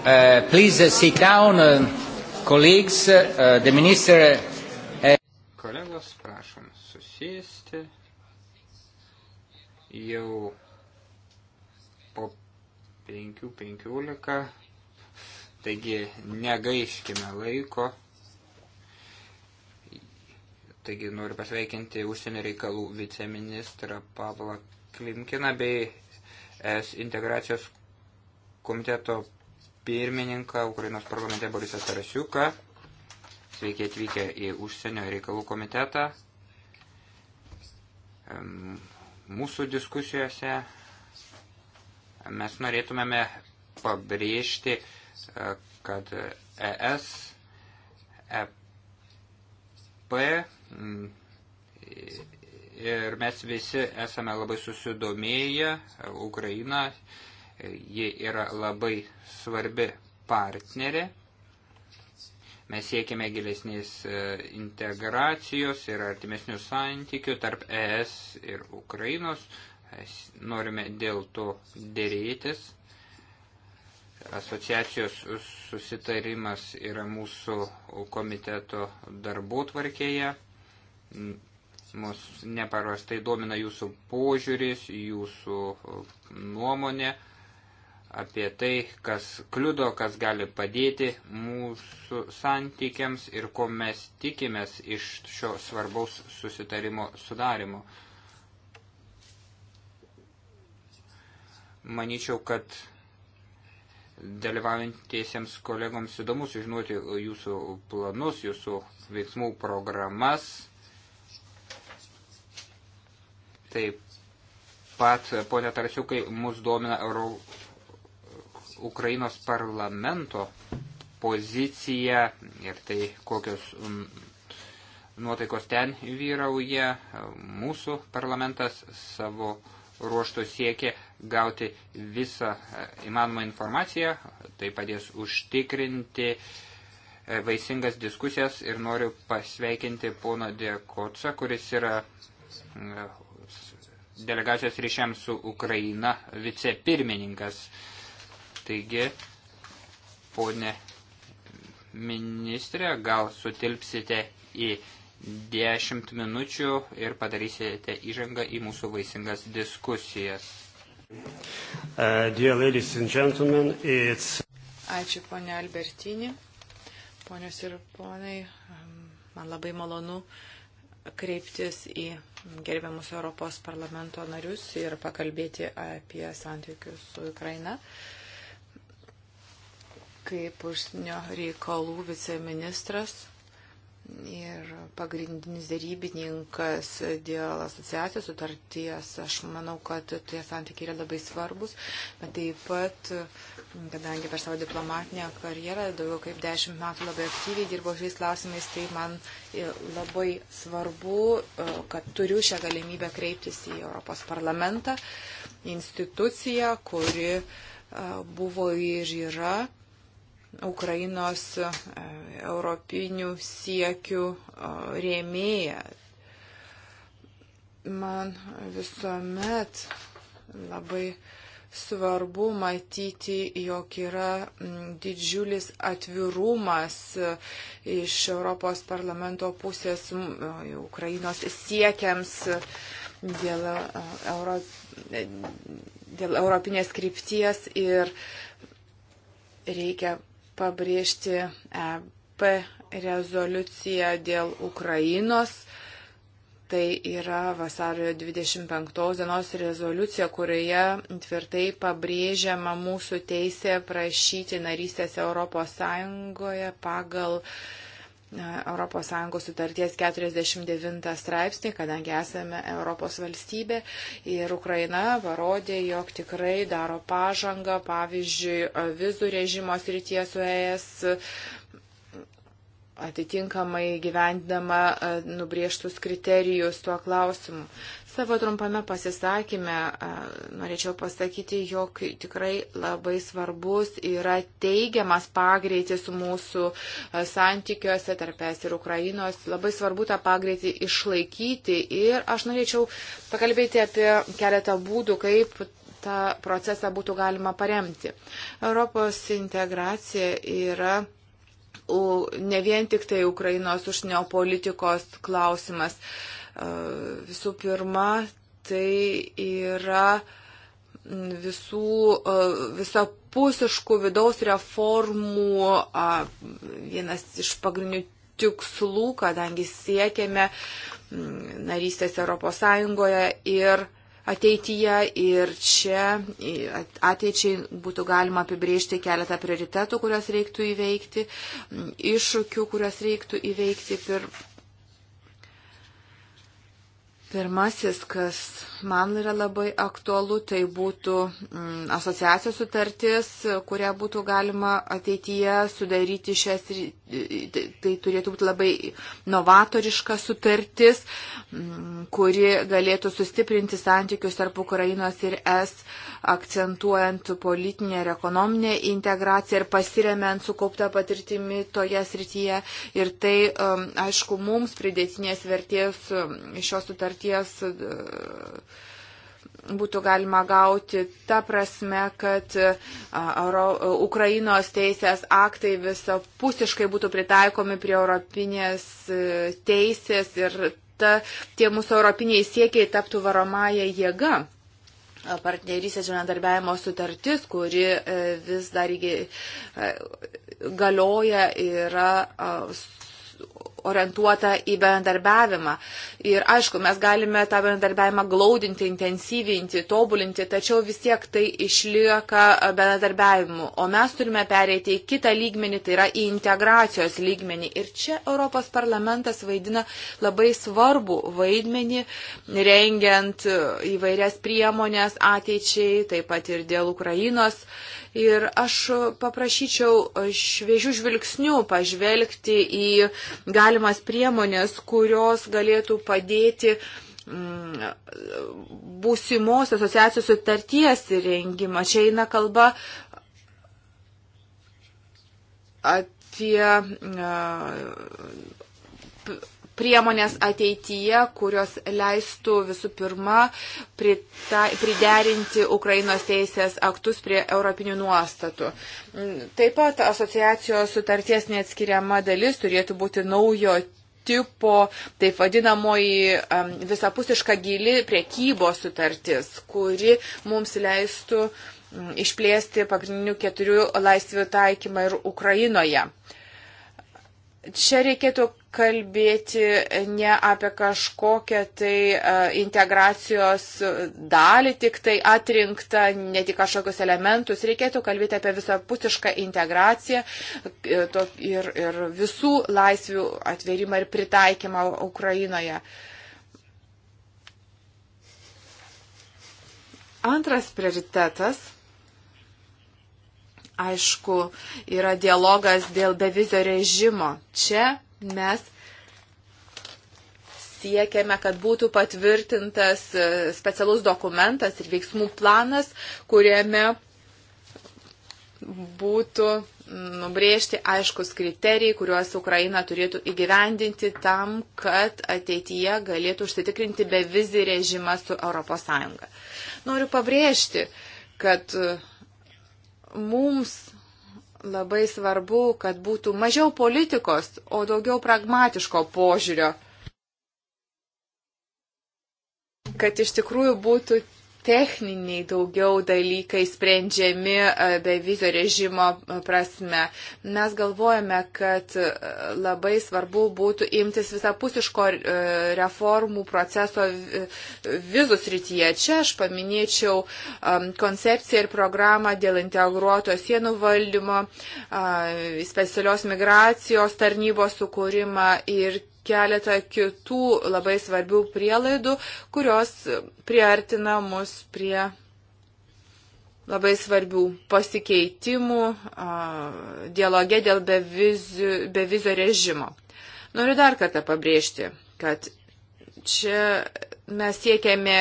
Uh, please uh, sit down, uh, colleagues, uh, the minister. Uh... Kolegos, prašom susėsti. Jau po 5.15, taigi negaiškime laiko. Taigi noriu pasveikinti užsienio reikalų viceministrą Pavlą Klimkiną bei es integracijos komiteto pirmininką Ukrainos parlamente Borisą Tarasiuką. Sveiki atvykę į užsienio reikalų komitetą. Mūsų diskusijose mes norėtumėme pabrėžti, e, kad ES, EP ir mes visi esame labai susidomėję Ukrainą ji yra labai svarbi partnerė. Mes siekime gilesnės e, integracijos ir artimesnių santykių tarp ES ir Ukrainos. Norime dėl to dėrėtis. Asociacijos susitarimas yra mūsų komiteto darbų tvarkėje. Mus neparastai domina jūsų požiūris, jūsų nuomonė apie tai, kas kliudo, kas gali padėti mūsų santykiams ir ko mes tikimės iš šio svarbaus susitarimo sudarimo. Maničiau, kad dalyvaujantiesiems kolegoms įdomu sužinoti jūsų planus, jūsų veiksmų programas. Taip pat, ponia Tarsiukai, mus domina Europos Ukrainos parlamento pozicija ir tai kokios mm, nuotaikos ten vyrauja. Mūsų parlamentas savo ruoštų siekia gauti visą e, įmanomą informaciją, tai padės užtikrinti e, vaisingas diskusijas ir noriu pasveikinti pono Dėkotsa, kuris yra mm, delegacijos ryšiams su Ukraina vicepirmininkas. Taigi, ponė ministrė, gal sutilpsite į 10 minučių ir padarysite įžangą į mūsų vaisingas diskusijas. Uh, Ačiū, ponė Albertini. Ponios ir ponai, um, man labai malonu kreiptis į gerbiamus Europos parlamento narius ir pakalbėti apie santykius su Ukraina. Uh, kaip užsienio reikalų viceministras ir pagrindinis dėrybininkas dėl asociacijos sutarties. Aš manau, kad tie santykiai yra labai svarbus, bet taip pat, kadangi per savo diplomatinę karjerą daugiau kaip dešimt metų labai aktyviai dirbau šiais klausimais, tai man labai svarbu, e, kad turiu šią galimybę kreiptis į Europos parlamentą, instituciją, kuri e, buvo ir yra Ukrainos e, europinių siekių e, rėmėja. Man visuomet labai svarbu matyti, jog yra didžiulis atvirumas e, iš Europos parlamento pusės Ukrainos siekiams dėl, Euro, dėl europinės krypties ir reikia pabrėžti EP rezoliuciją dėl Ukrainos. Tai yra vasario 25 dienos rezoliucija, kurioje tvirtai pabrėžiama mūsų teisė prašyti narystės Europos Sąjungoje pagal uh, ES sutarties 49 straipsnį, kadangi esame Europos valstybė ir Ukraina parodė, jog tikrai daro pažangą, pavyzdžiui, vizų režimo srityje su ES atitinkamai gyvendama e, nubrieštus kriterijus tuo klausimu. Savo trumpame pasisakymę e, norėčiau pasakyti, jog tikrai labai svarbus yra teigiamas pagreitis mūsų e, santykiuose tarp es ir Ukrainos. Labai svarbu tą pagreitį išlaikyti ir aš norėčiau pakalbėti apie keletą būdų, kaip tą procesą būtų galima paremti. Europos integracija yra ne vien tik tai Ukrainos užsienio politikos klausimas. E, visų pirma, tai yra visų e, visapusiškų vidaus reformų vienas iš pagrindinių tikslų, kadangi siekiame narystės Europos Sąjungoje ir ateityje ir čia ateičiai būtų galima apibriežti keletą prioritetų, kuriuos reiktų įveikti, iššūkių, kuriuos reiktų įveikti. Pir, Pirmasis, kas man yra labai aktualu, tai būtų mm, asociacijos sutartis, kurią būtų galima ateityje sudaryti šias, tai, tai turėtų būti labai novatoriška sutartis, mm, kuri galėtų sustiprinti santykius tarp Ukrainos ir Es. Mm, akcentuojant politinę ir ekonominę integraciją ir pasiremiant sukauptą patirtimi toje srityje. Ir tai, um, aišku, mums pridėtinės vertės um, šios sutarties uh, būtų galima gauti ta prasme, kad uh, Euro, uh, Ukrainos teisės aktai visapusiškai būtų pritaikomi prie europinės teisės ir ta, tie mūsų europiniai siekiai taptų varomąją jėgą partnerysės bendarbiavimo sutartis, kuri e, vis dar e, galioja, yra orientuota į bendarbiavimą. Ir aišku, mes galime tą bendarbiavimą glaudinti, intensyvinti, tobulinti, tačiau vis tiek tai išlieka bendarbiavimu. O mes turime pereiti į kitą lygmenį, tai yra į integracijos lygmenį. Ir čia Europos parlamentas vaidina labai svarbu vaidmenį, rengiant įvairias priemonės ateičiai, taip pat ir dėl Ukrainos Ir aš paprašyčiau šviežių žvilgsnių pažvelgti į galimas priemonės, kurios galėtų padėti mm, būsimos asociacijos sutarties rengimą. Čia eina kalba apie mm, priemonės ateityje, kurios leistų visų pirma prita, priderinti Ukrainos teisės aktus prie europinių nuostatų. Taip pat asociacijos sutarties neatskiriama dalis turėtų būti naujo tipo, taip vadinamoji um, visapusiška gili priekybos sutartis, kuri mums leistų mm, išplėsti pagrindinių keturių laisvių taikymą ir Ukrainoje. Čia reikėtų kalbėti ne apie kažkokią tai e, integracijos dalį, tik tai atrinktą, ne tik kažkokius elementus. Reikėtų kalbėti apie visapusišką integraciją e, ir, ir visų laisvių atverimą ir pritaikymą Ukrainoje. Antras prioritetas aišku, yra dialogas dėl bevizio režimo. Čia mes siekiame, kad būtų patvirtintas e, specialus dokumentas ir veiksmų planas, kuriame būtų nubrėžti aiškus kriterijai, kuriuos Ukraina turėtų įgyvendinti tam, kad ateityje galėtų užsitikrinti bevizį režimą su ES. Noriu pabrėžti, kad e, mums labai svarbu, kad būtų mažiau politikos, o daugiau pragmatiško požiūrio. Kad iš tikrųjų būtų techniniai daugiau dalykai sprendžiami e, bevizio režimo e, prasme. Mes galvojame, kad e, labai svarbu būtų imtis visapusiško reformų proceso vizų srityje. Čia aš paminėčiau koncepciją ir programą dėl integruoto sienų valdymo, specialios migracijos tarnybos sukūrimą ir keletą kitų labai svarbių prielaidų, kurios priartina mus prie labai svarbių pasikeitimų dialoge dėl bevizio, bevizio režimo. Noriu dar kartą pabrėžti, kad čia mes siekiame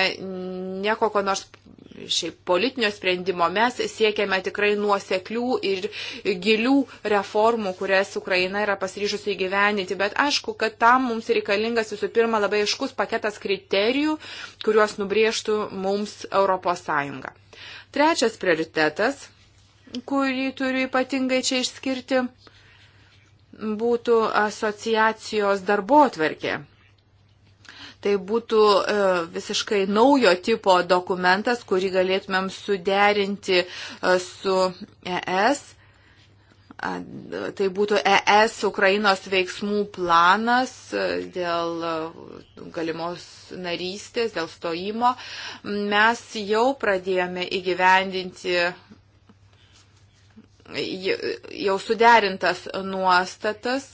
ne kokio nors šiaip politinio sprendimo. Mes siekiame tikrai nuoseklių ir gilių reformų, kurias Ukraina yra pasiryžusi įgyveninti. Bet aišku, kad tam mums reikalingas visų pirma labai aiškus paketas kriterijų, kuriuos nubrėžtų mums ES. Trečias prioritetas, kurį turiu ypatingai čia išskirti, būtų asociacijos darbo atverkė tai būtų e, visiškai naujo tipo dokumentas, kurį galėtumėm suderinti e, su ES. Tai būtų ES Ukrainos veiksmų planas e, dėl galimos narystės, dėl stojimo. Mes jau pradėjome įgyvendinti jau suderintas nuostatas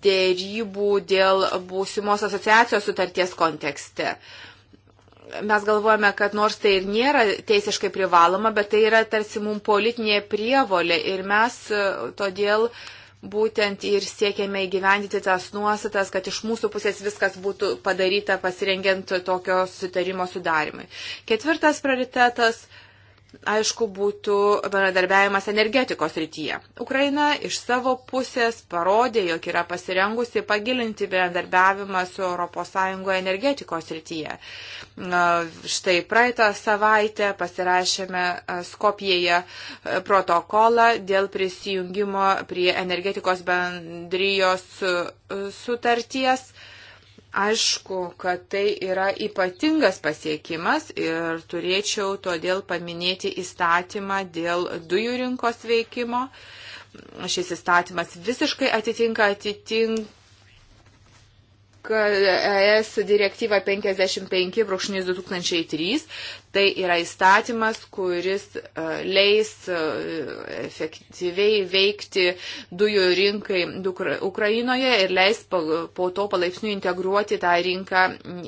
dėrybų dėl būsimos asociacijos sutarties kontekste. Mes galvojame, kad nors tai ir nėra teisiškai privaloma, bet tai yra tarsi mums politinė prievolė ir mes e, todėl būtent ir siekiame įgyvendyti tas nuostatas, kad iš mūsų pusės viskas būtų padaryta pasirengiant tokio sutarimo sudarimui. Ketvirtas prioritetas aišku, būtų bendradarbiavimas energetikos rytyje. Ukraina iš savo pusės parodė, jog yra pasirengusi pagilinti bendradarbiavimą su ES energetikos rytyje. Štai praeitą savaitę pasirašėme Skopijoje protokolą dėl prisijungimo prie energetikos bendrijos sutarties Aišku, kad tai yra ypatingas pasiekimas ir turėčiau todėl paminėti įstatymą dėl dujų rinkos veikimo. Šis įstatymas visiškai atitinka, atitinka kad ES direktyva 55-2003 tai yra įstatymas, kuris e, leis e, efektyviai veikti dujų rinkai Ukrainoje ir leis po to palaipsniui integruoti tą rinką,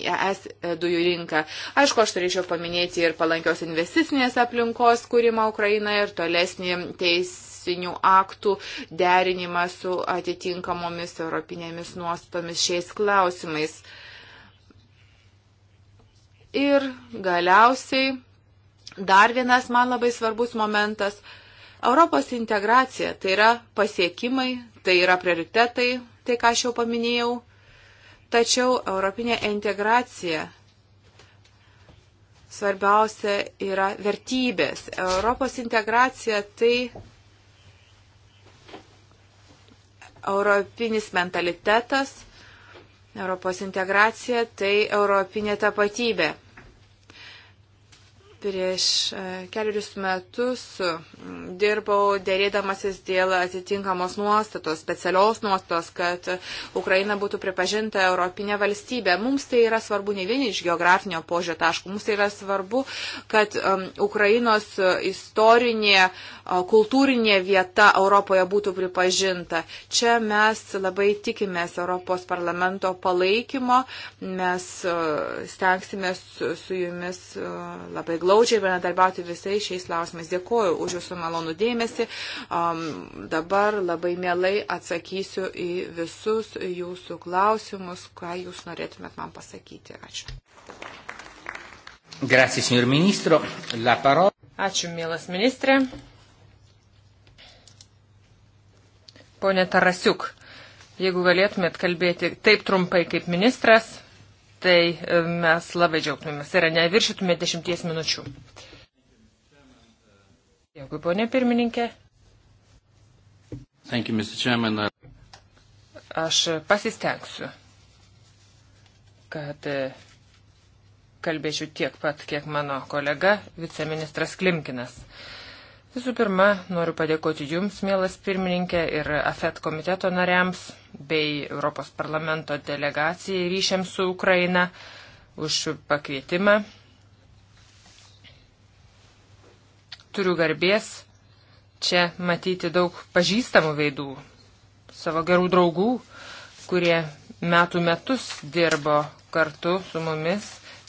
ES dujų rinką. Aišku, aš turėčiau paminėti ir palankios investicinės aplinkos kūrimą Ukrainoje ir tolesnį teisę teisinių aktų derinimą su atitinkamomis europinėmis nuostomis šiais klausimais. Ir galiausiai dar vienas man labai svarbus momentas. Europos integracija tai yra pasiekimai, tai yra prioritetai, tai ką aš jau paminėjau. Tačiau europinė integracija svarbiausia yra vertybės. Europos integracija tai europinis mentalitetas, Europos integracija, tai europinė tapatybė. Prieš e, keliarius metus mm, dirbau dėrėdamasis dėl atitinkamos nuostatos, specialios nuostatos, kad Ukraina būtų pripažinta Europinė valstybė. Mums tai yra svarbu ne vien iš geografinio požio taško, mums tai yra svarbu, kad Ukrainos istorinė, kultūrinė vieta Europoje būtų pripažinta. Čia mes labai tikimės Europos parlamento palaikymo, mes stengsime su jumis labai glaudžiai glaudžiai bendradarbiauti visais šiais klausimais. Dėkuoju už Jūsų malonų dėmesį. Um, dabar labai mielai atsakysiu į visus Jūsų klausimus, ką Jūs norėtumėt man pasakyti. Ačiū. Grazie, signor Ministro. La parola. Ačiū, mielas ministrė. Pone Tarasiuk, jeigu galėtumėt kalbėti taip trumpai kaip ministras, tai e, mes labai džiaugtumėmės. Tai yra, neviršytume dešimties minučių. Dėkui, ponė pirmininkė. Thank you, Mr. Chairman. Aš pasistengsiu, kad e, kalbėčiau tiek pat, kiek mano kolega, viceministras Klimkinas. Visų pirma, noriu padėkoti Jums, mielas pirmininkė, ir AFET komiteto nariams bei Europos parlamento delegacijai ryšiams su Ukraina už pakvietimą. Turiu garbės čia matyti daug pažįstamų veidų, savo gerų draugų, kurie metų metus dirbo kartu su mumis,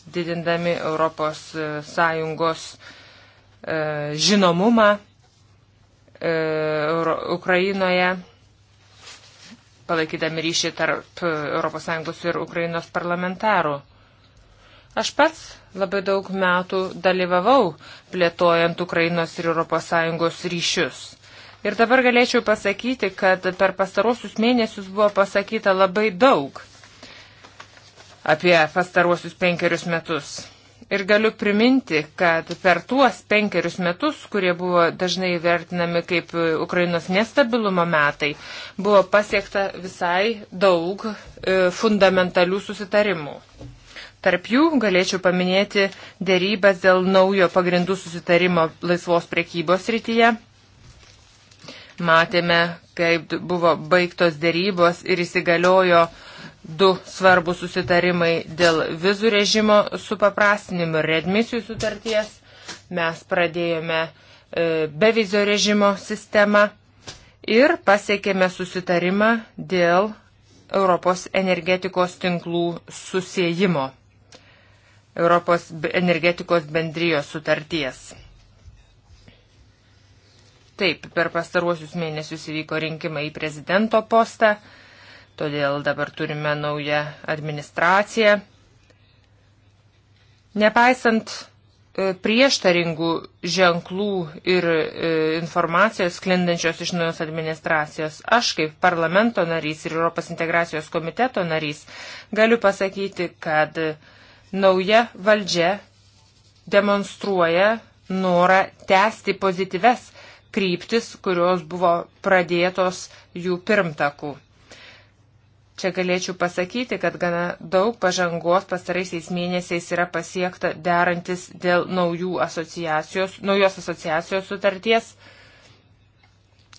didindami Europos e, Sąjungos e, žinomumą e, Ukrainoje palaikydami ryšį tarp ES ir Ukrainos parlamentarų. Aš pats labai daug metų dalyvavau plėtojant Ukrainos ir ES ryšius. Ir dabar galėčiau pasakyti, kad per pastarosius mėnesius buvo pasakyta labai daug apie pastarosius penkerius metus. Ir galiu priminti, kad per tuos penkerius metus, kurie buvo dažnai vertinami kaip Ukrainos nestabilumo metai, buvo pasiekta visai daug e, fundamentalių susitarimų. Tarp jų galėčiau paminėti dėrybas dėl naujo pagrindų susitarimo laisvos priekybos rytyje. Matėme, kaip buvo baigtos dėrybos ir įsigaliojo uh, du svarbus susitarimai dėl vizų režimo supaprastinimo ir redmisijų sutarties. Mes pradėjome e, bevizio režimo sistemą ir pasiekėme susitarimą dėl Europos energetikos tinklų susijimo, Europos energetikos bendrijos sutarties. Taip, per pastaruosius mėnesius įvyko rinkimai į prezidento postą. Todėl dabar turime naują administraciją. Nepaisant e, prieštaringų ženklų ir e, informacijos sklindančios iš naujos administracijos. Aš kaip parlamento narys ir Europos integracijos komiteto narys galiu pasakyti, kad nauja valdžia demonstruoja norą tęsti pozityves kryptis, kurios buvo pradėtos jų pirmtakų. Čia galėčiau pasakyti, kad gana daug pažangos pastaraisiais mėnesiais yra pasiekta derantis dėl asociacijos, naujos asociacijos sutarties.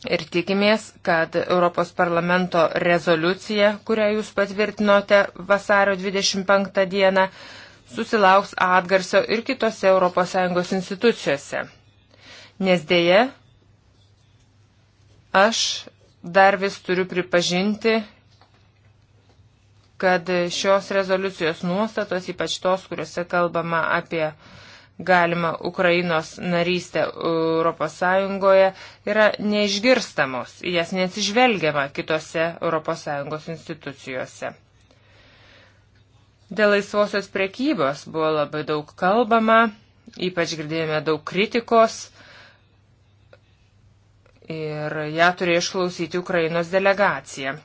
Ir tikimės, kad Europos parlamento rezoliucija, kurią jūs patvirtinote vasario 25 dieną, susilauks atgarsio ir kitose ES institucijose. Nes dėje, aš dar vis turiu pripažinti, kad šios rezoliucijos nuostatos, ypač tos, kuriuose kalbama apie galima Ukrainos narystę Europos Sąjungoje, yra neišgirstamos, jas neatsižvelgiama kitose Europos Sąjungos institucijose. Dėl laisvosios priekybos buvo labai daug kalbama, ypač girdėjome daug kritikos ir ją turėjo išklausyti Ukrainos delegacija.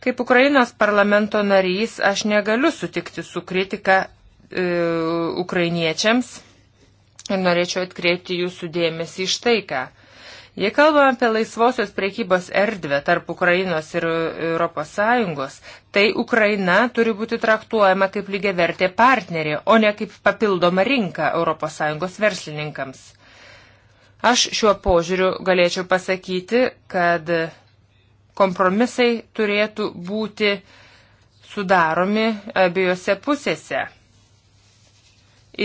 Kaip Ukrainos parlamento narys, aš negaliu sutikti su kritika e, ukrainiečiams ir norėčiau atkreipti jūsų dėmesį iš tai, ką. Jei kalbame apie laisvosios priekybos erdvę tarp Ukrainos ir ES, tai Ukraina turi būti traktuojama kaip lygiavertė partnerė, o ne kaip papildoma rinka ES verslininkams. Aš šiuo požiūriu galėčiau pasakyti, kad kompromisai turėtų būti sudaromi abiejose pusėse.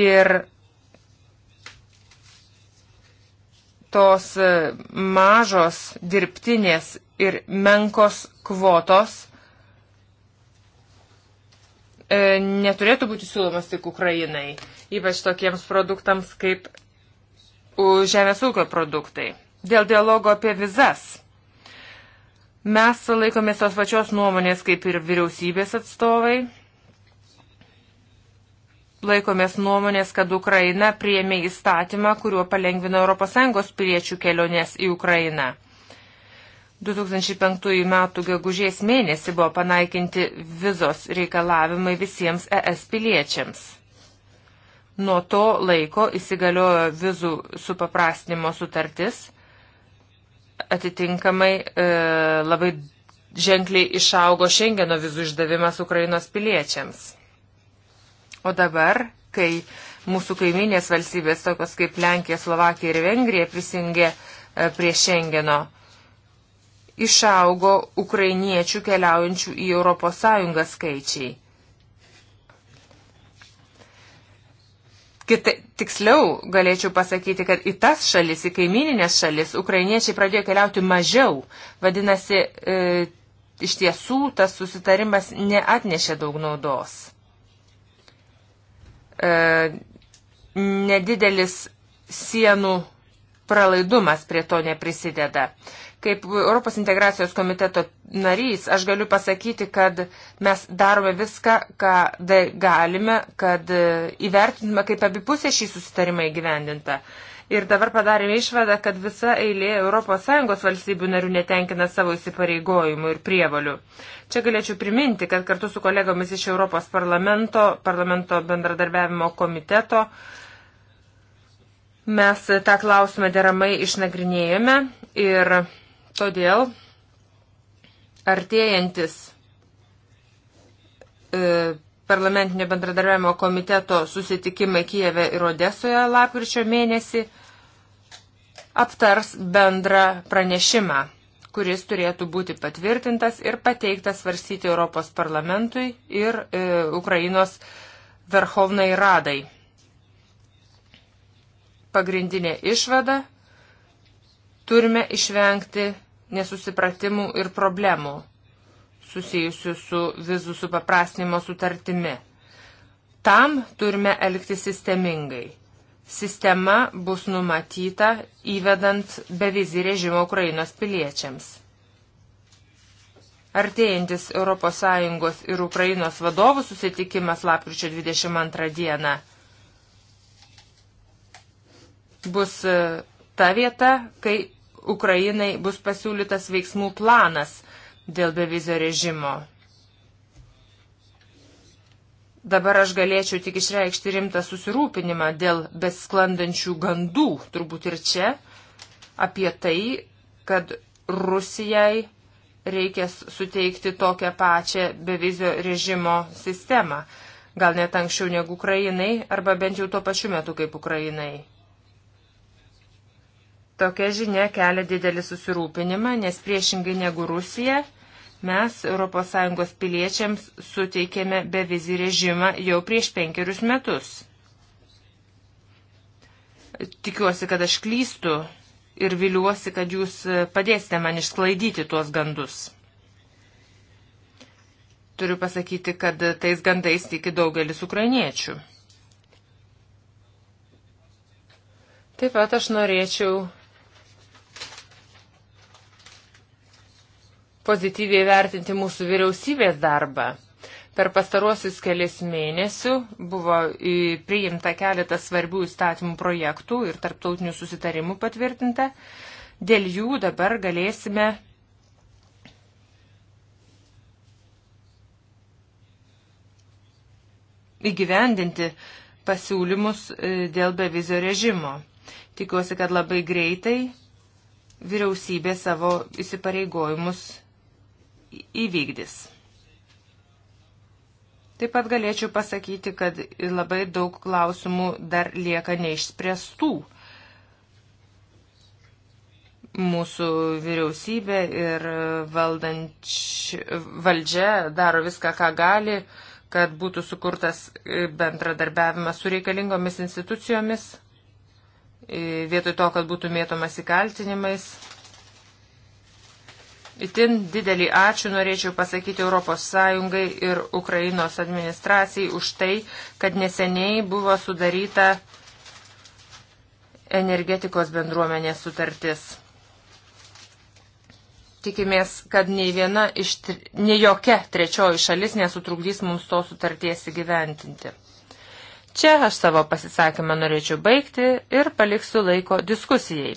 Ir tos mažos dirbtinės ir menkos kvotos e, neturėtų būti siūlomas tik Ukrainai, ypač tokiems produktams kaip žemės ūkio produktai. Dėl dialogo apie vizas Mes laikomės tos pačios nuomonės kaip ir vyriausybės atstovai. Laikomės nuomonės, kad Ukraina priėmė įstatymą, kuriuo palengvino ES piliečių keliones į Ukrainą. 2005 m. gegužės mėnesį buvo panaikinti vizos reikalavimai visiems ES piliečiams. Nuo to laiko įsigaliojo vizų supaprastinimo sutartis atitinkamai e, labai ženkliai išaugo Šengeno vizų išdavimas Ukrainos piliečiams. O dabar, kai mūsų kaiminės valstybės, tokios kaip Lenkija, Slovakija ir Vengrija, prisingė e, prie Šengeno, išaugo ukrainiečių keliaujančių į ES skaičiai. Kitai, tiksliau galėčiau pasakyti, kad į tas šalis, į kaimininės šalis, ukrainiečiai pradėjo keliauti mažiau. Vadinasi, e, iš tiesų tas susitarimas neatnešė daug naudos. E, nedidelis sienų pralaidumas prie to neprisideda. Kaip Europos integracijos komiteto narys, aš galiu pasakyti, kad mes darome viską, ką galime, kad e, įvertintume, kaip abipusė šį susitarimą įgyvendinta. Ir dabar padarėme išvadą, kad visa eilė ES valstybių narių netenkina savo įsipareigojimų ir prievalių. Čia galėčiau priminti, kad kartu su kolegomis iš Europos parlamento, parlamento bendradarbiavimo komiteto, mes tą klausimą deramai išnagrinėjome ir Todėl artėjantis e, parlamentinio bendradarbiavimo komiteto susitikimai Kijeve ir Odesoje lapkričio mėnesį aptars bendrą pranešimą, kuris turėtų būti patvirtintas ir pateiktas svarsyti Europos parlamentui ir e, Ukrainos Verhovnai Radai. Pagrindinė išvada turime išvengti nesusipratimų ir problemų susijusių su vizų supaprastinimo sutartimi. Tam turime elgti sistemingai. Sistema bus numatyta įvedant bevizį režimą Ukrainos piliečiams. Artėjantis ES ir Ukrainos vadovų susitikimas lapkričio 22 dieną bus e, ta vieta, kai Ukrainai bus pasiūlytas veiksmų planas dėl bevizio režimo. Dabar aš galėčiau tik išreikšti rimtą susirūpinimą dėl besklandančių gandų, turbūt ir čia, apie tai, kad Rusijai reikia suteikti tokią pačią bevizio režimo sistemą. Gal net anksčiau negu Ukrainai, arba bent jau tuo pačiu metu kaip Ukrainai. Tokia žinia kelia didelį susirūpinimą, nes priešingai negu Rusija, mes ES piliečiams suteikėme bevizį režimą jau prieš penkerius metus. Tikiuosi, kad aš klystu ir viliuosi, kad jūs padėsite man išsklaidyti tuos gandus. Turiu pasakyti, kad tais gandais tiki daugelis ukrainiečių. Taip pat aš norėčiau pozityviai vertinti mūsų vyriausybės darbą. Per pastaruosius kelias mėnesių buvo priimta keletas svarbių įstatymų projektų ir tarptautinių susitarimų patvirtinta. Dėl jų dabar galėsime įgyvendinti pasiūlymus e, dėl bevizio režimo. Tikiuosi, kad labai greitai vyriausybė savo įsipareigojimus įvykdys. Taip pat galėčiau pasakyti, kad labai daug klausimų dar lieka neišspręstų. Mūsų vyriausybė ir valdanč... valdžia daro viską, ką gali, kad būtų sukurtas bendradarbiavimas su reikalingomis institucijomis, vietoj to, kad būtų mėtomas įkaltinimais. Itin didelį ačiū norėčiau pasakyti ES ir Ukrainos administracijai už tai, kad neseniai buvo sudaryta energetikos bendruomenės sutartis. Tikimės, kad nei viena iš, nei jokia trečioji šalis nesutrukdys mums to sutarties įgyventinti. Čia aš savo pasisakymą norėčiau baigti ir paliksiu laiko diskusijai.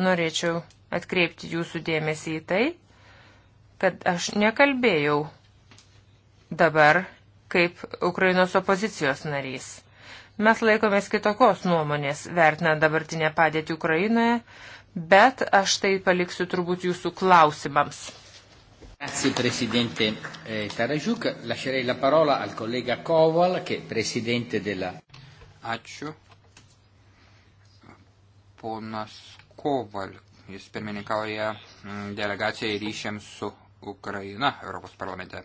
Norėčiau atkreipti jūsų dėmesį į tai, kad aš nekalbėjau dabar kaip Ukrainos opozicijos narys. Mes laikomės kitokios nuomonės, vertinant dabartinę padėtį Ukrainoje, bet aš tai paliksiu turbūt jūsų klausimams. Grazie Presidente eh, Tarajuk. Lascerei la parola al collega Koval, che è Presidente della... Ačiū. Ponas Koval. Jis pirmininkauja mm, delegacijai ryšiams su Ukraina Europos parlamente.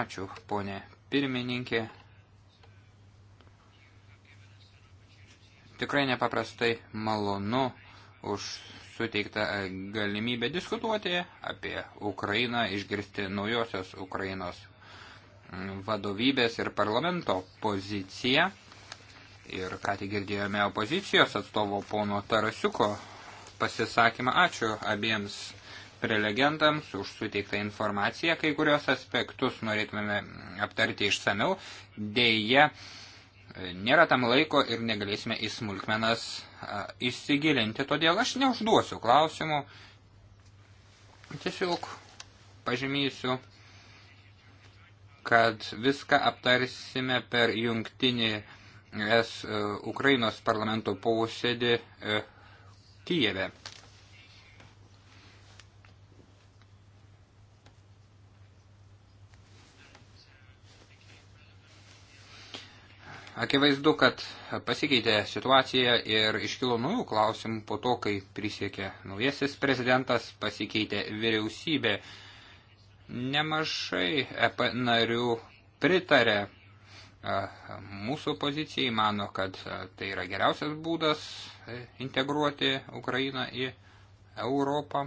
Ačiū, ponė pirmininkė. Tikrai nepaprastai malonu už suteiktą galimybę diskutuoti apie Ukrainą, išgirsti naujosios Ukrainos mm, vadovybės ir parlamento poziciją ir ką tik girdėjome opozicijos atstovo pono Tarasiuko pasisakymą. Ačiū abiems prelegentams už suteiktą informaciją. Kai kurios aspektus norėtume aptarti išsameu. Deja, nėra tam laiko ir negalėsime į smulkmenas įsigilinti, todėl aš neužduosiu klausimų. Tiesiog pažymysiu kad viską aptarsime per jungtinį es e, Ukrainos parlamento posėdį e, Kijeve. Akivaizdu, kad pasikeitė situacija ir iškilo naujų klausimų po to, kai prisiekė naujasis prezidentas, pasikeitė vyriausybė. Nemažai EP narių pritarė mūsų pozicijai, mano, kad tai yra geriausias būdas e, integruoti Ukrainą į Europą.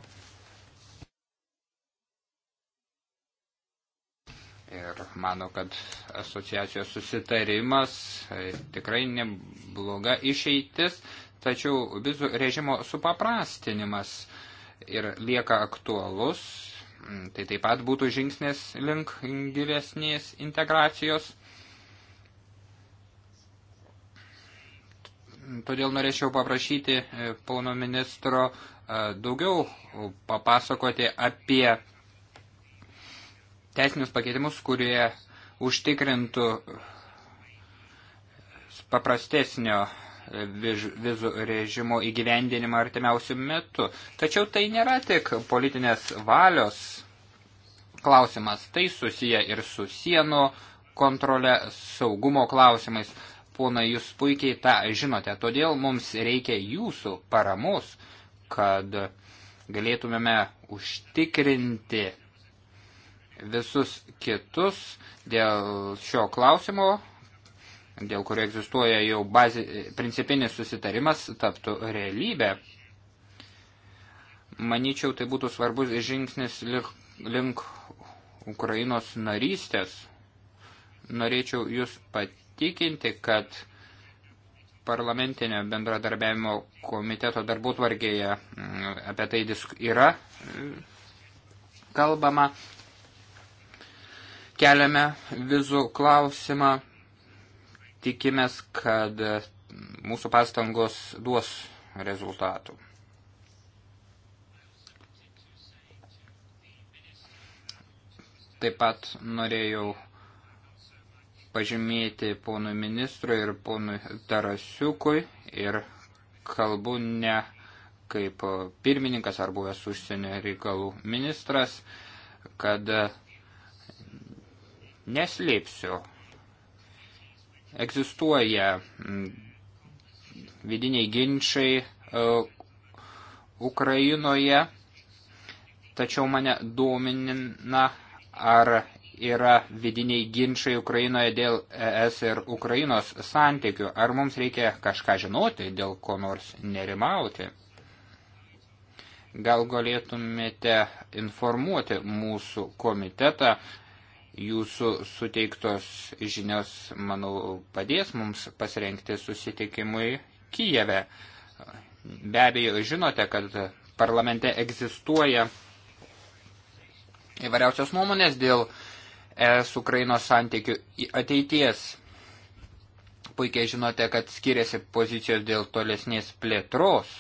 Ir mano, kad asociacijos susitarimas e, tikrai nebloga išeitis, tačiau vizų režimo supaprastinimas ir lieka aktualus. Mm, tai taip pat būtų žingsnis link gilesnės integracijos. Todėl norėčiau paprašyti e, pono ministro e, daugiau e, papasakoti apie teisinius pakeitimus, kurie užtikrintų paprastesnio vizų režimo įgyvendinimą artimiausių metų. Tačiau tai nėra tik politinės valios klausimas, tai susiję ir su sienų kontrole, saugumo klausimais. Pona, jūs puikiai tą žinote, todėl mums reikia jūsų paramos, kad galėtumėme užtikrinti visus kitus dėl šio klausimo, dėl kurio egzistuoja jau bazi, principinis susitarimas, taptų realybė. Maničiau, tai būtų svarbus žingsnis link Ukrainos narystės. Norėčiau jūs pat patikinti, kad parlamentinio bendradarbiavimo komiteto darbų tvarkėje mm, apie tai yra mm, kalbama. Keliame vizų klausimą. Tikimės, kad mm, mūsų pastangos duos rezultatų. Taip pat norėjau pažymėti ponui ministrui ir ponui Tarasiukui ir kalbu ne kaip pirmininkas ar buvęs užsienio reikalų ministras, kad neslėpsiu. Egzistuoja vidiniai ginčiai e, Ukrainoje, tačiau mane domina, ar yra vidiniai ginčiai Ukrainoje dėl ES ir Ukrainos santykių. Ar mums reikia kažką žinoti, dėl ko nors nerimauti? Gal galėtumėte informuoti mūsų komitetą, jūsų suteiktos žinios, manau, padės mums pasirengti susitikimui Kijeve. Be abejo, žinote, kad parlamente egzistuoja įvairiausios nuomonės dėl uh, ES Ukrainos santykių ateities. Puikiai žinote, kad skiriasi pozicijos dėl tolesnės plėtros.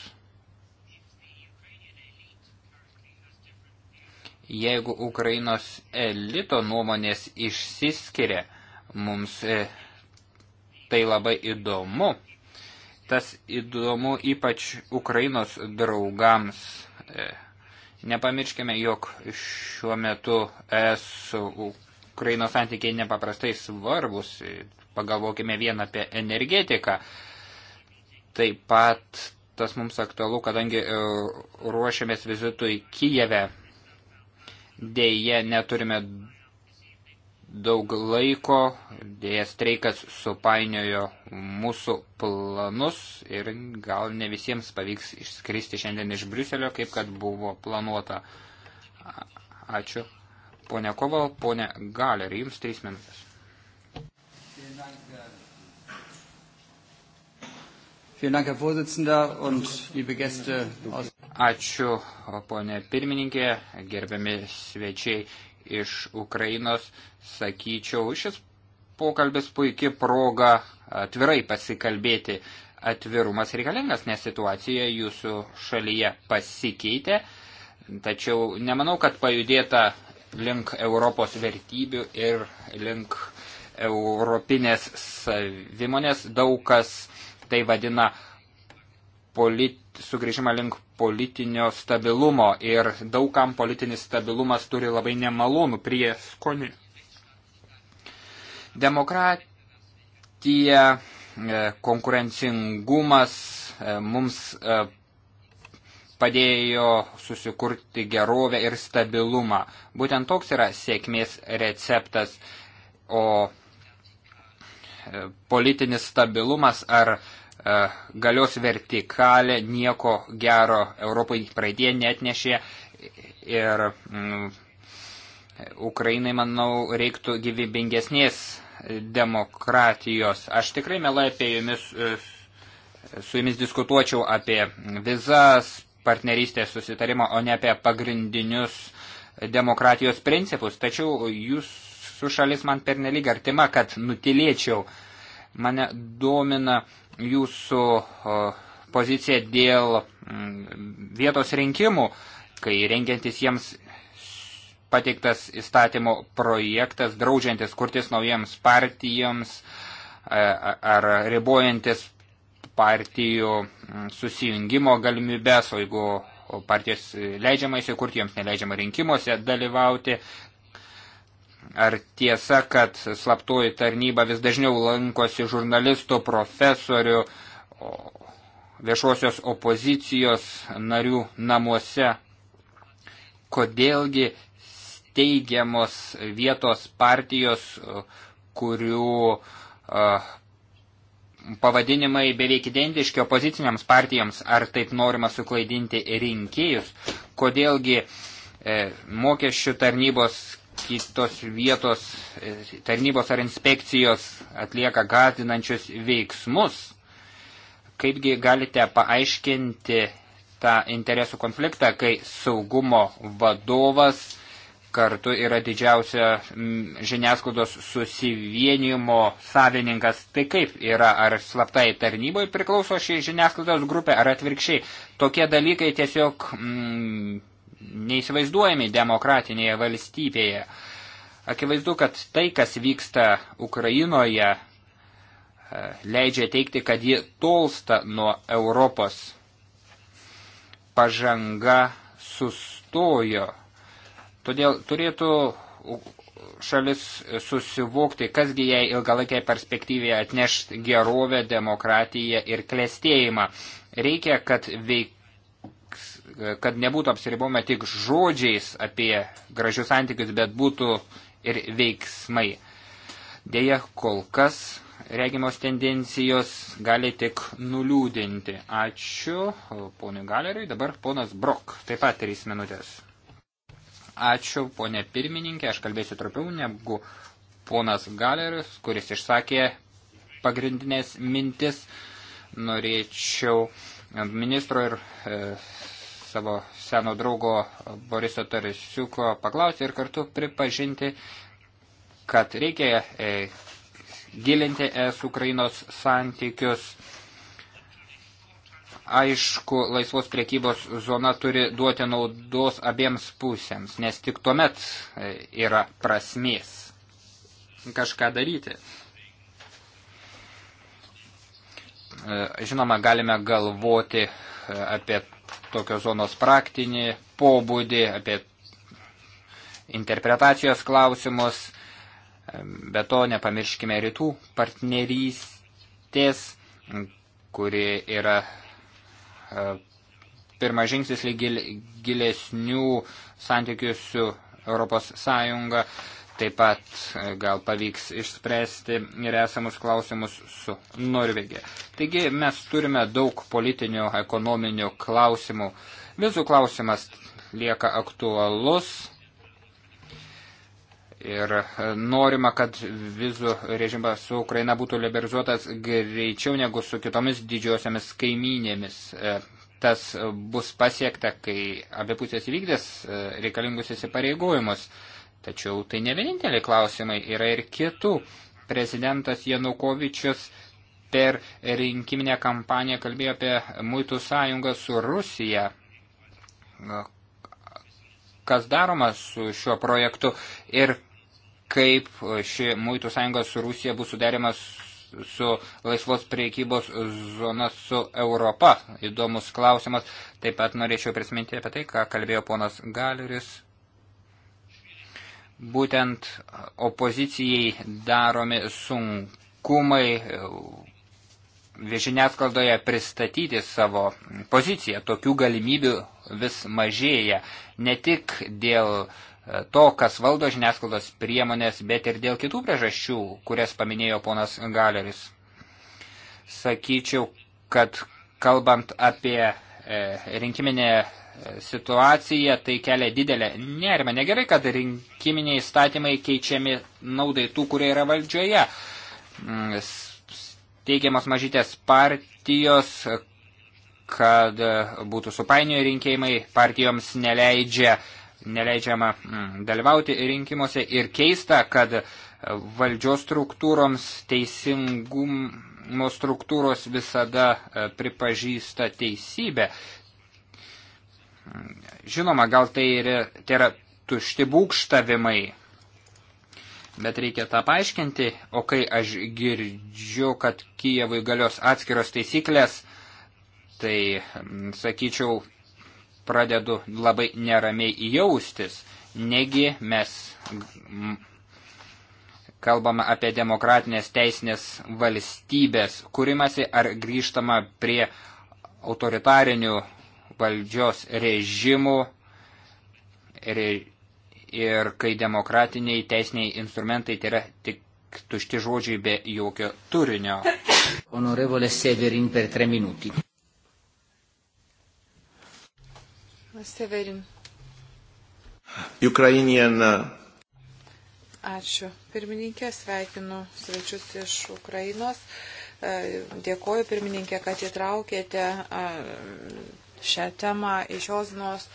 Jeigu Ukrainos elito nuomonės išsiskiria, mums e, tai labai įdomu. Tas įdomu ypač Ukrainos draugams. E, nepamirškime, jog šiuo metu esu Ukrainos santykiai nepaprastai svarbus. Pagalvokime vieną apie energetiką. Taip pat tas mums aktualu, kadangi e, ruošiamės vizitui Kijeve. Dėje neturime daug laiko, dėja streikas supainiojo mūsų planus ir gal ne visiems pavyks išskristi šiandien iš Briuselio, kaip kad buvo planuota. Ačiū. Pone Koval, pone Galer, jums trys minutės. Ačiū, ponė pirmininkė, gerbiami svečiai iš Ukrainos. Sakyčiau, šis pokalbis puikia proga atvirai pasikalbėti. Atvirumas reikalingas, nes situacija jūsų šalyje pasikeitė, tačiau nemanau, kad pajudėta link Europos vertybių ir link europinės savimonės. Daug kas tai vadina polit, sugrįžimą link politinio stabilumo ir daugam politinis stabilumas turi labai nemalonų prieskonį. Demokratija, e, konkurencingumas e, mums e, padėjo susikurti gerovę ir stabilumą. Būtent toks yra sėkmės receptas, o e, politinis stabilumas ar e, galios vertikalė nieko gero Europai praeitie netnešė ir mm, Ukrainai, manau, reiktų gyvybingesnės demokratijos. Aš tikrai melai apie jumis, e, su jumis diskutuočiau apie vizas, partnerystės susitarimą, o ne apie pagrindinius demokratijos principus. Tačiau jūsų šalis man pernelyg artima, kad nutilėčiau. Mane domina jūsų pozicija dėl mm, vietos rinkimų, kai rengiantis jiems pateiktas įstatymo projektas, draudžiantis kurtis naujiems partijams e, ar ribojantis partijų mm, susijungimo galimybės, o jeigu partijas leidžiama įsikurti, joms neleidžiama rinkimuose dalyvauti. Ar tiesa, kad slaptoji tarnyba vis dažniau lankosi žurnalistų, profesorių, viešosios opozicijos narių namuose? Kodėlgi steigiamos vietos partijos, kurių pavadinimai beveik identiški opoziciniams partijoms, ar taip norima suklaidinti rinkėjus, kodėlgi e, mokesčių tarnybos kitos vietos e, tarnybos ar inspekcijos atlieka gazdinančius veiksmus. Kaipgi galite paaiškinti tą interesų konfliktą, kai saugumo vadovas kartu yra didžiausia žiniasklaidos susivienimo savininkas. Tai kaip yra, ar slaptai tarnybai priklauso šį žiniasklaidos grupę, ar atvirkščiai. Tokie dalykai tiesiog mm, neįsivaizduojami demokratinėje valstybėje. Akivaizdu, kad tai, kas vyksta Ukrainoje, e, leidžia teikti, kad ji tolsta nuo Europos. Pažanga sustojo Todėl turėtų šalis susivokti, kasgi jai ilgalaikiai perspektyvėje atneš gerovę, demokratiją ir klėstėjimą. Reikia, kad, veik, kad nebūtų apsiriboma tik žodžiais apie gražius santykius, bet būtų ir veiksmai. Deja, kol kas regimos tendencijos gali tik nuliūdinti. Ačiū ponui Galeriui, dabar ponas Brok, taip pat trys minutės. Ačiū, ponė pirmininkė, aš kalbėsiu trupiau negu ponas Galeris, kuris išsakė pagrindinės mintis. Norėčiau ministro ir e, savo seno draugo Boriso Tarasiuko paklausti ir kartu pripažinti, kad reikia e, gilinti es Ukrainos santykius aišku, laisvos priekybos zona turi duoti naudos abiems pusėms, nes tik tuomet e, yra prasmės kažką daryti. E, žinoma, galime galvoti e, apie tokios zonos praktinį pobūdį, apie interpretacijos klausimus, bet to nepamirškime rytų partnerystės, kuri yra E, pirmas žingsnis lyg gilesnių santykių su Europos Sąjunga. Taip pat e, gal pavyks išspręsti ir esamus klausimus su Norvegija. Taigi mes turime daug politinių, ekonominių klausimų. Vizų klausimas lieka aktualus. Ir e, norima, kad vizų režimas su Ukraina būtų liberalizuotas greičiau negu su kitomis didžiosiamis kaiminėmis. E, tas bus pasiekta, kai abi pusės įvykdės e, reikalingus įsipareigojimus. Tačiau tai ne vieninteliai klausimai, yra ir kitų. Prezidentas Janukovičius per rinkiminę kampaniją kalbėjo apie muitų sąjungą su Rusija. Kas daroma su šiuo projektu ir kaip e, ši muitų sąjunga su Rusija bus suderimas su laisvos priekybos zona su Europa. Įdomus klausimas. Taip pat norėčiau prisiminti apie tai, ką kalbėjo ponas Galeris. Būtent opozicijai daromi sunkumai e, žiniasklaidoje pristatyti savo poziciją. Tokių galimybių vis mažėja. Ne tik dėl uh, to, kas valdo žiniasklaidos priemonės, bet ir dėl kitų priežasčių, kurias paminėjo ponas Galeris. Sakyčiau, kad kalbant apie e, rinkiminę e, situaciją, tai kelia didelę nerimą. Negerai, kad rinkiminiai įstatymai keičiami naudai tų, kurie yra valdžioje. Mm, Teigiamas mažytės partijos, kad e, būtų supainioję rinkėjimai, partijoms neleidžia uh, neleidžiama mm, dalyvauti rinkimuose ir keista, kad e, valdžios struktūroms teisingumo struktūros visada e, pripažįsta teisybę. Žinoma, gal tai yra, tai yra tušti būkštavimai, bet reikia tą paaiškinti, o kai aš girdžiu, kad Kijevui galios atskiros taisyklės, tai, sakyčiau, pradedu labai neramiai jaustis, negi mes kalbame apie demokratinės teisinės valstybės kūrimasi ar grįžtama prie autoritarinių valdžios režimų ir, ir kai demokratiniai teisiniai instrumentai tai yra tik tušti žodžiai be jokio turinio. Honorevole Severin per tre minuti. Ponas Severin. Ukrainiena. Uh, Ačiū. Pirmininkė, sveikinu svečius iš Ukrainos. E, dėkoju pirmininkė, kad įtraukėte e, šią temą į šios dienos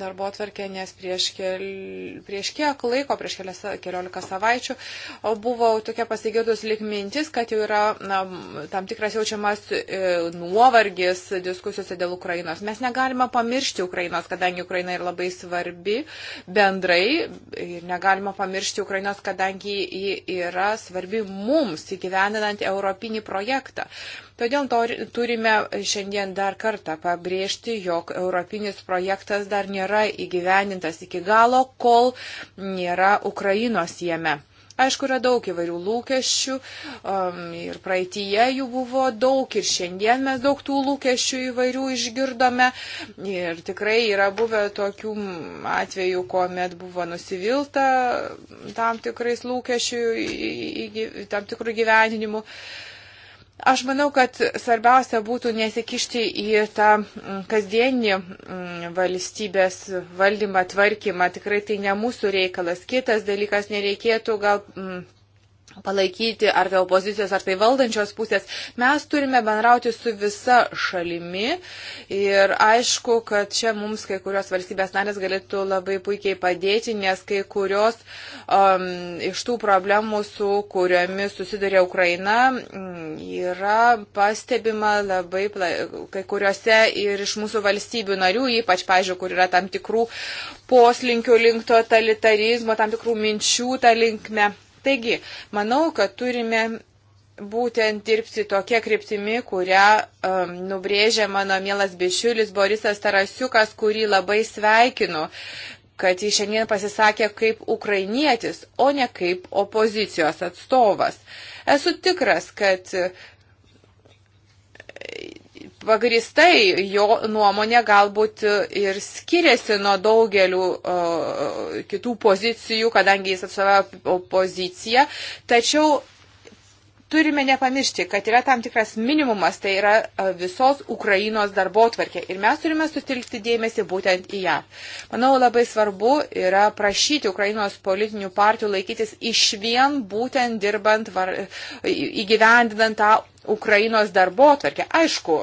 darbo atvarkę, nes prieš, kel, prieš kiek laiko, prieš kelias, keliolika savaičių, buvau tokia pasigėdus likmintis, kad jau yra na, tam tikras jaučiamas e, nuovargis diskusijose dėl Ukrainos. Mes negalime pamiršti Ukrainos, kadangi Ukraina yra labai svarbi bendrai ir negalime pamiršti Ukrainos, kadangi ji yra svarbi mums įgyvendinant europinį projektą. E, Todėl turime šiandien dar kartą pabrėžti, jog europinis projektas dar nėra įgyvenintas iki galo, kol nėra Ukrainos jame. Aišku, yra daug įvairių lūkesčių um, ir praeitie jų buvo daug ir šiandien mes daug tų lūkesčių įvairių išgirdome ir tikrai yra buvę tokių atvejų, kuomet buvo nusivilta tam tikrais lūkesčių, tam tikrų gyvenimų. Uh, Aš manau, kad svarbiausia būtų nesikišti į tą mm, kasdienį mm, valstybės valdymą, tvarkymą. Tikrai tai ne mūsų reikalas. Kitas dalykas, nereikėtų gal mm, palaikyti ar tai opozicijos, ar tai valdančios pusės. Mes turime bendrauti su visa šalimi ir aišku, kad čia mums kai kurios valstybės narės galėtų labai puikiai padėti, nes kai kurios um, iš tų problemų, su kuriomis susiduria Ukraina, yra pastebima labai pla... kai kuriuose ir iš mūsų valstybių narių, ypač, pažiūrėjau, kur yra tam tikrų poslinkių link totalitarizmo, tam tikrų minčių tą linkmę. Taigi, manau, kad turime būtent dirbti tokia kryptimi, kurią um, nubrėžė mano mielas bičiulis Borisas Tarasiukas, kurį labai sveikinu kad jis šiandien pasisakė kaip ukrainietis, o ne kaip opozicijos atstovas. Esu tikras, kad pagristai jo nuomonė galbūt ir skiriasi nuo daugelių uh, kitų pozicijų, kadangi jis atstovauja opoziciją, tačiau turime nepamiršti, kad yra tam tikras minimumas, tai yra e, visos Ukrainos darbo tvarkė. Ir mes turime sutilkti dėmesį būtent į ją. Manau, labai svarbu yra prašyti Ukrainos politinių partijų laikytis iš vien būtent dirbant, var, įgyvendinant tą Ukrainos darbo atvarkę. Aišku,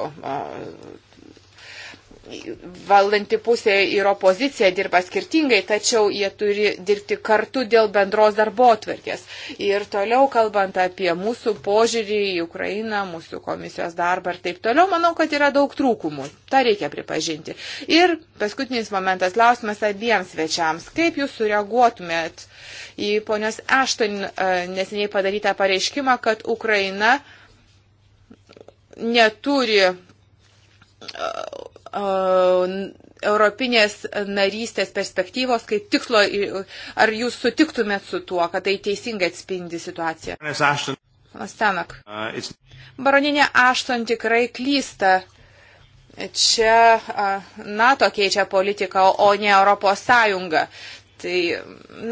valdanti pusė ir opozicija dirba skirtingai, tačiau jie turi dirbti kartu dėl bendros darbo atvarkės. Ir toliau kalbant apie mūsų požiūrį į Ukrainą, mūsų komisijos darbą ir taip toliau, manau, kad yra daug trūkumų. Ta reikia pripažinti. Ir paskutinis momentas, klausimas abiems svečiams. Kaip jūs sureaguotumėt į ponios Ešton neseniai padarytą pareiškimą, kad Ukraina uh, neturi e, e, europinės narystės perspektyvos kaip tikslo, ar jūs sutiktumėt su tuo, kad tai teisingai atspindi situaciją? Stanak. Uh, Baroninė Ašton tikrai klysta. Čia NATO keičia politiką, o ne Europos Sąjunga. Tai,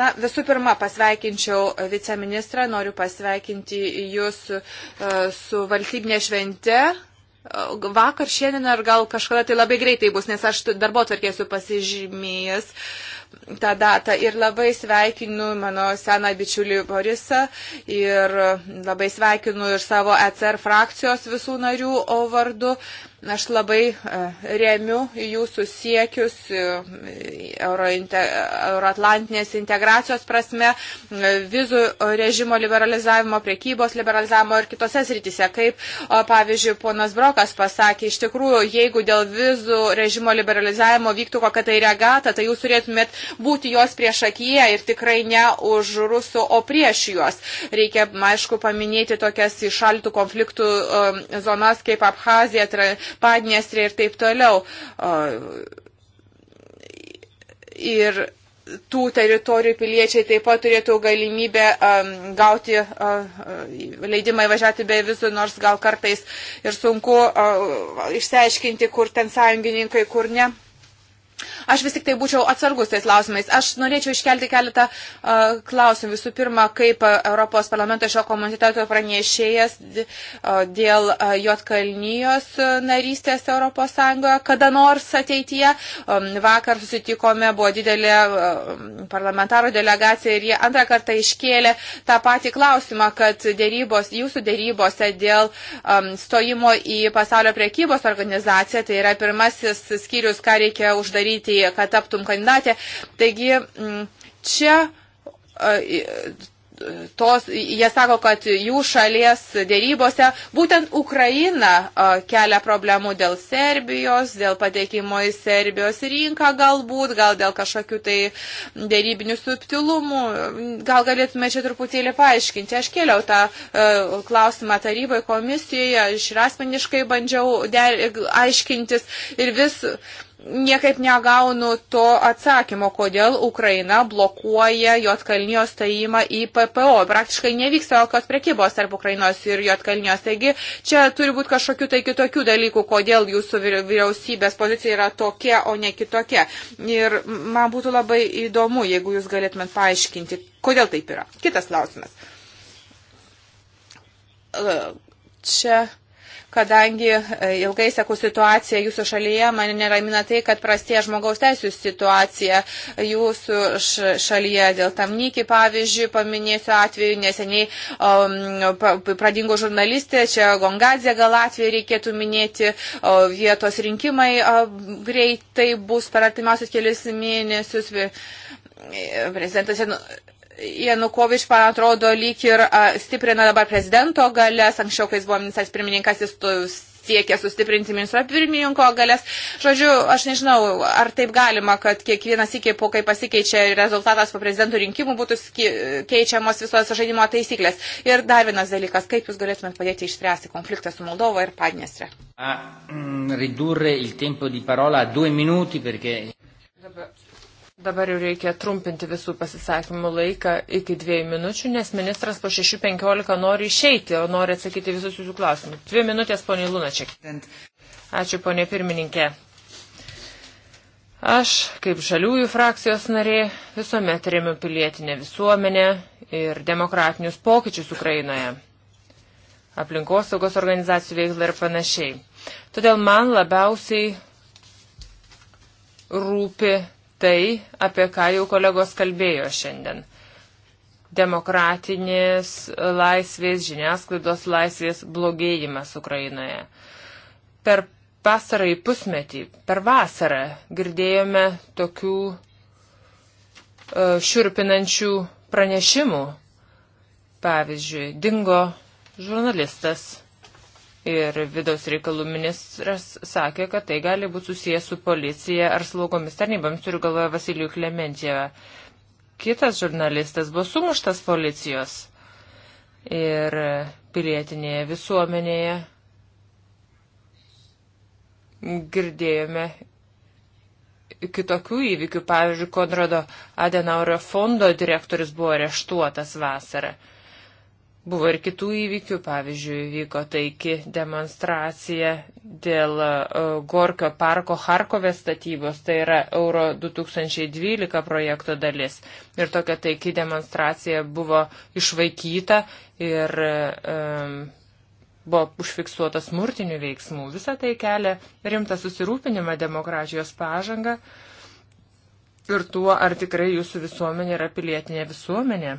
na, visų pirma, pasveikinčiau viceministrą, noriu pasveikinti jūs su, e, su valstybinė švente. E, vakar, šiandien ar gal kažkada tai labai greitai bus, nes aš darbo tvarkėsiu pasižymėjęs tą datą ir labai sveikinu mano seną bičiulį Borisą ir labai sveikinu ir savo ECR frakcijos visų narių vardu. Uh, Aš labai e, remiu jūsų siekius e, euroatlantinės integracijos prasme, e, vizų režimo liberalizavimo, priekybos liberalizavimo ir kitose srityse. Kaip, pavyzdžiui, ponas Brokas pasakė, iš tikrųjų, jeigu dėl vizų režimo liberalizavimo vyktų kokia tai regata, tai jūs turėtumėt būti jos prieš akiją ir tikrai ne už rusų, o prieš juos. Reikia, aišku, paminėti tokias išaltų konfliktų zonas kaip Abhazija, Padniestrė ir taip toliau. Ir tų teritorijų piliečiai taip pat turėtų galimybę um, gauti uh, leidimą įvažiuoti be vizų, nors gal kartais ir sunku uh, išsiaiškinti, kur ten sąjungininkai, kur ne. Aš vis tik tai būčiau atsargus tais klausimais. Aš norėčiau iškelti keletą uh, klausimų. Visų pirma, kaip Europos parlamento šio komiteto pranešėjas dėl Jotkalnyjos narystės Europos Sąjungoje, kada nors ateityje. Um, vakar susitikome, buvo didelė um, parlamentaro delegacija ir jie antrą kartą iškėlė tą patį klausimą, kad dėrybos, jūsų dėrybose dėl um, stojimo į pasaulio priekybos organizaciją, tai yra pirmasis skyrius, ką reikia uždaryti partija, kad taptum kandidatė. Taigi mm, čia tos, jie sako, kad jų šalies dėrybose būtent Ukraina kelia problemų dėl Serbijos, dėl patekimo į Serbijos rinką galbūt, gal dėl kažkokių tai dėrybinių subtilumų. Gal galėtume čia truputėlį paaiškinti. Aš kėliau tą klausimą taryboje, komisijoje, aš ir asmeniškai bandžiau der, aiškintis ir vis niekaip negaunu to atsakymo, kodėl Ukraina blokuoja Jotkalnijos stojimą į PPO. Praktiškai nevyksta jokios prekybos tarp Ukrainos ir Jotkalnijos. Taigi čia turi būti kažkokių tai kitokių dalykų, kodėl jūsų vyriausybės pozicija yra tokia, o ne kitokia. Ir man būtų labai įdomu, jeigu jūs galėtumėt paaiškinti, kodėl taip yra. Kitas klausimas. Čia kadangi e, ilgai sekų situaciją jūsų šalyje, mane neramina tai, kad prastėja žmogaus teisų situacija jūsų šalyje. Dėl tamnykį, pavyzdžiui, paminėsiu atveju, neseniai um, pradingo žurnalistė, čia Gongazė gal atveju reikėtų minėti, o, vietos rinkimai o, greitai bus per artimiausius kelius mėnesius. Prezidentas Janukovič, man atrodo, lyg ir stiprina dabar prezidento galės, anksčiau, kai jis buvo ministras pirmininkas, jis siekia sustiprinti ministro pirmininko galės. Žodžiu, aš nežinau, ar taip galima, kad kiekvienas iki po, kai pasikeičia rezultatas po prezidentų rinkimų, būtų keičiamos visos žaidimo taisyklės. Ir dar vienas dalykas, kaip jūs galėtumėt padėti išspręsti konfliktą su Moldova ir Padnestre? A, mm, ridurre il tempo di parola a due minuti perché... Dabar jau reikia trumpinti visų pasisakymų laiką iki dviejų minučių, nes ministras po 6.15 nori išeiti, o nori atsakyti visus jūsų klausimus. Dvi minutės, ponė Lunačiak. Ačiū, ponė pirmininkė. Aš, kaip žaliųjų frakcijos narė, visuomet remiu pilietinę visuomenę ir demokratinius pokyčius Ukrainoje, aplinkosaugos organizacijų veiklą ir panašiai. Todėl man labiausiai rūpi tai, apie ką jau kolegos kalbėjo šiandien. Demokratinės laisvės, žiniasklaidos laisvės blogėjimas Ukrainoje. Per pastarąjį pusmetį, per vasarą girdėjome tokių e, šiurpinančių pranešimų. Pavyzdžiui, dingo žurnalistas Ir vidaus reikalų ministras sakė, kad tai gali būti susijęs su policija ar slaugomis tarnybomis, turiu galvoje Vasilijų Klementjevą. Kitas žurnalistas buvo sumuštas policijos ir pilietinėje visuomenėje girdėjome kitokių įvykių. Pavyzdžiui, Konrado Adenaurio fondo direktorius buvo areštuotas vasarą. Buvo ir kitų įvykių, pavyzdžiui, vyko taiki demonstracija dėl e, Gorkio parko Harkovės statybos, tai yra Euro 2012 projekto dalis. Ir tokia taiki demonstracija buvo išvaikyta ir um, buvo užfiksuota smurtinių veiksmų. Visą tai kelia rimtą susirūpinimą demokratijos pažangą ir tuo, ar tikrai jūsų visuomenė yra pilietinė visuomenė.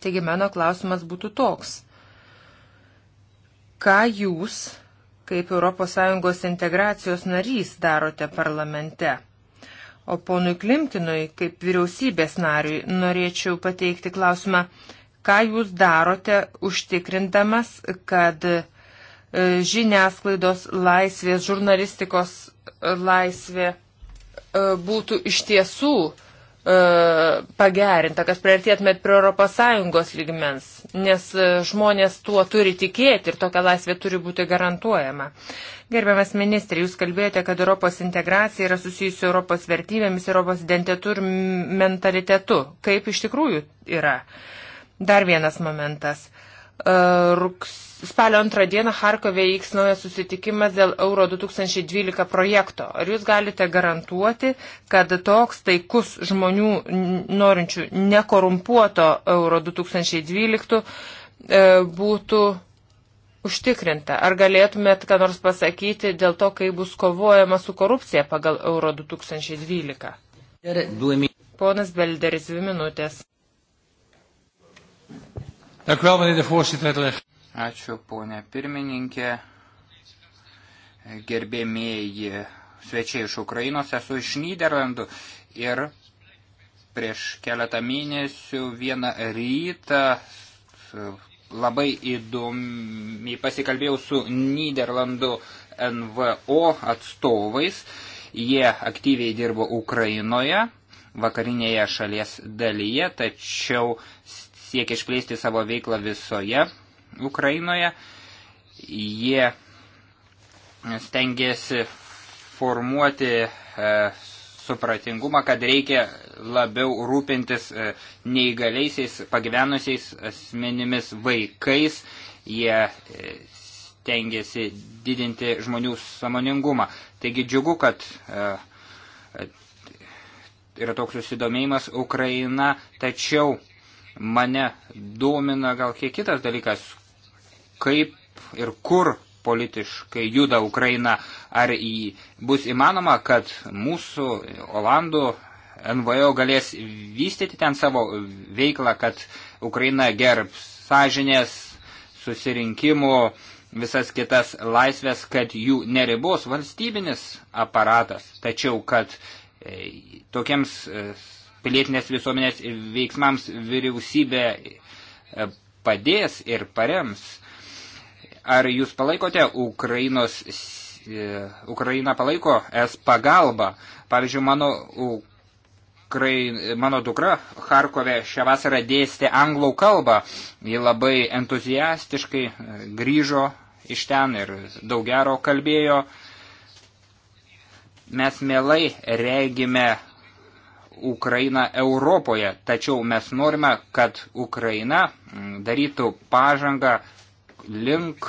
Taigi mano klausimas būtų toks. Ką jūs, kaip ES integracijos narys, darote parlamente? O ponui Klimkinui, kaip vyriausybės nariui, norėčiau pateikti klausimą, ką jūs darote užtikrindamas, kad e, žiniasklaidos laisvės, žurnalistikos laisvė e, būtų iš tiesų uh, E, pagerinta, kad priartėtumėt prie ES lygmens, nes e, žmonės tuo turi tikėti ir tokia laisvė turi būti garantuojama. Gerbiamas ministrė, jūs kalbėjote, kad Europos integracija yra susijusi Europos vertybėmis, Europos identitetu ir mentalitetu. Kaip iš tikrųjų yra? Dar vienas momentas. E, rugs, spalio antrą dieną Harkove įvyks naujas susitikimas dėl Euro 2012 projekto. Ar jūs galite garantuoti, kad toks taikus žmonių norinčių nekorumpuoto Euro 2012 e, būtų užtikrinta? Ar galėtumėt ką nors pasakyti dėl to, kaip bus kovojama su korupcija pagal Euro 2012? Ponas Belderis, dvi minutės. Dank u wel, meneer de voorzitter. Ačiū, ponė pirmininkė. Gerbėmėjai svečiai iš Ukrainos, esu iš Niderlandų ir prieš keletą mėnesių vieną rytą labai įdomiai pasikalbėjau su Niderlandų NVO atstovais. Jie aktyviai dirbo Ukrainoje, vakarinėje šalies dalyje, tačiau siekia išplėsti savo veiklą visoje Ukrainoje. Jie stengiasi formuoti e, supratingumą, kad reikia labiau rūpintis e, neįgaliaisiais, pagyvenusiais asmenimis vaikais. Jie e, stengiasi didinti žmonių samoningumą. Taigi džiugu, kad e, e, yra toks susidomėjimas Ukraina, tačiau Mane domina gal kiek kitas dalykas, kaip ir kur politiškai juda Ukraina, ar į, bus įmanoma, kad mūsų Olandų NVO galės vystyti ten savo veiklą, kad Ukraina gerbs sąžinės, susirinkimų, visas kitas laisvės, kad jų neribos valstybinis aparatas, tačiau kad e, tokiems e, pilietinės visuomenės veiksmams vyriausybė e, padės ir parems. Ar jūs palaikote Ukrainos, e, Ukraina palaiko es pagalbą? Pavyzdžiui, mano, Ukrai, mano dukra Harkove šią vasarą dėstė anglų kalbą. Ji labai entuziastiškai e, grįžo iš ten ir daug gero kalbėjo. Mes mielai regime Ukrainą Europoje, tačiau mes norime, kad Ukraina mm, darytų pažangą link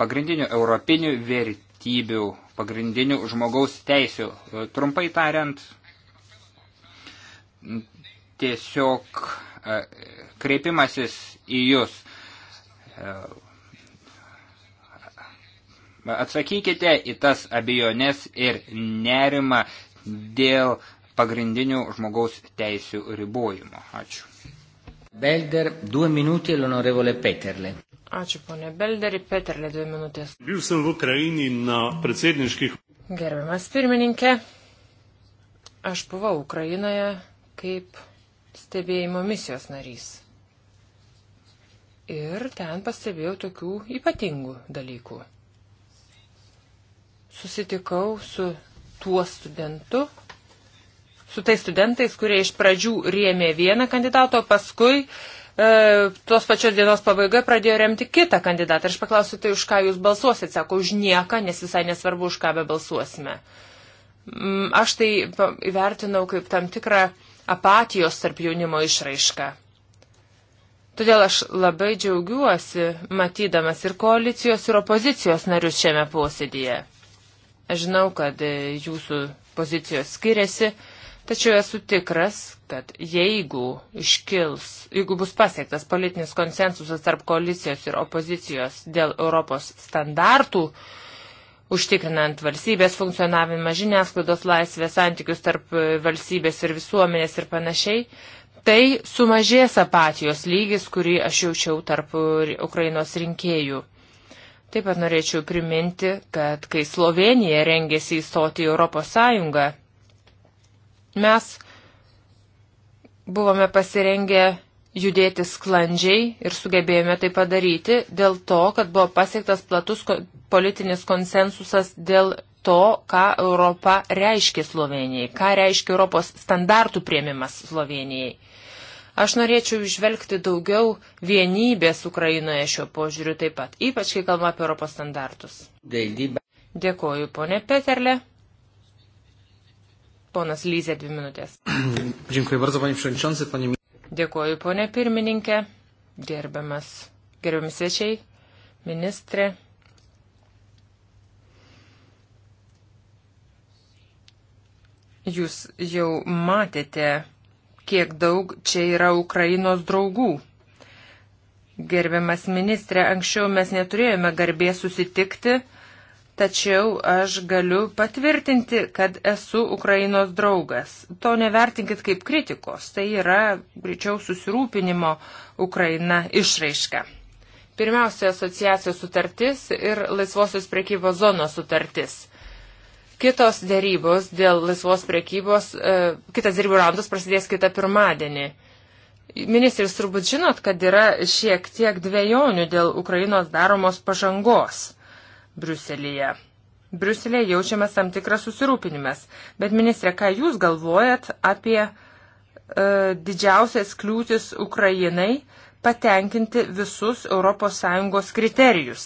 pagrindinių europinių vertybių, pagrindinių žmogaus teisių. Trumpai tariant, tiesiog e, kreipimasis į jūs. E, atsakykite į tas abejonės ir nerimą dėl uh, pagrindinių žmogaus teisių ribojimo. Ačiū. Belder, 2 minutė, l'onorevole Peterle. Ačiū, ponė Belderi, Peterle, 2 minutės. Būsim v Ukrainį na predsedniških. Gerbiamas pirmininkė, aš buvau Ukrainoje kaip stebėjimo misijos narys. Ir ten pastebėjau tokių ypatingų dalykų. Susitikau su tuo studentu, su tais studentais, kurie iš pradžių rėmė vieną kandidatą, o paskui e, tos pačios dienos pabaigoje pradėjo remti kitą kandidatą. Aš paklausiu, tai už ką jūs balsuosit, sako, už nieką, nes visai nesvarbu, už ką be balsuosime. Mm, aš tai įvertinau kaip tam tikrą apatijos tarp jaunimo išraišką. Todėl aš labai džiaugiuosi, matydamas ir koalicijos, ir opozicijos narius šiame posėdėje. Aš žinau, kad e, jūsų pozicijos skiriasi, Tačiau esu tikras, kad jeigu iškils, jeigu bus pasiektas politinis konsensusas tarp koalicijos ir opozicijos dėl Europos standartų, užtikrinant valstybės funkcionavimą, žiniasklaidos laisvę, santykius tarp valstybės ir visuomenės ir panašiai, tai sumažės apatijos lygis, kurį aš jaučiau tarp Ukrainos rinkėjų. Taip pat norėčiau priminti, kad kai Slovenija rengėsi įstoti į Europos Sąjungą, Mes buvome pasirengę judėti sklandžiai ir sugebėjome tai padaryti dėl to, kad buvo pasiektas platus politinis konsensusas dėl to, ką Europa reiškia Slovenijai, ką reiškia Europos standartų prieimimas Slovenijai. Aš norėčiau išvelgti daugiau vienybės Ukrainoje šiuo požiūriu taip pat, ypač kai kalbame apie Europos standartus. Dėkoju, ponė Peterle. Ponas Lyzė, dvi minutės. Dėkuoju, vardu, panie Švenčiansi, panie. Dėkuoju, ponė pirmininkė, gerbiamas, gerbiamis svečiai, ministrė. Jūs jau matėte, kiek daug čia yra Ukrainos draugų. Gerbiamas ministrė, anksčiau mes neturėjome garbės susitikti tačiau aš galiu patvirtinti, kad esu Ukrainos draugas. To nevertinkit kaip kritikos, tai yra greičiau susirūpinimo Ukraina išraiška. Pirmiausia, asociacijos sutartis ir laisvosios priekybos zonos sutartis. Kitos dėrybos dėl laisvos priekybos, e, kitas dėrybų raundas prasidės kitą pirmadienį. Ministrai, jūs turbūt žinot, kad yra šiek tiek dviejonių dėl Ukrainos daromos pažangos. Briuselėje. Briuselėje jaučiamas tam tikras susirūpinimas. Bet, ministrė, ką Jūs galvojat apie e, didžiausias kliūtis Ukrainai patenkinti visus ES kriterijus?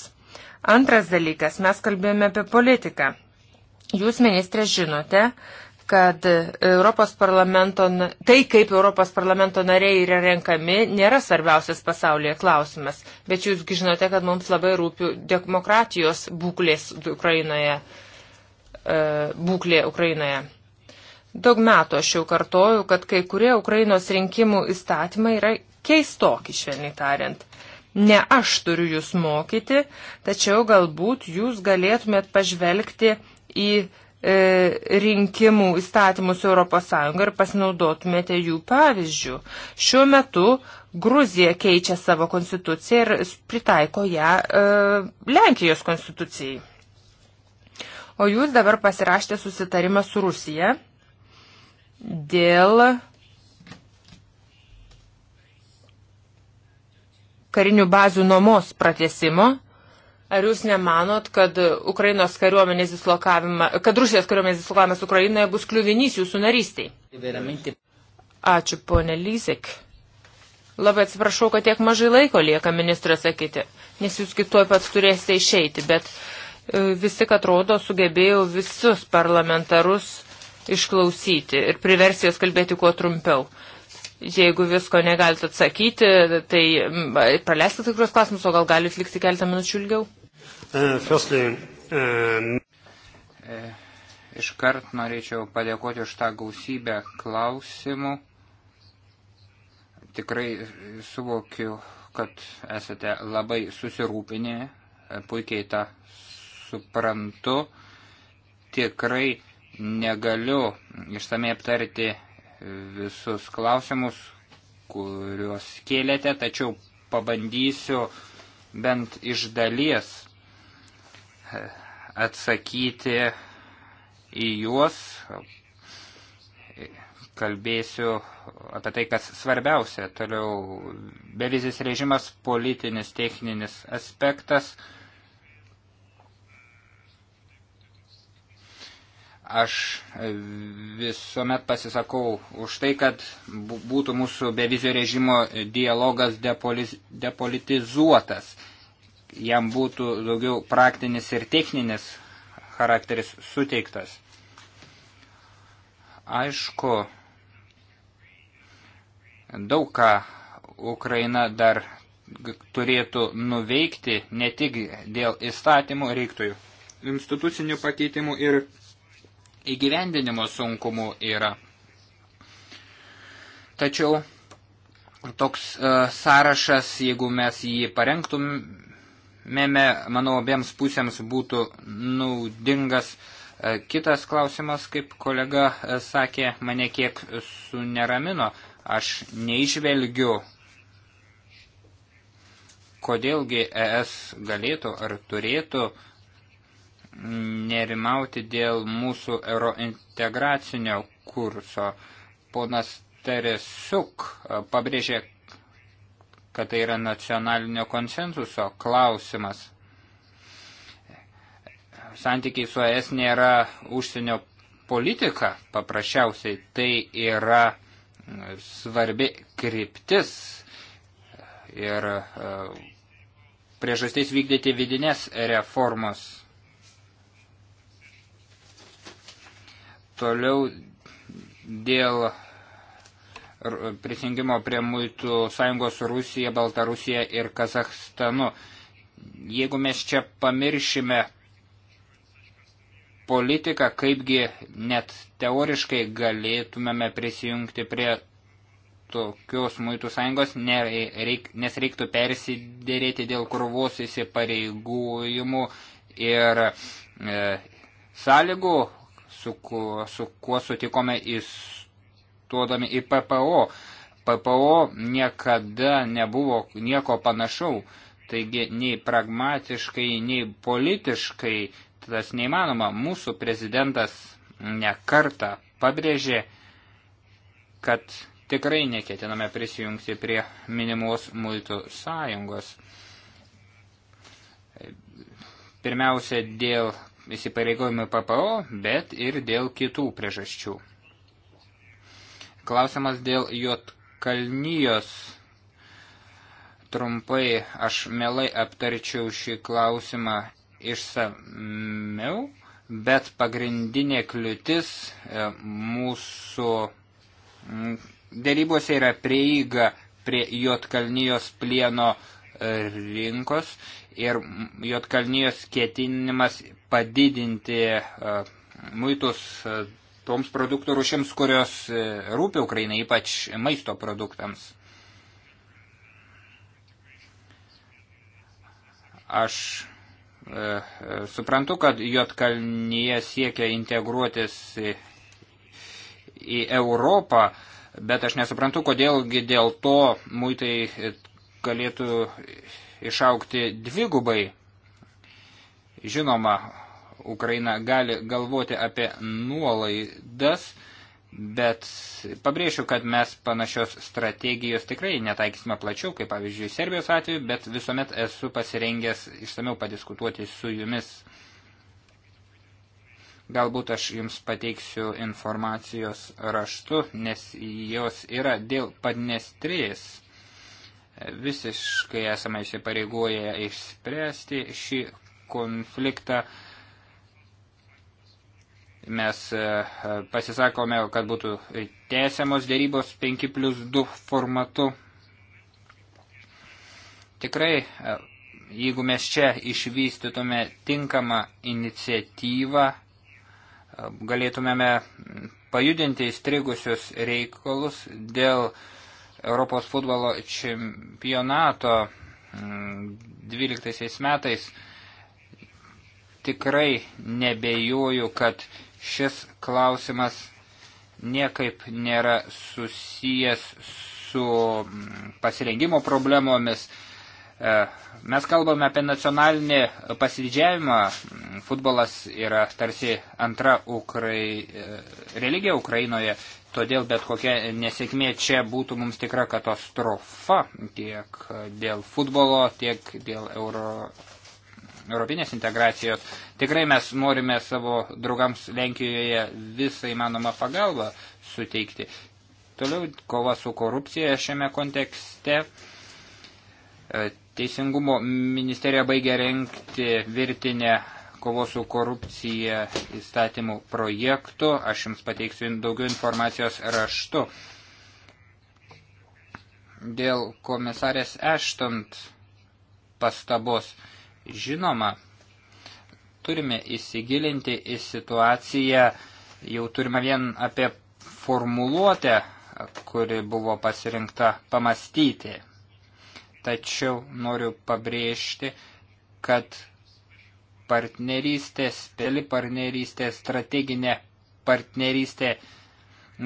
Antras dalykas, mes kalbėjome apie politiką. Jūs, ministrė, žinote, kad Europos parlamento, tai kaip Europos parlamento nariai yra renkami, nėra svarbiausias pasaulyje klausimas. Bet jūsgi žinote, kad mums labai rūpi demokratijos būklės Ukrainoje, e, būklė Ukrainoje. Daug metų aš jau kartoju, kad kai kurie Ukrainos rinkimų įstatymai yra keistoki, švelniai tariant. Ne aš turiu jūs mokyti, tačiau galbūt jūs galėtumėt pažvelgti į E, rinkimų įstatymus ES ir pasinaudotumėte jų pavyzdžių. Šiuo metu Gruzija keičia savo konstituciją ir pritaiko ją e, Lenkijos konstitucijai. O jūs dabar pasirašėte susitarimą su Rusija dėl karinių bazių nuomos pratesimo Ar jūs nemanot, kad, Ukrainos kariuomenės kad Rusijos kariuomenės dislokavimas Ukrainoje bus kliuvinys jūsų narystiai? Ačiū, ponė Lysek. Labai atsiprašau, kad tiek mažai laiko lieka ministras sakyti, nes jūs kitoj pats turėsite išeiti, bet e, visi, kad rodo, sugebėjau visus parlamentarus išklausyti ir priversti juos kalbėti kuo trumpiau. Jeigu visko negalite atsakyti, tai praleiskite tikrus klausimus, o gal galite likti keltą minučių ilgiau? Uh, firstly, um... Uh... Iškart norėčiau padėkoti už tą gausybę klausimų. Tikrai suvokiu, kad esate labai susirūpinę, e, puikiai tą suprantu. Tikrai negaliu išsamei aptarti visus klausimus, kuriuos kėlėte, tačiau pabandysiu bent iš dalies atsakyti į juos. Kalbėsiu apie tai, kas svarbiausia. Toliau bevizis režimas, politinis, techninis aspektas. Aš visuomet pasisakau už tai, kad būtų mūsų bevizio režimo dialogas depolitizuotas jam būtų daugiau praktinis ir techninis charakteris suteiktas. Aišku, daug ką Ukraina dar turėtų nuveikti ne tik dėl įstatymų reiktojų. Institucinių pakeitimų ir įgyvendinimo sunkumų yra. Tačiau toks e, sąrašas, jeigu mes jį parengtum, mėme, manau, abiems pusėms būtų naudingas. E, kitas klausimas, kaip kolega e, sakė, mane kiek suneramino. Aš neižvelgiu, kodėlgi ES galėtų ar turėtų nerimauti dėl mūsų eurointegracinio kurso. Ponas Teresuk e, pabrėžė, kad tai yra nacionalinio konsensuso klausimas. Santykiai su ES nėra užsienio politika, paprasčiausiai tai yra e, svarbi kryptis ir e, priežastis vykdyti vidinės reformos. Toliau dėl prisijungimo prie muitų sąjungos su Rusija, Baltarusija ir Kazahstanu. Jeigu mes čia pamiršime politiką, kaipgi net teoriškai galėtumėme prisijungti prie tokios muitų sąjungos, nes reiktų persidėrėti dėl krūvos įsipareigojimų ir e, sąlygų, su, ku, su kuo sutikome į investuodami į PPO. PPO niekada nebuvo nieko panašau, taigi nei pragmatiškai, nei politiškai tas neįmanoma. Mūsų prezidentas nekarta pabrėžė, kad tikrai neketiname prisijungti prie minimos muitų sąjungos. Pirmiausia, dėl įsipareigojimų PPO, bet ir dėl kitų priežasčių. Klausimas dėl Jotkalnyjos. Trumpai aš melai aptarčiau šį klausimą išsameu, bet pagrindinė kliūtis e, mūsų dėrybose yra prieiga prie Jotkalnyjos plieno e, rinkos ir Jotkalnyjos ketinimas padidinti e, muitus toms produktų rušims, kurios e, rūpi Ukrainai, ypač maisto produktams. Aš e, e suprantu, kad Jotkalnyje siekia integruotis į, į Europą, bet aš nesuprantu, kodėlgi dėl to muitai e, galėtų išaukti dvigubai. Žinoma, Ukraina gali galvoti apie nuolaidas, bet pabrėšiu, kad mes panašios strategijos tikrai netaikysime plačiau, kaip pavyzdžiui Serbijos atveju, bet visuomet esu pasirengęs išsameu padiskutuoti su jumis. Galbūt aš jums pateiksiu informacijos raštu, nes jos yra dėl padnestrės visiškai esame įsipareigoję išspręsti šį konfliktą. Mes e, pasisakome, kad būtų tęsiamos dėrybos 5 plus 2 formatu. Tikrai, e, jeigu mes čia išvystytume tinkamą iniciatyvą, e, galėtumėme pajudinti įstrigusius reikalus dėl Europos futbolo čempionato 12 mm, metais tikrai nebejoju, kad Šis klausimas niekaip nėra susijęs su mm, pasirengimo problemomis. E, mes kalbame apie nacionalinį pasididžiavimą. Mm, futbolas yra tarsi antra Ukrai... E, religija Ukrainoje, todėl bet kokia nesėkmė čia būtų mums tikra katastrofa tiek dėl futbolo, tiek dėl euro... europinės integracijos. Tikrai mes norime savo draugams Lenkijoje visą įmanomą pagalbą suteikti. Toliau kova su korupcija šiame kontekste. E, Teisingumo ministerija baigė renkti virtinę kovos su korupcija įstatymų projektų. Aš jums pateiksiu daugiau informacijos raštu. Dėl komisarės Eštont pastabos žinoma, turime įsigilinti į situaciją, jau turime vien apie formuluotę, kuri buvo pasirinkta pamastyti. Tačiau noriu pabrėžti, kad partnerystės, peli partnerystė, strateginė partnerystė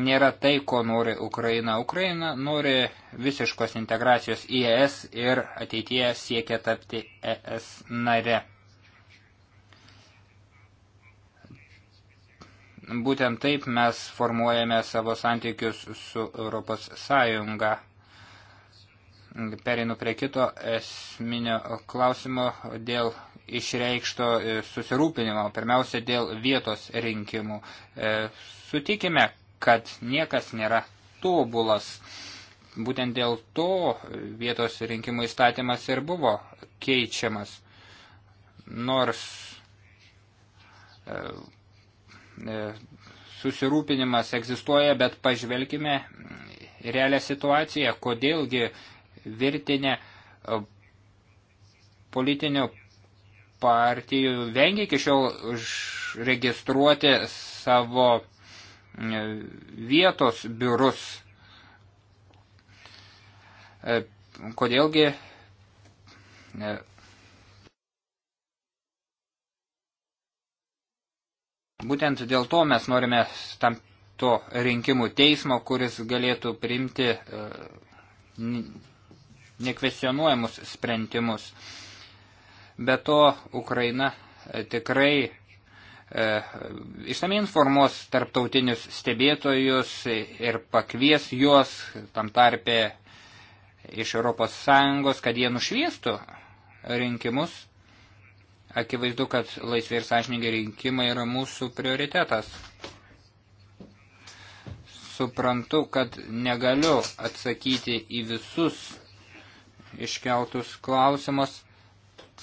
nėra tai, ko nori Ukraina. Ukraina nori visiškos integracijos į ES ir ateityje siekia tapti ES nare. Būtent taip mes formuojame savo santykius su Europos Sąjunga. Perinu prie kito esminio klausimo dėl išreikšto e, susirūpinimo, pirmiausia dėl vietos rinkimų. E, sutikime, kad niekas nėra tobulas. Būtent dėl to vietos rinkimų įstatymas ir buvo keičiamas. Nors e, E, susirūpinimas egzistuoja, bet pažvelgime realią situaciją, kodėlgi virtinė e, politinių partijų vengia iki šiol registruoti savo e, vietos biurus. Kodėlgi Būtent dėl to mes norime tam to rinkimų teismo, kuris galėtų priimti e, nekvesionuojamus sprendimus. Be to, Ukraina e, tikrai e, išsamei informuos tarptautinius stebėtojus ir pakvies juos tam tarpe iš ES, kad jie nušviestų rinkimus Akivaizdu, kad laisvė ir sąžininkai rinkimai yra mūsų prioritetas. Suprantu, kad negaliu atsakyti į visus iškeltus klausimus,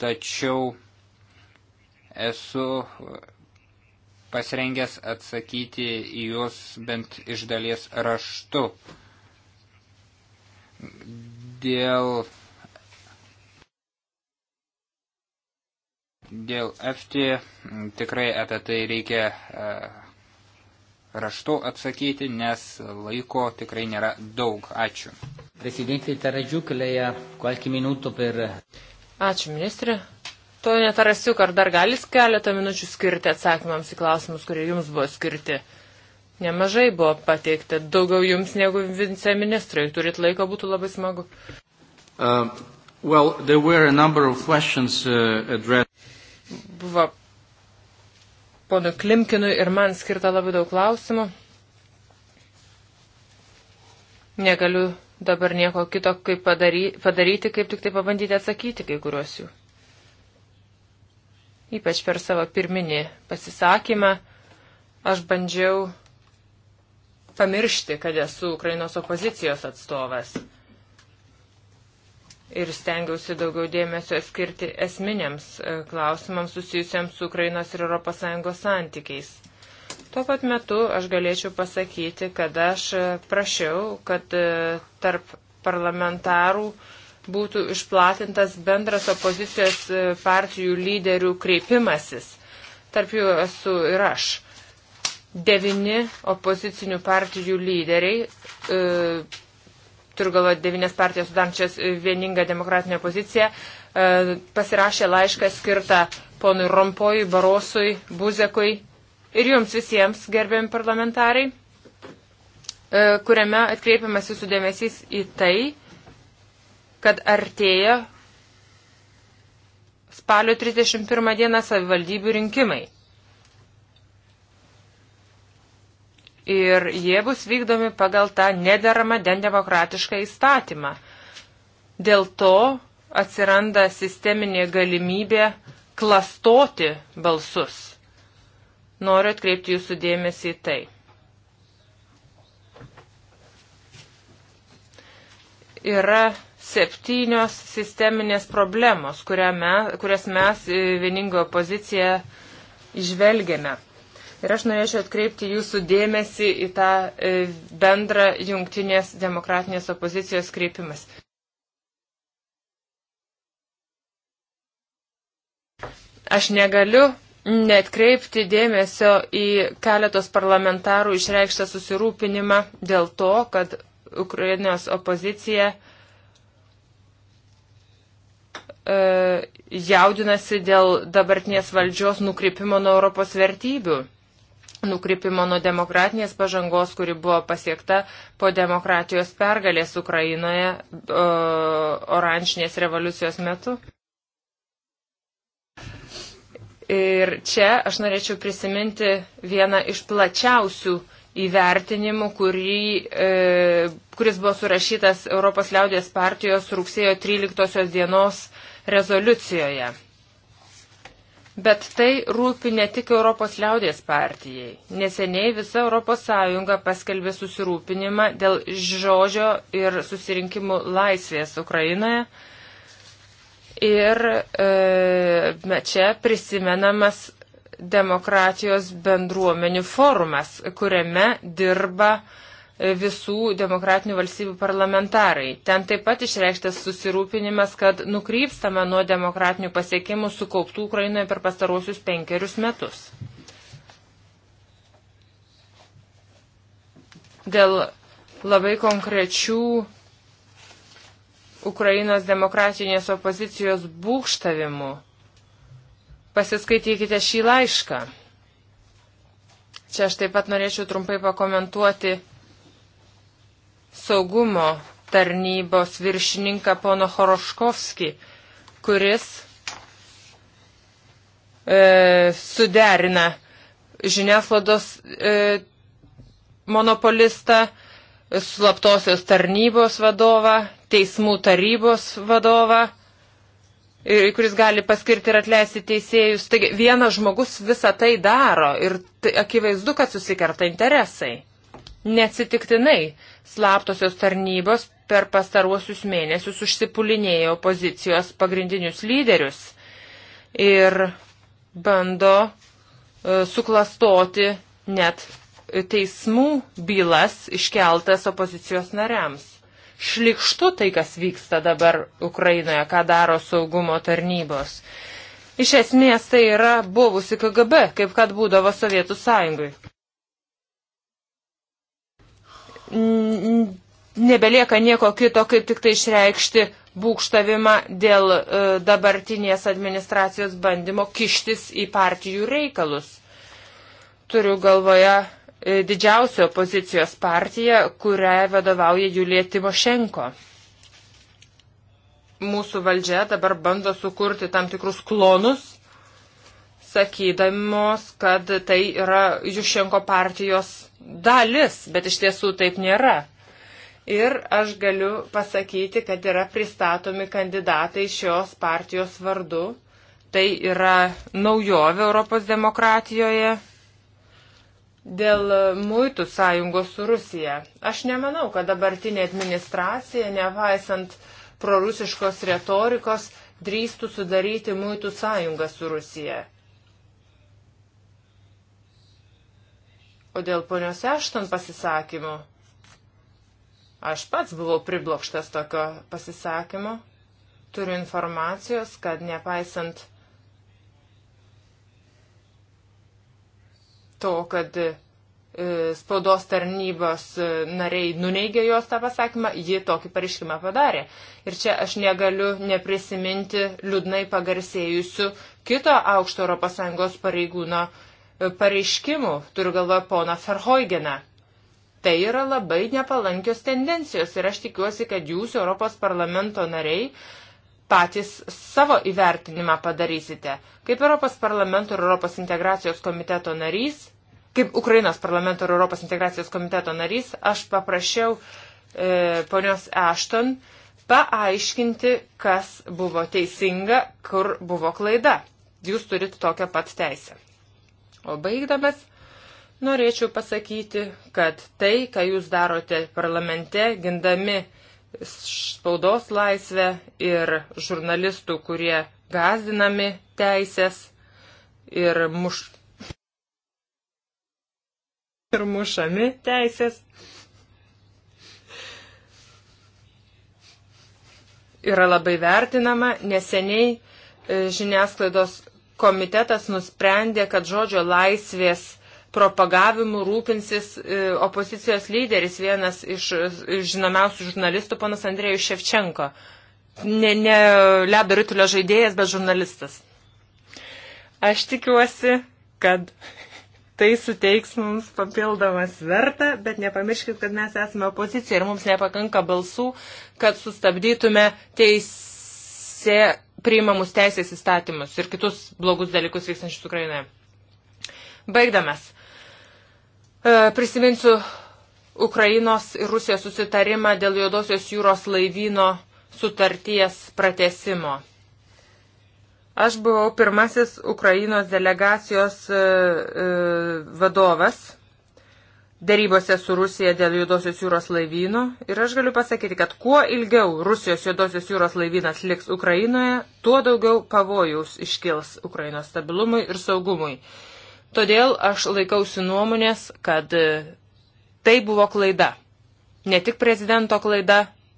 tačiau esu pasirengęs atsakyti į juos bent iš dalies raštu. Dėl Dėl FT tikrai apie tai reikia e, raštu atsakyti, nes laiko tikrai nėra daug. Ačiū. Presidente Tarajuk, lei ha qualche minuto per... Ačiū, ministrė. Tone Tarasiuk, ar dar galis keletą minučių skirti atsakymams į klausimus, kurie jums buvo skirti? Nemažai buvo pateikta, daugiau jums negu viceministrui. Turit laiko, būtų labai smagu. Uh, well, there were a number of questions uh, addressed buvo ponui Klimkinui ir man skirta labai daug klausimų. Negaliu dabar nieko kito kaip padary, padaryti, kaip tik tai pabandyti atsakyti kai kuriuos jų. Ypač per savo pirminį pasisakymą aš bandžiau pamiršti, kad esu Ukrainos opozicijos atstovas ir stengiausi daugiau dėmesio skirti esminiams e, klausimams susijusiams su Ukrainos ir ES santykiais. Tuo pat metu aš galėčiau pasakyti, kad aš e, prašiau, kad e, tarp parlamentarų būtų išplatintas bendras opozicijos partijų lyderių kreipimasis. Tarp jų esu ir aš devini opozicinių partijų lyderiai e, turiu galvoje devynės partijos sudarančias vieningą demokratinę poziciją, e, pasirašė laišką skirtą ponui Rompojui, Barosui, Buzekui ir jums visiems, gerbėjim parlamentarai, e, kuriame atkreipiamas jūsų dėmesys į tai, kad artėja spalio 31 dieną savivaldybių rinkimai. ir jie bus vykdomi pagal tą nederamą, nedemokratišką įstatymą. Dėl to atsiranda sisteminė galimybė klastoti balsus. Noriu atkreipti jūsų dėmesį į tai. Yra septynios sisteminės problemos, kurias mes e, vieningoje pozicijoje išvelgėme. Ir aš norėčiau atkreipti jūsų dėmesį į tą e, bendrą jungtinės demokratinės opozicijos kreipimas. Aš negaliu netkreipti dėmesio į keletos parlamentarų išreikštą susirūpinimą dėl to, kad Ukrainos opozicija e, jaudinasi dėl dabartinės valdžios nukrypimo nuo Europos vertybių nukrypimo nuo demokratinės pažangos, kuri buvo pasiekta po demokratijos pergalės Ukrainoje o, oranžinės revoliucijos metu. Ir čia aš norėčiau prisiminti vieną iš plačiausių įvertinimų, kurį, e, kuris buvo surašytas Europos liaudės partijos rugsėjo 13 dienos rezoliucijoje. Bet tai rūpi ne tik Europos liaudės partijai. Neseniai visa ES paskelbė susirūpinimą dėl žodžio ir susirinkimų laisvės Ukrainoje. Ir e, čia prisimenamas demokratijos bendruomenių forumas, kuriame dirba e, visų demokratinių valstybių parlamentarai. Ten taip pat išreikštas susirūpinimas, kad nukrypstame nuo demokratinių pasiekimų sukauptų Ukrainoje per pastarosius penkerius metus. Dėl labai konkrečių Ukrainos demokratinės opozicijos būkštavimų. Pasiskaitykite šį laišką. Čia aš taip pat norėčiau trumpai pakomentuoti saugumo tarnybos viršininką pono Horoškovskį, kuris e, suderina žiniasklaidos e, monopolistą, slaptosios tarnybos vadovą, teismų tarybos vadovą, ir, kuris gali paskirti ir atleisti teisėjus. Taigi vienas žmogus visą tai daro ir tai, akivaizdu, kad susikerta interesai. Neatsitiktinai slaptosios tarnybos per pastaruosius mėnesius užsipulinėjo opozicijos pagrindinius lyderius ir bando e, suklastoti net teismų bylas iškeltas opozicijos nariams. Šlikštu tai, kas vyksta dabar Ukrainoje, ką daro saugumo tarnybos. Iš esmės tai yra buvusi KGB, kaip kad būdavo Sovietų sąjungui nebelieka nieko kito, kaip tik tai išreikšti būkštavimą dėl e, dabartinės administracijos bandymo kištis į partijų reikalus. Turiu galvoje e, didžiausio pozicijos partiją, kurią vadovauja Julija Timošenko. Mūsų valdžia dabar bando sukurti tam tikrus klonus, sakydamos, kad tai yra Jušenko partijos dalis, bet iš tiesų taip nėra. Ir aš galiu pasakyti, kad yra pristatomi kandidatai šios partijos vardu. Tai yra naujovė Europos demokratijoje dėl muitų sąjungos su Rusija. Aš nemanau, kad dabartinė administracija, nevaisant prorusiškos retorikos, drįstų sudaryti muitų sąjungą su Rusija. O dėl ponios Ešton pasisakymų, aš pats buvau priblokštas tokio pasisakymo. Turiu informacijos, kad nepaisant to, kad e, spaudos tarnybos e, nariai nuneigė jos tą pasakymą, ji tokį pareiškimą padarė. Ir čia aš negaliu neprisiminti liūdnai pagarsėjusių kito aukšto ES pareigūno pareiškimų, turiu galvoje poną Ferhoigeną. Tai yra labai nepalankios tendencijos ir aš tikiuosi, kad jūs, Europos parlamento nariai, patys savo įvertinimą padarysite. Kaip Europos parlamento ir Europos integracijos komiteto narys, kaip Ukrainos parlamento ir Europos integracijos komiteto narys, aš paprašiau e, ponios Ashton paaiškinti, kas buvo teisinga, kur buvo klaida. Jūs turite tokią pat teisę. O baigdamas, norėčiau pasakyti, kad tai, ką jūs darote parlamente, gindami spaudos laisvę ir žurnalistų, kurie gazdinami teisės ir, muš... ir mušami teisės, yra labai vertinama. Neseniai e, žiniasklaidos komitetas nusprendė, kad žodžio laisvės propagavimu rūpinsis e, opozicijos lyderis, vienas iš žinomiausių žurnalistų, panas Andrėjus Ševčenko. Ne, ne Lebė Rytulio žaidėjas, bet žurnalistas. Aš tikiuosi, kad tai suteiks mums papildomą svertą, bet nepamirškit, kad mes esame opozicija ir mums nepakanka balsų, kad sustabdytume teis narėse priimamus teisės įstatymus ir kitus blogus dalykus vykstančius Ukrainoje. Baigdamas, e, prisiminsiu Ukrainos ir Rusijos susitarimą dėl Juodosios jūros laivyno sutarties pratesimo. Aš buvau pirmasis Ukrainos delegacijos e, e, vadovas darybose su Rusija dėl Juodosios jūros laivyno ir aš galiu pasakyti, kad kuo ilgiau Rusijos Juodosios jūros laivynas liks Ukrainoje, tuo daugiau pavojaus iškils Ukrainos stabilumui ir saugumui. Todėl aš laikausi nuomonės, kad tai buvo klaida. Ne tik prezidento klaida,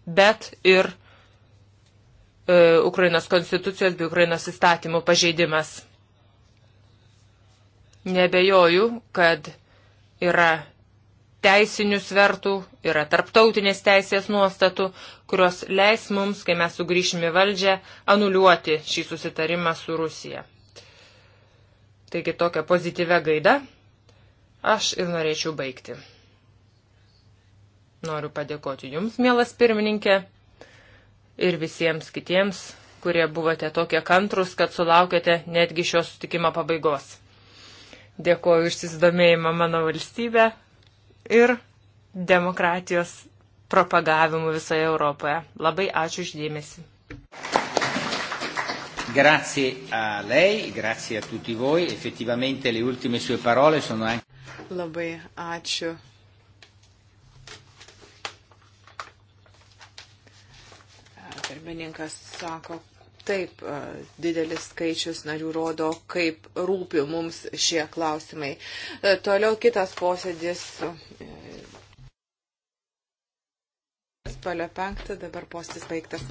bet ir e, Ukrainos konstitucijos bei Ukrainos įstatymų pažeidimas. Nebejoju, kad yra teisinių svertų, yra tarptautinės teisės nuostatų, kurios leis mums, kai mes sugrįšime valdžią, anuliuoti šį susitarimą su Rusija. Taigi tokia pozityvia gaida aš ir norėčiau baigti. Noriu padėkoti Jums, mielas pirmininkė, ir visiems kitiems, kurie buvote tokie kantrus, kad sulaukėte netgi šio sutikimo pabaigos. Dėkuoju išsisdomėjimą mano valstybę, ir demokratijos propagavimu visoje Europoje. Labai ačiū išdėmesi. Grazie a lei, grazie a tutti voi. Effettivamente le ultime sue parole sono anche. Labai ačiū. Pirmininkas sako, Taip, didelis skaičius narių rodo, kaip rūpi mums šie klausimai. E, toliau kitas posėdis. E, spalio penktą dabar postis baigtas.